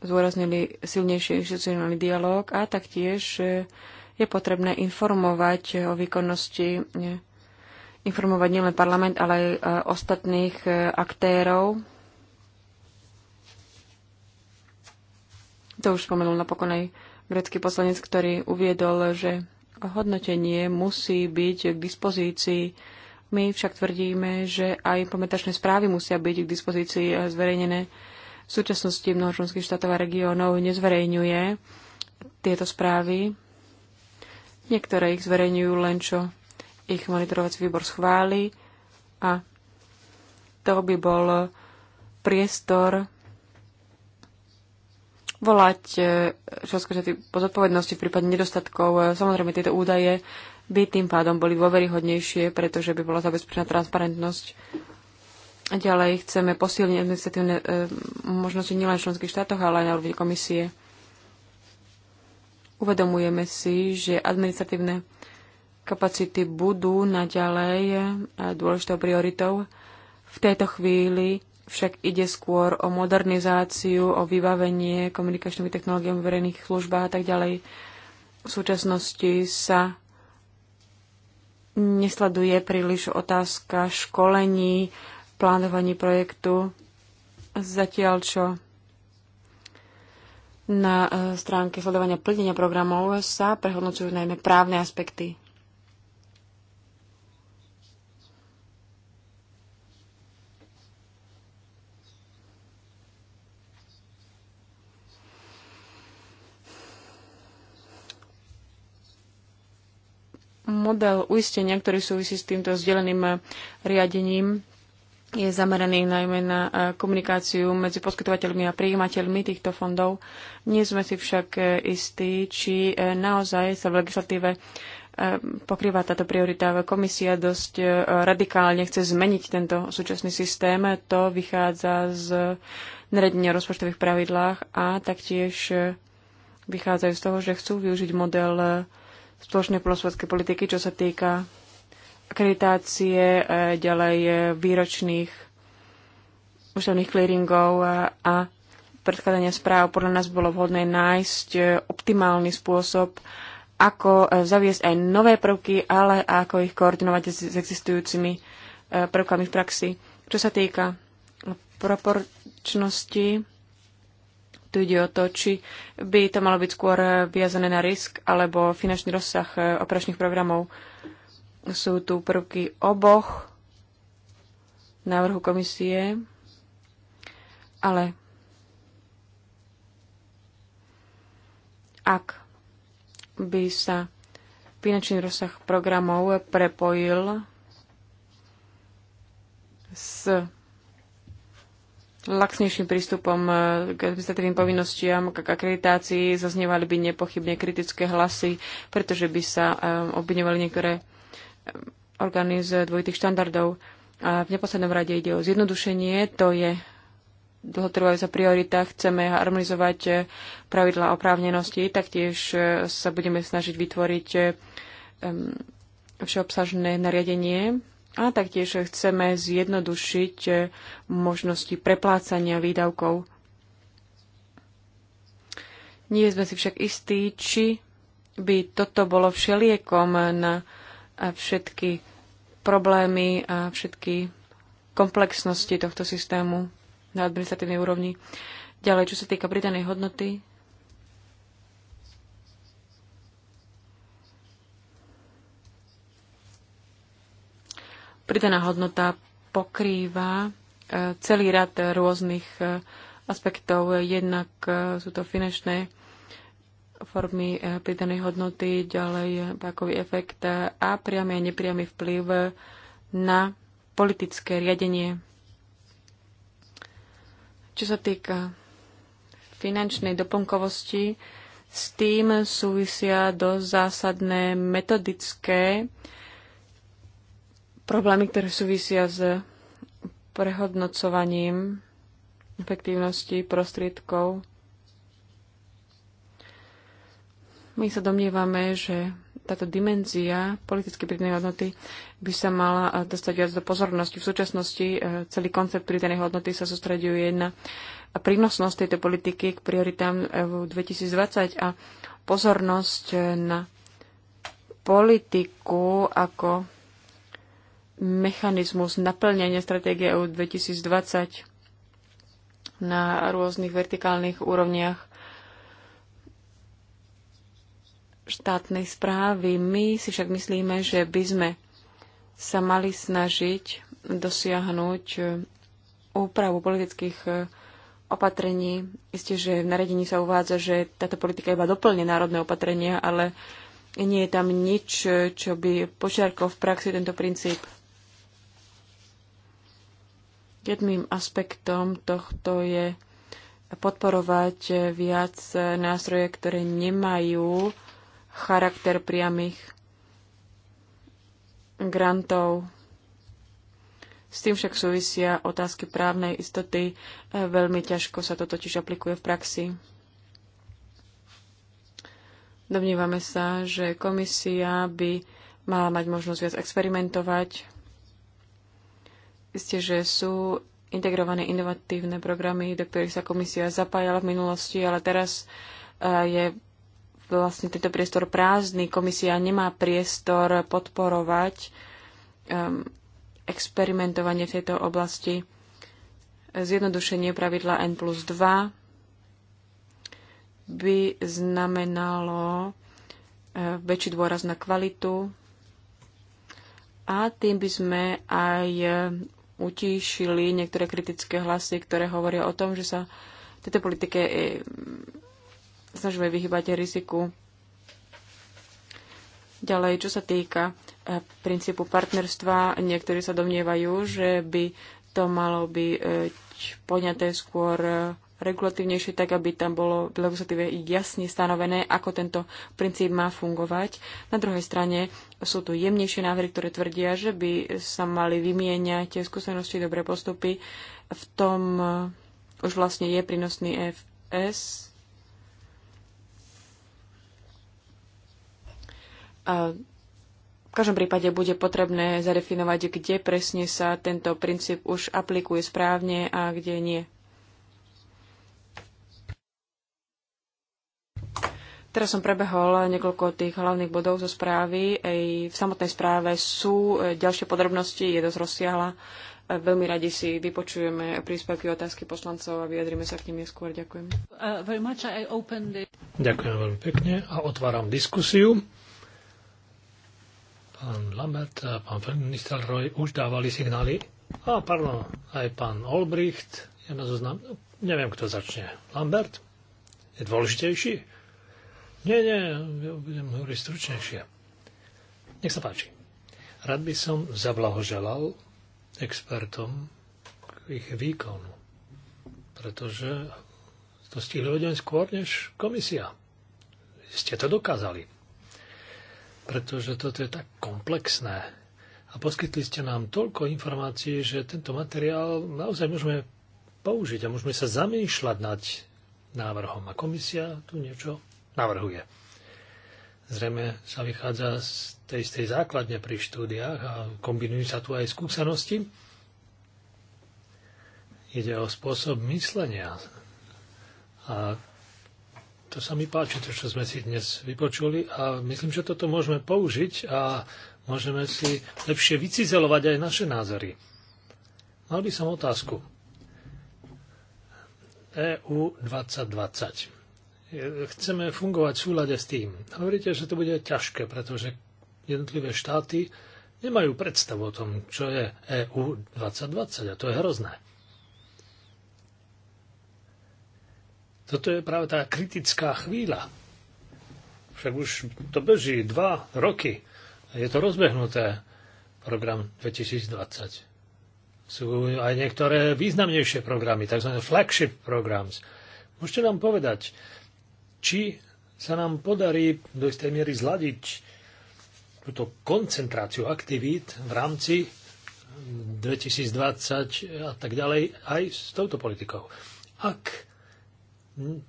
zôraznili silnejší institucionálny dialog a taktiež e, je potrebné informovať o výkonnosti, informovať nielen parlament, ale aj e, ostatných e, aktérov. To už spomenul napokon aj grecký poslanec, ktorý uviedol, že hodnotenie musí byť k dispozícii. My však tvrdíme, že aj pamätačné správy musia byť k dispozícii e, zverejnené. V súčasnosti mnoho členských štátov a regiónov nezverejňuje tieto správy Niektoré ich zverejňujú len čo ich monitorovací výbor schváli a to by bol priestor volať všetko štáty po zodpovednosti v prípade nedostatkov. E, Samozrejme, tieto údaje by tým pádom boli dôveryhodnejšie, pretože by bola zabezpečená transparentnosť. A ďalej chceme posilniť administratívne e, možnosti nielen v členských štátoch, ale aj na úrovni komisie. Uvedomujeme si, že administratívne kapacity budú naďalej e, dôležitou prioritou. V tejto chvíli však ide skôr o modernizáciu, o vybavenie komunikačnými technológiami verejných službách a tak ďalej. V súčasnosti sa nesleduje príliš otázka školení, plánovaní projektu, zatiaľ čo na e, stránke sledovania plnenia programov sa prehodnocujú najmä právne aspekty. Model uistenia, ktorý súvisí s týmto zdeleným riadením, je zameraný najmä na e, komunikáciu medzi poskytovateľmi a prijímateľmi týchto fondov. Nie sme si však e, istí, či e, naozaj sa v legislatíve pokrýva táto priorita. Komisia dosť radikálne chce zmeniť tento súčasný systém. To vychádza z naredenia rozpočtových pravidlách a taktiež vychádzajú z toho, že chcú využiť model spoločnej polosvedskej politiky, čo sa týka akreditácie, e, ďalej e, výročných ústavných clearingov a predkladania správ. Podľa nás bolo vhodné nájsť e, optimálny spôsob, ako zaviesť aj nové prvky, ale ako ich koordinovať s existujúcimi prvkami v praxi. Čo sa týka proporčnosti, tu ide o to, či by to malo byť skôr viazané na risk alebo finančný rozsah operačných programov sú tu prvky oboch návrhu komisie, ale ak by sa finančný rozsah programov prepojil s laxnejším prístupom k administratívnym povinnostiam, k akreditácii, zaznievali by nepochybne kritické hlasy, pretože by sa eh, obviňovali niektoré orgány z dvojitých štandardov. A v neposlednom rade ide o zjednodušenie, to je dlhotrvajúca priorita, chceme harmonizovať eh, pravidla oprávnenosti, taktiež eh, sa budeme snažiť vytvoriť všeobsažné nariadenie a taktiež chceme zjednodušiť eh, možnosti preplácania výdavkov. Nie sme si však istí, či by toto bolo všeliekom na a všetky problémy a všetky komplexnosti tohto systému na administratívnej úrovni. Ďalej, čo sa týka pridanej hodnoty, pridaná hodnota pokrýva e, celý rad rôznych e, aspektov. Jednak e, sú to finančné formy eh, pridanej hodnoty, ďalej takový eh, efekt a priamy a nepriamy vplyv na politické riadenie. Čo sa týka finančnej doplnkovosti, s tým súvisia dosť zásadné metodické problémy, ktoré súvisia s prehodnocovaním efektívnosti prostriedkov My sa domnievame, že táto dimenzia politicky pridanej hodnoty by sa mala eh, dostať viac do pozornosti. V súčasnosti eh, celý koncept pridanej hodnoty sa sústreďuje na prínosnosť tejto politiky k prioritám EU eh, 2020 a pozornosť na politiku ako mechanizmus naplňania stratégie EU 2020 na rôznych vertikálnych úrovniach štátnej správy. My si však myslíme, že by sme sa mali snažiť dosiahnuť e, úpravu politických e, opatrení. Isté, že v naredení sa uvádza, že táto politika iba doplne národné opatrenia, ale nie je tam nič, e, čo by počiarkol v praxi tento princíp. Jedným aspektom tohto je podporovať viac nástroje, ktoré nemajú charakter priamých grantov. S tým však súvisia otázky právnej istoty. E, veľmi ťažko sa to totiž aplikuje v praxi. Domnívame sa, že komisia by mala mať možnosť viac experimentovať. Isté, že sú integrované inovatívne programy, do ktorých sa komisia zapájala v minulosti, ale teraz e, je vlastne tento priestor prázdny. Komisia nemá priestor podporovať um, experimentovanie v tejto oblasti. Zjednodušenie pravidla N plus 2 by znamenalo eh, väčší dôraz na kvalitu a tým by sme aj eh, utíšili niektoré kritické hlasy, ktoré hovoria o tom, že sa tejto politike eh, že vyhybať riziku. Ďalej, čo sa týka e, princípu partnerstva, niektorí sa domnievajú, že by to malo byť poňaté skôr e, regulatívnejšie, tak aby tam bolo v legislatíve jasne stanovené, ako tento princíp má fungovať. Na druhej strane sú tu jemnejšie návrhy, ktoré tvrdia, že by sa mali vymieňať skúsenosti, dobré postupy. V tom e, už vlastne je prínosný FS, v každom prípade bude potrebné zadefinovať, kde presne sa tento princíp už aplikuje správne a kde nie. Teraz som prebehol niekoľko tých hlavných bodov zo správy. Ej, v samotnej správe sú e, ďalšie podrobnosti, je dosť rozsiahla. E, veľmi radi si vypočujeme príspevky otázky poslancov a vyjadrime sa k nim neskôr. Ďakujem. Uh, Ďakujem veľmi pekne a otváram diskusiu. Pán Lambert a pán minister Roy už dávali signály. A pardon, aj pán Olbricht je na zoznam. Neviem, kto začne. Lambert? Je dôležitejší? Nie, nie, ja budem hovoriť stručnejšie. Nech sa páči. Rád by som zablahoželal expertom k ich výkonu, pretože to stihli hodin skôr než komisia. Ste to dokázali pretože toto je tak komplexné. A poskytli ste nám toľko informácií, že tento materiál naozaj môžeme použiť a môžeme sa zamýšľať nad návrhom. A komisia tu niečo navrhuje. Zrejme sa vychádza z tej istej základne pri štúdiách a kombinujú sa tu aj skúsenosti. Ide o spôsob myslenia a to sa mi páči, to, čo sme si dnes vypočuli a myslím, že toto môžeme použiť a môžeme si lepšie vycizelovať aj naše názory. Mal by som otázku. EU 2020. Chceme fungovať v súlade s tým. Hovoríte, že to bude ťažké, pretože jednotlivé štáty nemajú predstavu o tom, čo je EU 2020 a to je hrozné. Toto je práve tá kritická chvíľa. Však už to beží dva roky. Je to rozbehnuté program 2020. Sú aj niektoré významnejšie programy, tzv. flagship programs. Môžete nám povedať, či sa nám podarí do istej miery zladiť túto koncentráciu aktivít v rámci 2020 a tak ďalej aj s touto politikou. Ak Hm?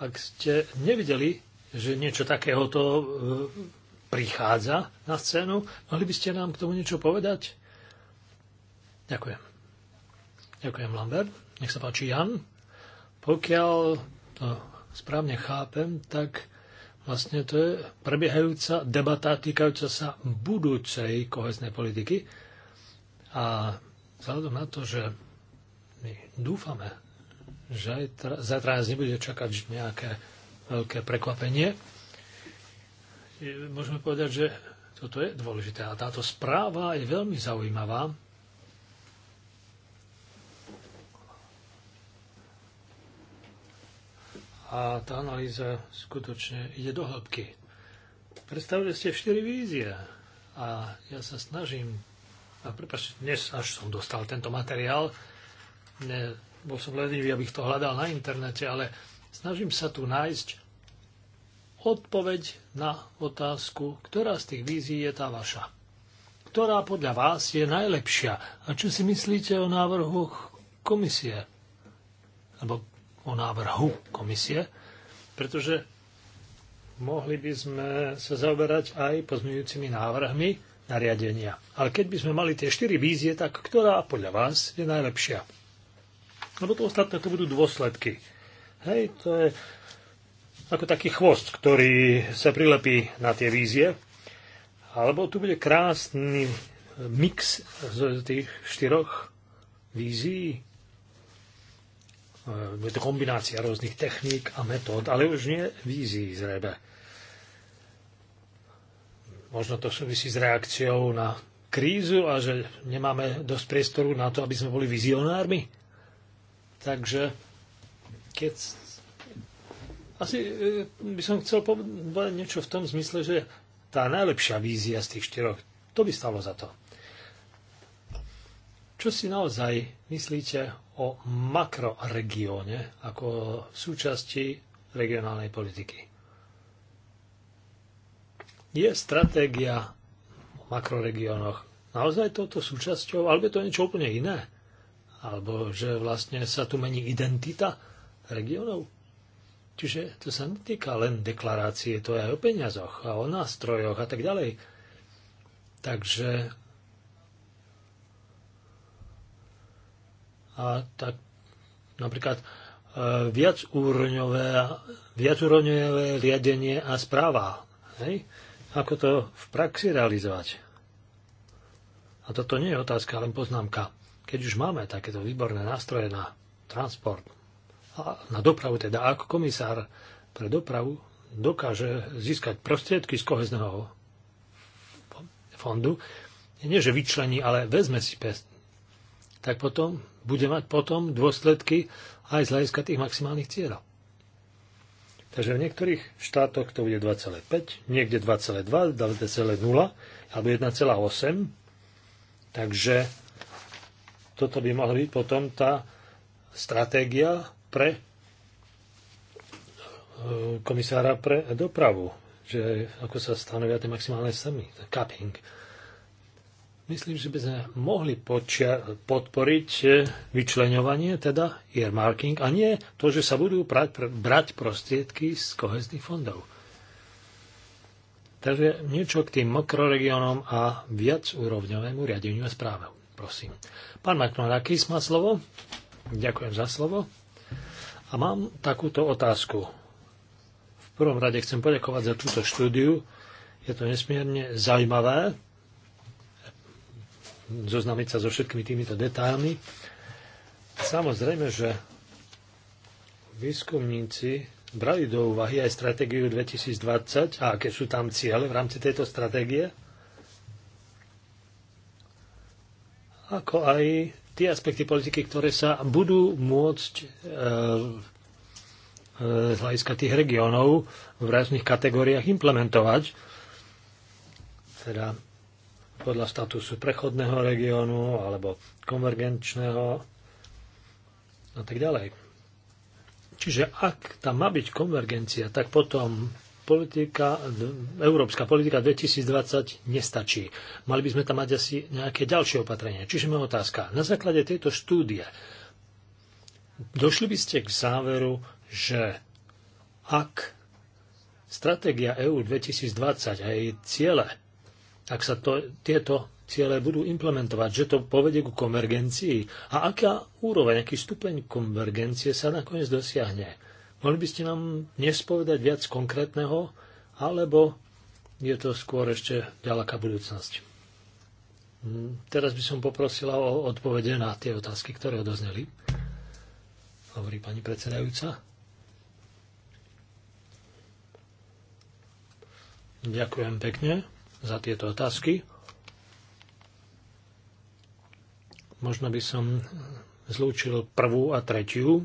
Ak ste nevideli, že niečo takéhoto e, prichádza na scénu, mohli by ste nám k tomu niečo povedať? Ďakujem. Ďakujem, Lambert. Nech sa páči, Jan. Pokiaľ to správne chápem, tak vlastne to je prebiehajúca debata týkajúca sa budúcej koheznej politiky. A vzhľadom na to, že my dúfame, že zajtra nás nebude čakať nejaké veľké prekvapenie. Môžeme povedať, že toto je dôležité. A táto správa je veľmi zaujímavá. A tá analýza skutočne ide do hĺbky. Predstavili ste 4 vízie a ja sa snažím, a prepáčte, dnes až som dostal tento materiál, ne, bol som ledivý, abych to hľadal na internete, ale snažím sa tu nájsť odpoveď na otázku, ktorá z tých vízií je tá vaša. Ktorá podľa vás je najlepšia? A čo si myslíte o návrhoch komisie? Alebo o návrhu komisie? Pretože mohli by sme sa zaoberať aj pozmeňujúcimi návrhmi nariadenia. Ale keď by sme mali tie štyri vízie, tak ktorá podľa vás je najlepšia? Lebo to ostatné to budú dôsledky. Hej, to je ako taký chvost, ktorý sa prilepí na tie vízie. Alebo tu bude krásny mix z tých štyroch vízií. E, je to kombinácia rôznych techník a metód, ale už nie vízií zrejme. Možno to súvisí s reakciou na krízu a že nemáme dosť priestoru na to, aby sme boli vizionármi. Takže keď asi e, by som chcel povedať niečo v tom zmysle, že tá najlepšia vízia z tých štyroch, to by stalo za to. Čo si naozaj myslíte o makroregióne ako súčasti regionálnej politiky? Je stratégia o makroregiónoch naozaj touto súčasťou, alebo je to niečo úplne iné? Alebo že vlastne sa tu mení identita regionov. Čiže to sa netýka len deklarácie, to je aj o peniazoch a o nástrojoch a tak ďalej. Takže a tak napríklad e, viacúrovňové, viacúrovňové riadenie a správa. Hej? Ako to v praxi realizovať? A toto nie je otázka, len poznámka keď už máme takéto výborné nástroje na transport, a na dopravu teda, ako komisár pre dopravu dokáže získať prostriedky z kohezného fondu, nie že vyčlení, ale vezme si pest, tak potom bude mať potom dôsledky aj z hľadiska tých maximálnych cieľov. Takže v niektorých štátoch to bude 2,5, niekde 2,2, 2,0 alebo 1,8. Takže toto by mohla byť potom tá stratégia pre e, komisára pre dopravu, že ako sa stanovia tie maximálne sumy, capping. Myslím, že by sme mohli podporiť e, vyčleňovanie, teda earmarking, a nie to, že sa budú brať, brať prostriedky z kohezných fondov. Takže niečo k tým makroregiónom a úrovňovému riadeniu a správe prosím. Pán Maknorakis má slovo. Ďakujem za slovo. A mám takúto otázku. V prvom rade chcem poďakovať za túto štúdiu. Je to nesmierne zaujímavé zoznamiť sa so všetkými týmito detailmi. Samozrejme, že výskumníci brali do úvahy aj stratégiu 2020 a aké sú tam ciele v rámci tejto stratégie. ako aj tie aspekty politiky, ktoré sa budú môcť e, e, z hľadiska tých regiónov v rôznych kategóriách implementovať, teda podľa statusu prechodného regiónu alebo konvergenčného a tak ďalej. Čiže ak tam má byť konvergencia, tak potom politika, európska politika 2020 nestačí. Mali by sme tam mať asi nejaké ďalšie opatrenia. Čiže moja otázka. Na základe tejto štúdie došli by ste k záveru, že ak stratégia EU 2020 a jej ciele, ak sa to, tieto ciele budú implementovať, že to povedie ku konvergencii a aká úroveň, aký stupeň konvergencie sa nakoniec dosiahne Mohli by ste nám dnes povedať viac konkrétneho, alebo je to skôr ešte ďaleká budúcnosť? Hm, teraz by som poprosila o odpovede na tie otázky, ktoré odozneli. Hovorí pani predsedajúca. Ďakujem pekne za tieto otázky. Možno by som zlúčil prvú a tretiu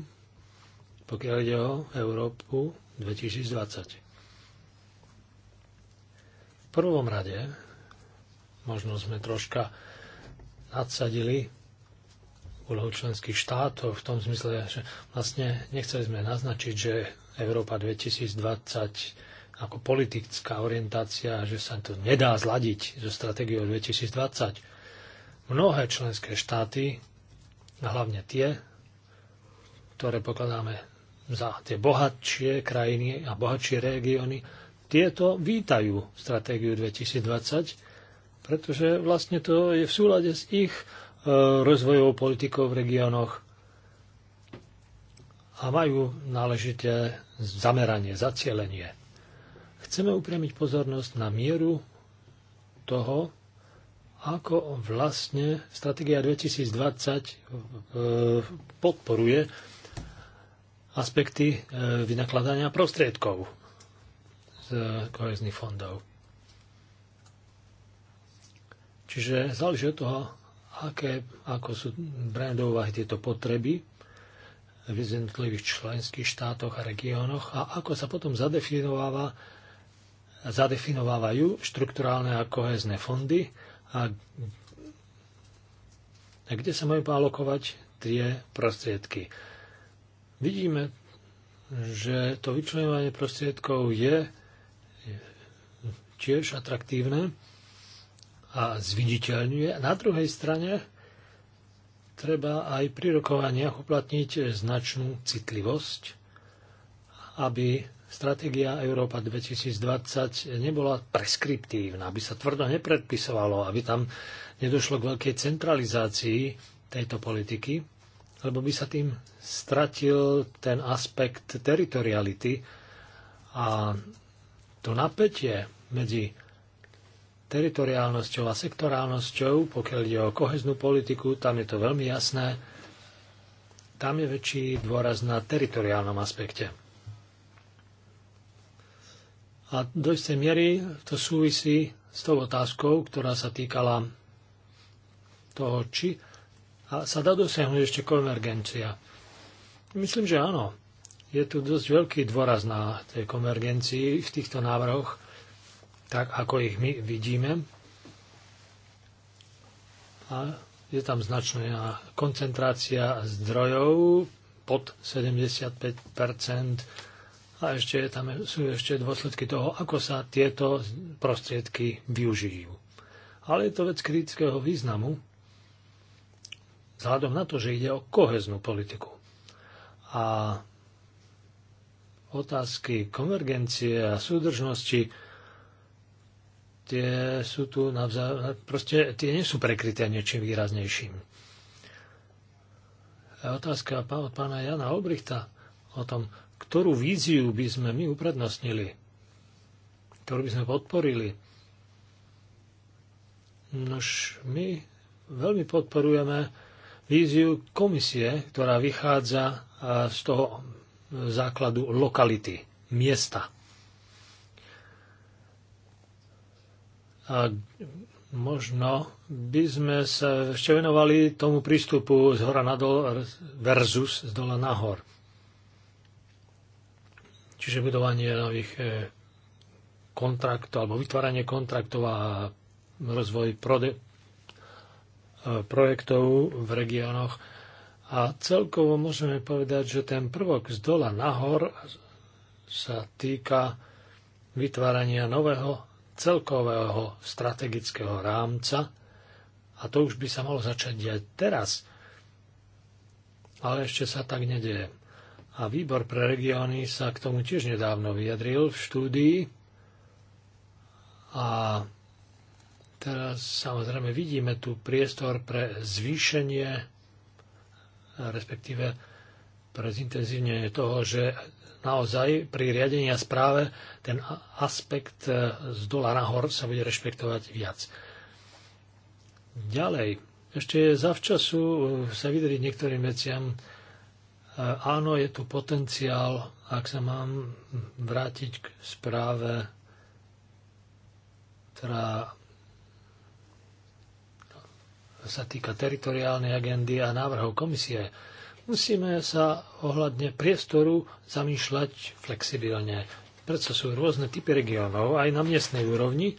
pokiaľ ide o Európu 2020. V prvom rade, možno sme troška nadsadili úlohu členských štátov v tom zmysle, že vlastne nechceli sme naznačiť, že Európa 2020 ako politická orientácia, že sa to nedá zladiť so stratégiou 2020. Mnohé členské štáty, hlavne tie, ktoré pokladáme za tie bohatšie krajiny a bohatšie regióny, tieto vítajú stratégiu 2020, pretože vlastne to je v súlade s ich e, rozvojovou politikou v regiónoch a majú náležité zameranie, zacielenie. Chceme upriamiť pozornosť na mieru toho, ako vlastne stratégia 2020 e, podporuje aspekty e, vynakladania prostriedkov z kohezných fondov. Čiže záleží od toho, aké, ako sú brané do úvahy tieto potreby v jednotlivých členských štátoch a regiónoch a ako sa potom zadefinováva, zadefinovávajú štrukturálne a kohezné fondy a, a kde sa majú alokovať tie prostriedky. Vidíme, že to vyčlenovanie prostriedkov je tiež atraktívne a zviditeľňuje. Na druhej strane treba aj pri rokovaniach uplatniť značnú citlivosť, aby stratégia Európa 2020 nebola preskriptívna, aby sa tvrdo nepredpisovalo, aby tam nedošlo k veľkej centralizácii tejto politiky lebo by sa tým stratil ten aspekt teritoriality a to napätie medzi teritoriálnosťou a sektorálnosťou, pokiaľ ide o koheznú politiku, tam je to veľmi jasné, tam je väčší dôraz na teritoriálnom aspekte. A do istej miery to súvisí s tou otázkou, ktorá sa týkala toho, či a sa dá dosiahnuť ešte konvergencia? Myslím, že áno. Je tu dosť veľký dôraz na tej konvergencii v týchto návrhoch, tak ako ich my vidíme. A je tam značná koncentrácia zdrojov pod 75 a ešte tam sú ešte dôsledky toho, ako sa tieto prostriedky využijú. Ale je to vec kritického významu vzhľadom na to, že ide o koheznú politiku. A otázky konvergencie a súdržnosti tie sú tu navzájom, proste tie nie sú prekryté niečím výraznejším. A otázka od pána Jana Obrichta o tom, ktorú víziu by sme my uprednostnili, ktorú by sme podporili. Nož my veľmi podporujeme víziu komisie, ktorá vychádza e, z toho základu lokality, miesta. A možno by sme sa ešte venovali tomu prístupu z hora nadol versus z dola nahor. Čiže budovanie nových e, kontraktov alebo vytváranie kontraktov a rozvoj projektov v regiónoch a celkovo môžeme povedať, že ten prvok z dola nahor sa týka vytvárania nového celkového strategického rámca a to už by sa malo začať diať teraz, ale ešte sa tak nedieje. A výbor pre regióny sa k tomu tiež nedávno vyjadril v štúdii a Teraz samozrejme vidíme tu priestor pre zvýšenie, respektíve pre zintenzívnenie toho, že naozaj pri riadení a správe ten aspekt e, z dola nahor sa bude rešpektovať viac. Ďalej, ešte zavčasu e, sa vydriť niektorým veciam. E, áno, je tu potenciál, ak sa mám vrátiť k správe, ktorá sa týka teritoriálnej agendy a návrhov komisie, musíme sa ohľadne priestoru zamýšľať flexibilne. Preto sú rôzne typy regiónov, aj na miestnej úrovni,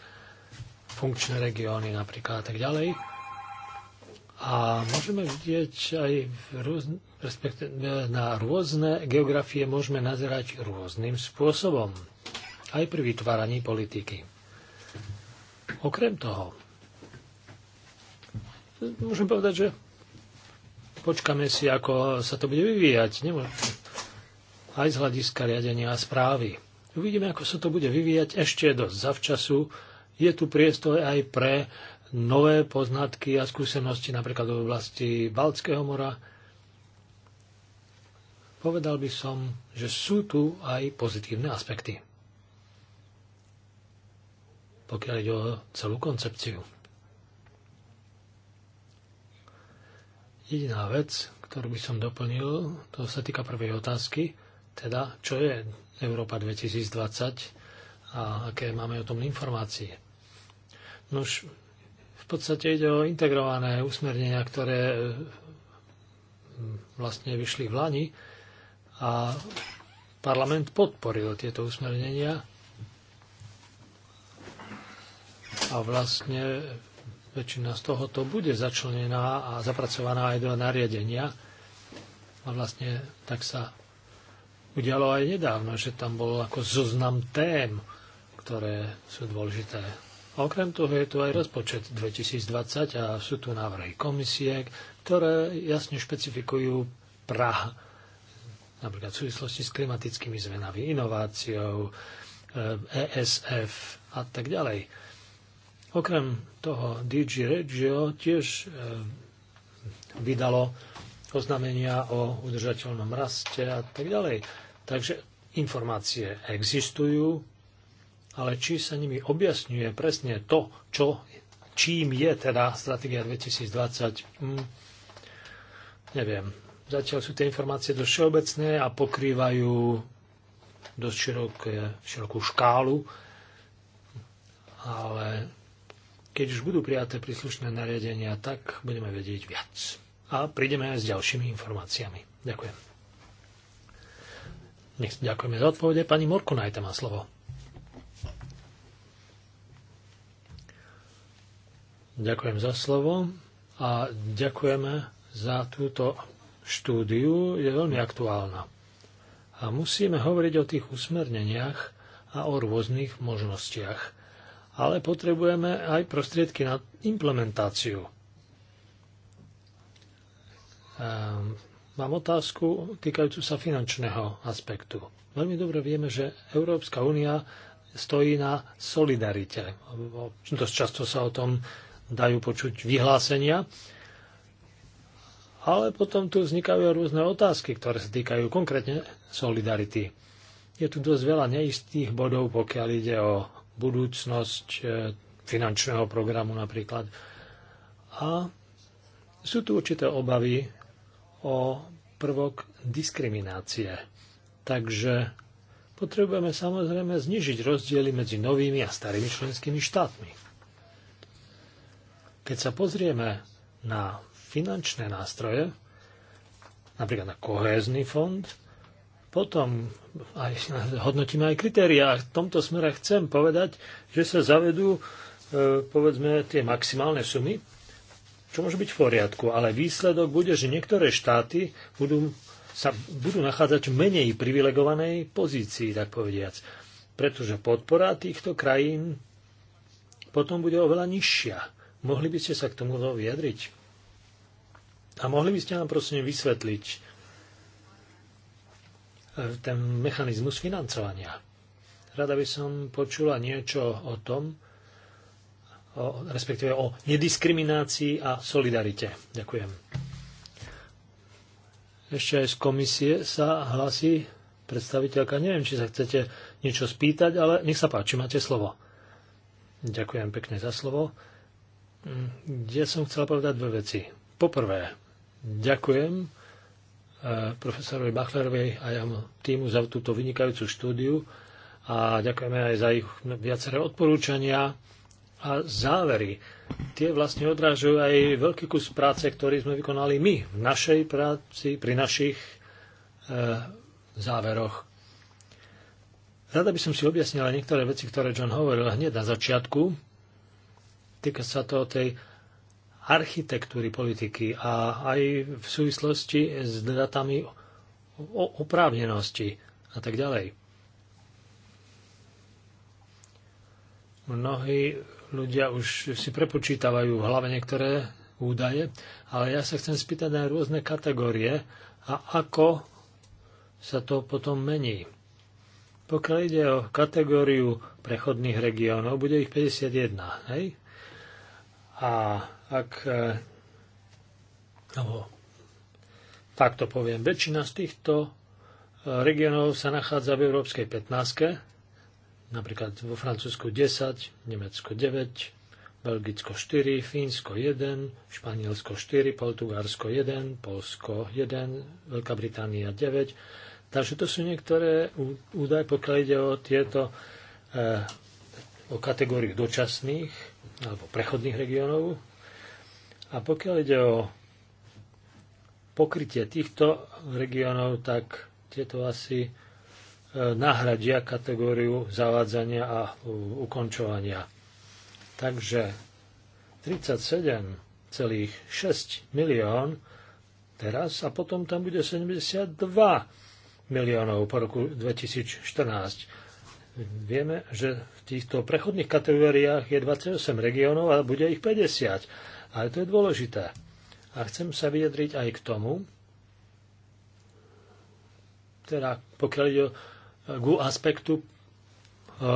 funkčné regióny napríklad a tak ďalej. A môžeme vidieť aj v rôzne, na rôzne geografie môžeme nazerať rôznym spôsobom, aj pri vytváraní politiky. Okrem toho, môžem povedať, že počkame si, ako sa to bude vyvíjať. Nemôžem. Aj z hľadiska riadenia a správy. Uvidíme, ako sa to bude vyvíjať ešte dosť zavčasu. Je tu priestor aj pre nové poznatky a skúsenosti napríklad v oblasti Baltského mora. Povedal by som, že sú tu aj pozitívne aspekty pokiaľ ide o celú koncepciu. Jediná vec, ktorú by som doplnil, to sa týka prvej otázky, teda čo je Európa 2020 a aké máme o tom informácie. Nož, v podstate ide o integrované usmernenia, ktoré mm, vlastne vyšli v Lani a parlament podporil tieto usmernenia a vlastne väčšina z tohoto bude začlenená a zapracovaná aj do nariadenia. A vlastne tak sa udialo aj nedávno, že tam bol ako zoznam tém, ktoré sú dôležité. A okrem toho je tu aj rozpočet 2020 a sú tu návrhy komisie, ktoré jasne špecifikujú Praha, napríklad v súvislosti s klimatickými zmenami, inováciou, e, e, ESF a tak ďalej. Okrem toho DJ Reggio tiež eh, vydalo oznámenia o udržateľnom raste a tak ďalej. Takže informácie existujú, ale či sa nimi objasňuje presne to, čo, čím je teda stratégia 2020, hm, neviem. Zatiaľ sú tie informácie dosť všeobecné a pokrývajú dosť široké, širokú škálu, ale keď už budú prijaté príslušné nariadenia, tak budeme vedieť viac. A prídeme aj s ďalšími informáciami. Ďakujem. Nech, ďakujeme za odpovede. Pani najte má slovo. Ďakujem za slovo a ďakujeme za túto štúdiu. Je veľmi aktuálna. A musíme hovoriť o tých usmerneniach a o rôznych možnostiach ale potrebujeme aj prostriedky na implementáciu. Ehm, mám otázku týkajúcu sa finančného aspektu. Veľmi dobre vieme, že Európska únia stojí na solidarite. Dosť často sa o tom dajú počuť vyhlásenia, ale potom tu vznikajú rôzne otázky, ktoré sa týkajú konkrétne solidarity. Je tu dosť veľa neistých bodov, pokiaľ ide o budúcnosť e, finančného programu napríklad. A sú tu určité obavy o prvok diskriminácie. Takže potrebujeme samozrejme znižiť rozdiely medzi novými a starými členskými štátmi. Keď sa pozrieme na finančné nástroje, napríklad na kohézny fond, potom aj hodnotíme aj kritéria. V tomto smere chcem povedať, že sa zavedú e, povedzme tie maximálne sumy, čo môže byť v poriadku, ale výsledok bude, že niektoré štáty budú, sa budú nachádzať v menej privilegovanej pozícii, tak povediac. Pretože podpora týchto krajín potom bude oveľa nižšia. Mohli by ste sa k tomu vyjadriť? A mohli by ste nám prosím vysvetliť, E, ten mechanizmus financovania. Rada by som počula niečo o tom, o, respektíve o nediskriminácii a solidarite. Ďakujem. Ešte aj z komisie sa hlasí predstaviteľka. Neviem, či sa chcete niečo spýtať, ale nech sa páči, máte slovo. Ďakujem pekne za slovo. Mm, ja som chcela povedať dve veci. Poprvé, ďakujem Eh, profesorovi Bachlerovej a jeho týmu za túto vynikajúcu štúdiu a ďakujeme aj za ich viaceré odporúčania a závery. Tie vlastne odrážajú aj veľký kus práce, ktorý sme vykonali my v našej práci, pri našich e, záveroch. Rada by som si objasnila niektoré veci, ktoré John hovoril hneď na začiatku. Týka sa to tej architektúry politiky a aj v súvislosti s datami o oprávnenosti a tak ďalej. Mnohí ľudia už si prepočítavajú v hlave niektoré údaje, ale ja sa chcem spýtať na rôzne kategórie a ako sa to potom mení. Pokiaľ ide o kategóriu prechodných regiónov, bude ich 51, hej? A ak no, tak to poviem, väčšina z týchto e, regionov sa nachádza v Európskej 15, napríklad vo Francúzsku 10, Nemecko 9, Belgicko 4, Fínsko 1, Španielsko 4, Portugalsko 1, Polsko 1, Veľká Británia 9. Takže to sú niektoré údaje, pokiaľ ide o tieto e, o kategóriu dočasných alebo prechodných regiónov, a pokiaľ ide o pokrytie týchto regiónov, tak tieto asi e, nahradia kategóriu zavádzania a ukončovania. Takže 37,6 milión teraz a potom tam bude 72 miliónov po roku 2014. Vieme, že v týchto prechodných kategóriách je 28 regiónov a bude ich 50. Ale to je dôležité. A chcem sa vyjadriť aj k tomu, teda pokiaľ ide eh, k aspektu eh,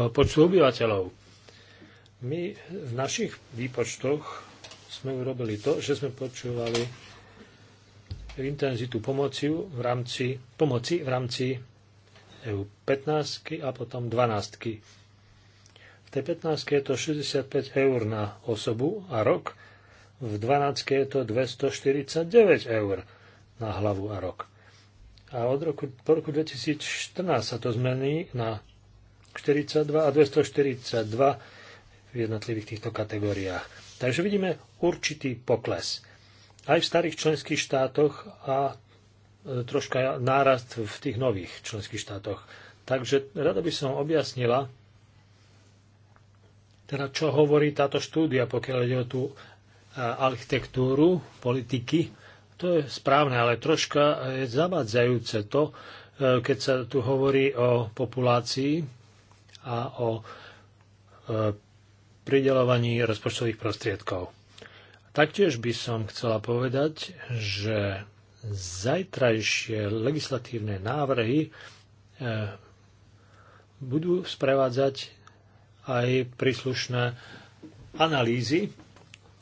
počtu obyvateľov. My v našich výpočtoch sme urobili to, že sme počúvali intenzitu pomoci v rámci, pomoci v rámci EU 15 a potom 12. V tej 15 je to 65 eur na osobu a rok v 12 je to 249 eur na hlavu a rok. A od roku, po roku 2014 sa to zmení na 42 a 242 v jednotlivých týchto kategóriách. Takže vidíme určitý pokles. Aj v starých členských štátoch a e, troška nárast v tých nových členských štátoch. Takže rada by som objasnila, teda čo hovorí táto štúdia, pokiaľ ide o tú architektúru politiky. To je správne, ale troška je zavadzajúce to, e, keď sa tu hovorí o populácii a o e, pridelovaní rozpočtových prostriedkov. Taktiež by som chcela povedať, že zajtrajšie legislatívne návrhy e, budú sprevádzať aj príslušné analýzy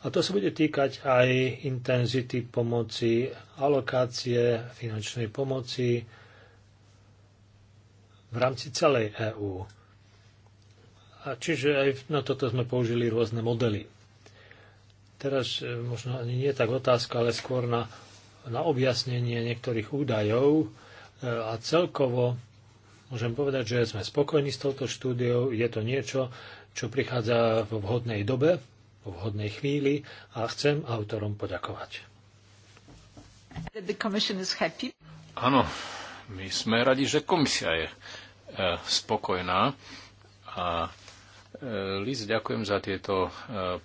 a to sa bude týkať aj intenzity pomoci, alokácie finančnej pomoci v rámci celej EÚ. A čiže aj na toto sme použili rôzne modely. Teraz e, možno ani nie tak otázka, ale skôr na, na objasnenie niektorých údajov e, a celkovo môžem povedať, že sme spokojní s touto štúdiou. Je to niečo, čo prichádza vo vhodnej dobe v vhodnej chvíli a chcem autorom poďakovať. Áno, my sme radi, že komisia je e, spokojná a e, Liz, ďakujem za tieto e,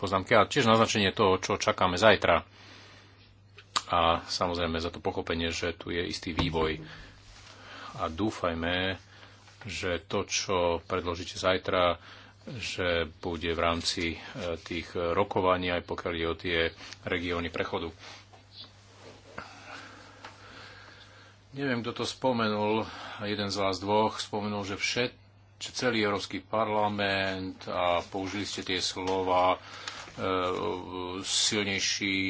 poznámky a tiež naznačenie toho, čo čakáme zajtra. A samozrejme za to pochopenie, že tu je istý vývoj. A dúfajme, že to, čo predložíte zajtra, že bude v rámci e, tých rokovaní, aj pokiaľ ide o tie regióny prechodu. Neviem, kto to spomenul, jeden z vás dvoch spomenul, že všet, celý Európsky parlament a použili ste tie slova e, silnejší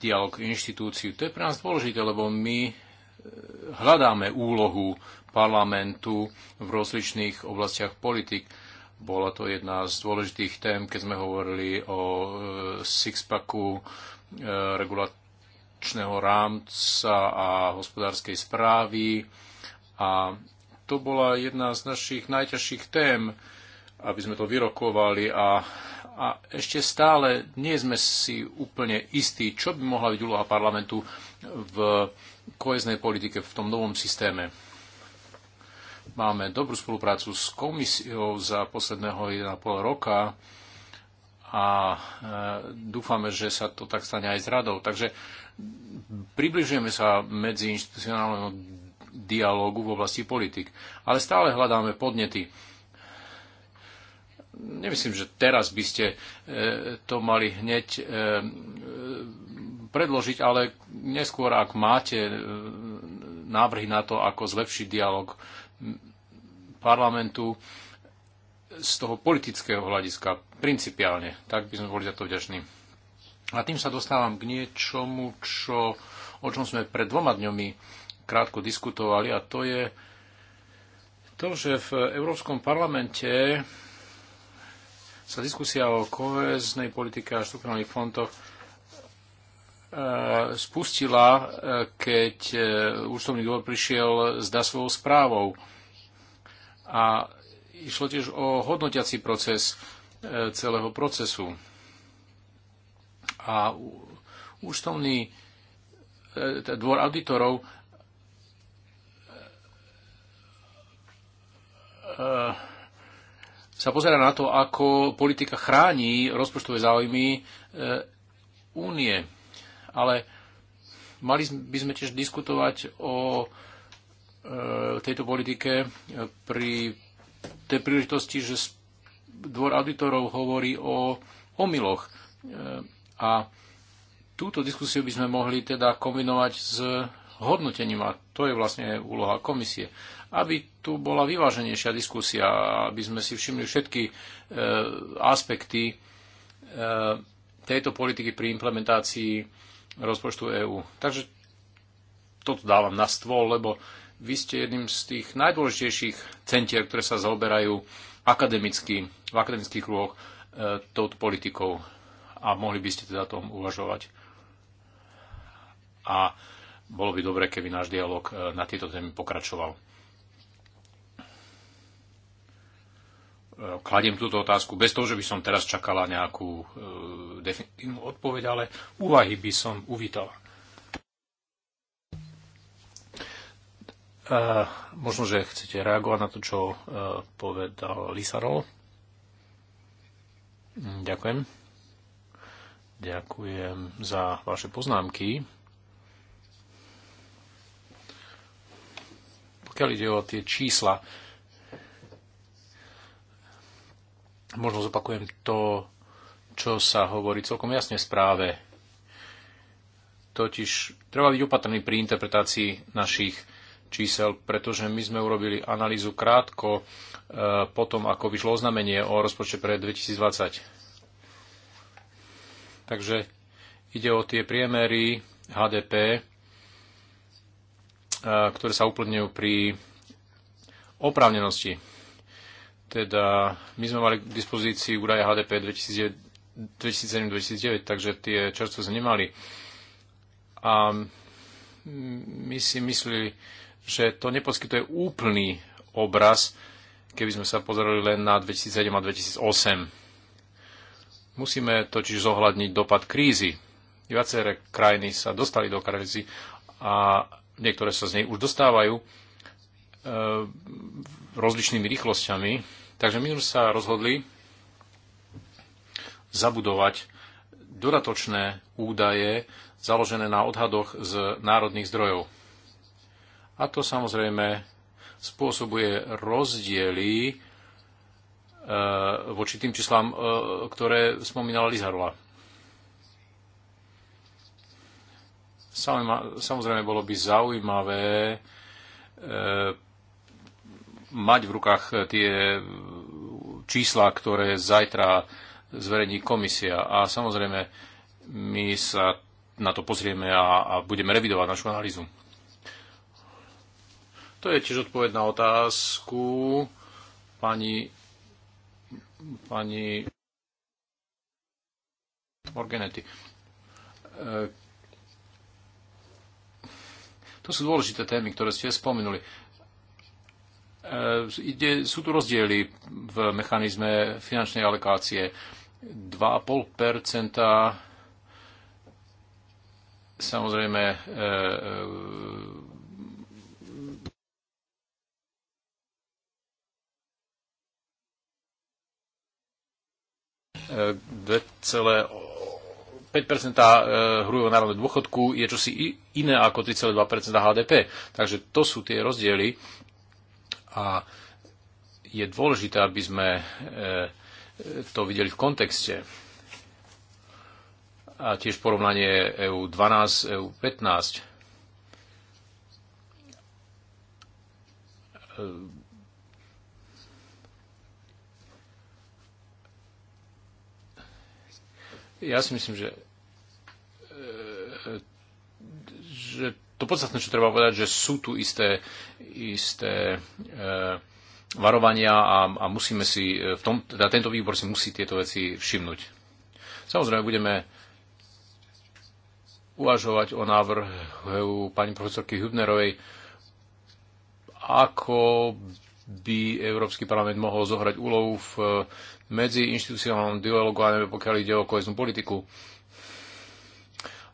dialog inštitúciu. To je pre nás dôležité, lebo my e, hľadáme úlohu parlamentu v rozličných oblastiach politik. Bola to jedna z dôležitých tém, keď sme hovorili o e, sixpacku e, regulačného rámca a hospodárskej správy. A to bola jedna z našich najťažších tém, aby sme to vyrokovali a, a ešte stále nie sme si úplne istí, čo by mohla byť úloha parlamentu v koheznej politike v tom novom systéme. Máme dobrú spoluprácu s komisiou za posledného 1,5 roka a e, dúfame, že sa to tak stane aj s radou. Takže približujeme sa medzi inštitucionálnemu dialógu v oblasti politik, ale stále hľadáme podnety. Nemyslím, že teraz by ste e, to mali hneď e, predložiť, ale neskôr, ak máte návrhy na to, ako zlepšiť dialog parlamentu z toho politického hľadiska, principiálne. Tak by sme boli za to vďační. A tým sa dostávam k niečomu, čo, o čom sme pred dvoma dňomi krátko diskutovali, a to je to, že v Európskom parlamente sa diskusia o koheznej politike a štruktúrnych fondoch E, spustila, e, keď e, účtovný dvor prišiel s DASovou správou. A išlo tiež o hodnotiaci proces celého procesu. A účtovný teda dvor auditorov sa pozera na to, ako politika chráni rozpočtové záujmy únie ale mali by sme tiež diskutovať o e, tejto politike pri tej príležitosti, že dvor auditorov hovorí o omyloch. E, a túto diskusiu by sme mohli teda kombinovať s hodnotením, a to je vlastne úloha komisie, aby tu bola vyváženejšia diskusia, aby sme si všimli všetky e, aspekty e, tejto politiky pri implementácii rozpočtu EÚ. Takže toto dávam na stôl, lebo vy ste jedným z tých najdôležitejších centier, ktoré sa zaoberajú akademicky, v akademických kruhoch e, touto politikou a mohli by ste teda tom uvažovať. A bolo by dobre, keby náš dialog e, na tieto témy pokračoval. E, kladiem túto otázku bez toho, že by som teraz čakala nejakú e, definitívnu odpoveď, ale úvahy by som uvítala. E, možno, že chcete reagovať na to, čo povedal Lisarol. Mm, ďakujem. Ďakujem za vaše poznámky. Pokiaľ ide o tie čísla, Možno zopakujem to, čo sa hovorí celkom jasne v správe. Totiž treba byť opatrný pri interpretácii našich čísel, pretože my sme urobili analýzu krátko e, potom, ako vyšlo oznámenie o rozpočte pre 2020. Takže ide o tie priemery HDP, e, ktoré sa uplňujú pri oprávnenosti teda my sme mali k dispozícii údaje HDP 2007-2009, takže tie čerstvo sme nemali. A my si mysleli, že to neposkytuje úplný obraz, keby sme sa pozerali len na 2007 a 2008. Musíme totiž zohľadniť dopad krízy. Viaceré krajiny sa dostali do krízy a niektoré sa z nej už dostávajú E, rozličnými rýchlosťami. Takže my sa rozhodli zabudovať dodatočné údaje založené na odhadoch z národných zdrojov. A to samozrejme spôsobuje rozdiely e, voči tým číslám, e, ktoré spomínala Lizarola. Samozrejme, bolo by zaujímavé mať v rukách e, tie e, čísla, ktoré zajtra zverejní komisia. A samozrejme, my sa na to pozrieme a, a budeme revidovať našu analýzu. To je tiež odpoveď na otázku pani, pani Morganety. E, to sú dôležité témy, ktoré ste spomenuli. E, ide, sú tu rozdiely v mechanizme finančnej alokácie. 2,5 samozrejme e, e, 5% e, hrujového národného dôchodku je čosi iné ako 3,2% HDP. Takže to sú tie rozdiely a je dôležité, aby sme e, to videli v kontexte. A tiež porovnanie EU12, EU15. E, ja si myslím, že, e, že to podstatné, čo treba povedať, že sú tu isté, isté e, varovania a, a musíme si, eh, v tom, teda tento výbor si musí tieto veci všimnúť. Samozrejme, budeme uvažovať o návrhu pani profesorky Hübnerovej, ako by Európsky parlament mohol zohrať úlohu v eh, inštitucionálnom dialogu, a neviem, pokiaľ ide o koheznú politiku.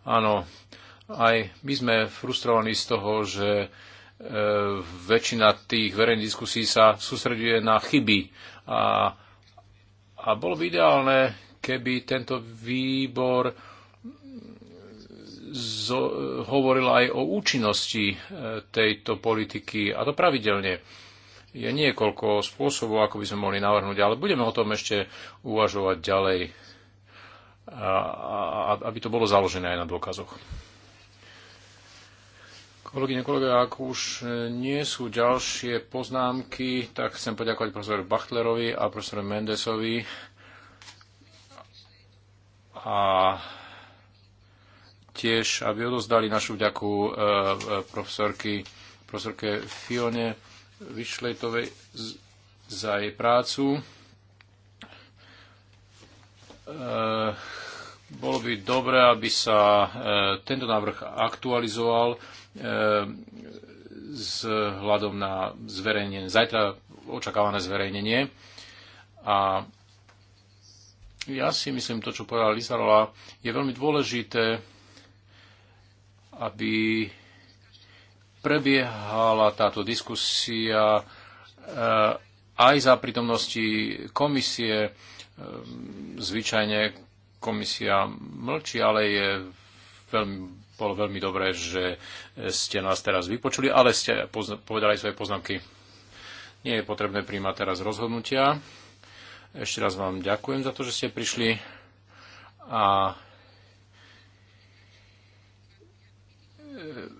Áno, aj my sme frustrovaní z toho, že e, väčšina tých verejných diskusí sa sústreduje na chyby. A, a bolo by ideálne, keby tento výbor zo, hovoril aj o účinnosti e, tejto politiky, a to pravidelne. Je niekoľko spôsobov, ako by sme mohli navrhnúť, ale budeme o tom ešte uvažovať ďalej, a, a, aby to bolo založené aj na dôkazoch. Kolegyne, kolega, ak už e, nie sú ďalšie poznámky, tak chcem poďakovať profesor Bachtlerovi a profesor Mendesovi. A tiež, aby odozdali našu vďaku e, e, profesorky, profesorke Fione Vyšlejtovej za jej prácu. Bolo by dobré, aby sa tento návrh aktualizoval E, s hľadom na zverejnenie, zajtra očakávané zverejnenie. A ja si myslím, to, čo povedala Lizarola, je veľmi dôležité, aby prebiehala táto diskusia e, aj za prítomnosti komisie. E, zvyčajne komisia mlčí, ale je veľmi bolo veľmi dobré, že ste nás teraz vypočuli, ale ste povedali svoje poznámky. Nie je potrebné príjmať teraz rozhodnutia. Ešte raz vám ďakujem za to, že ste prišli a e,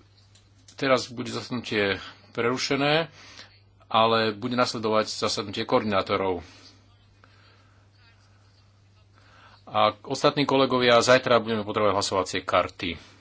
teraz bude zasadnutie prerušené, ale bude nasledovať zasadnutie koordinátorov. A ostatní kolegovia, zajtra budeme potrebovať hlasovacie karty.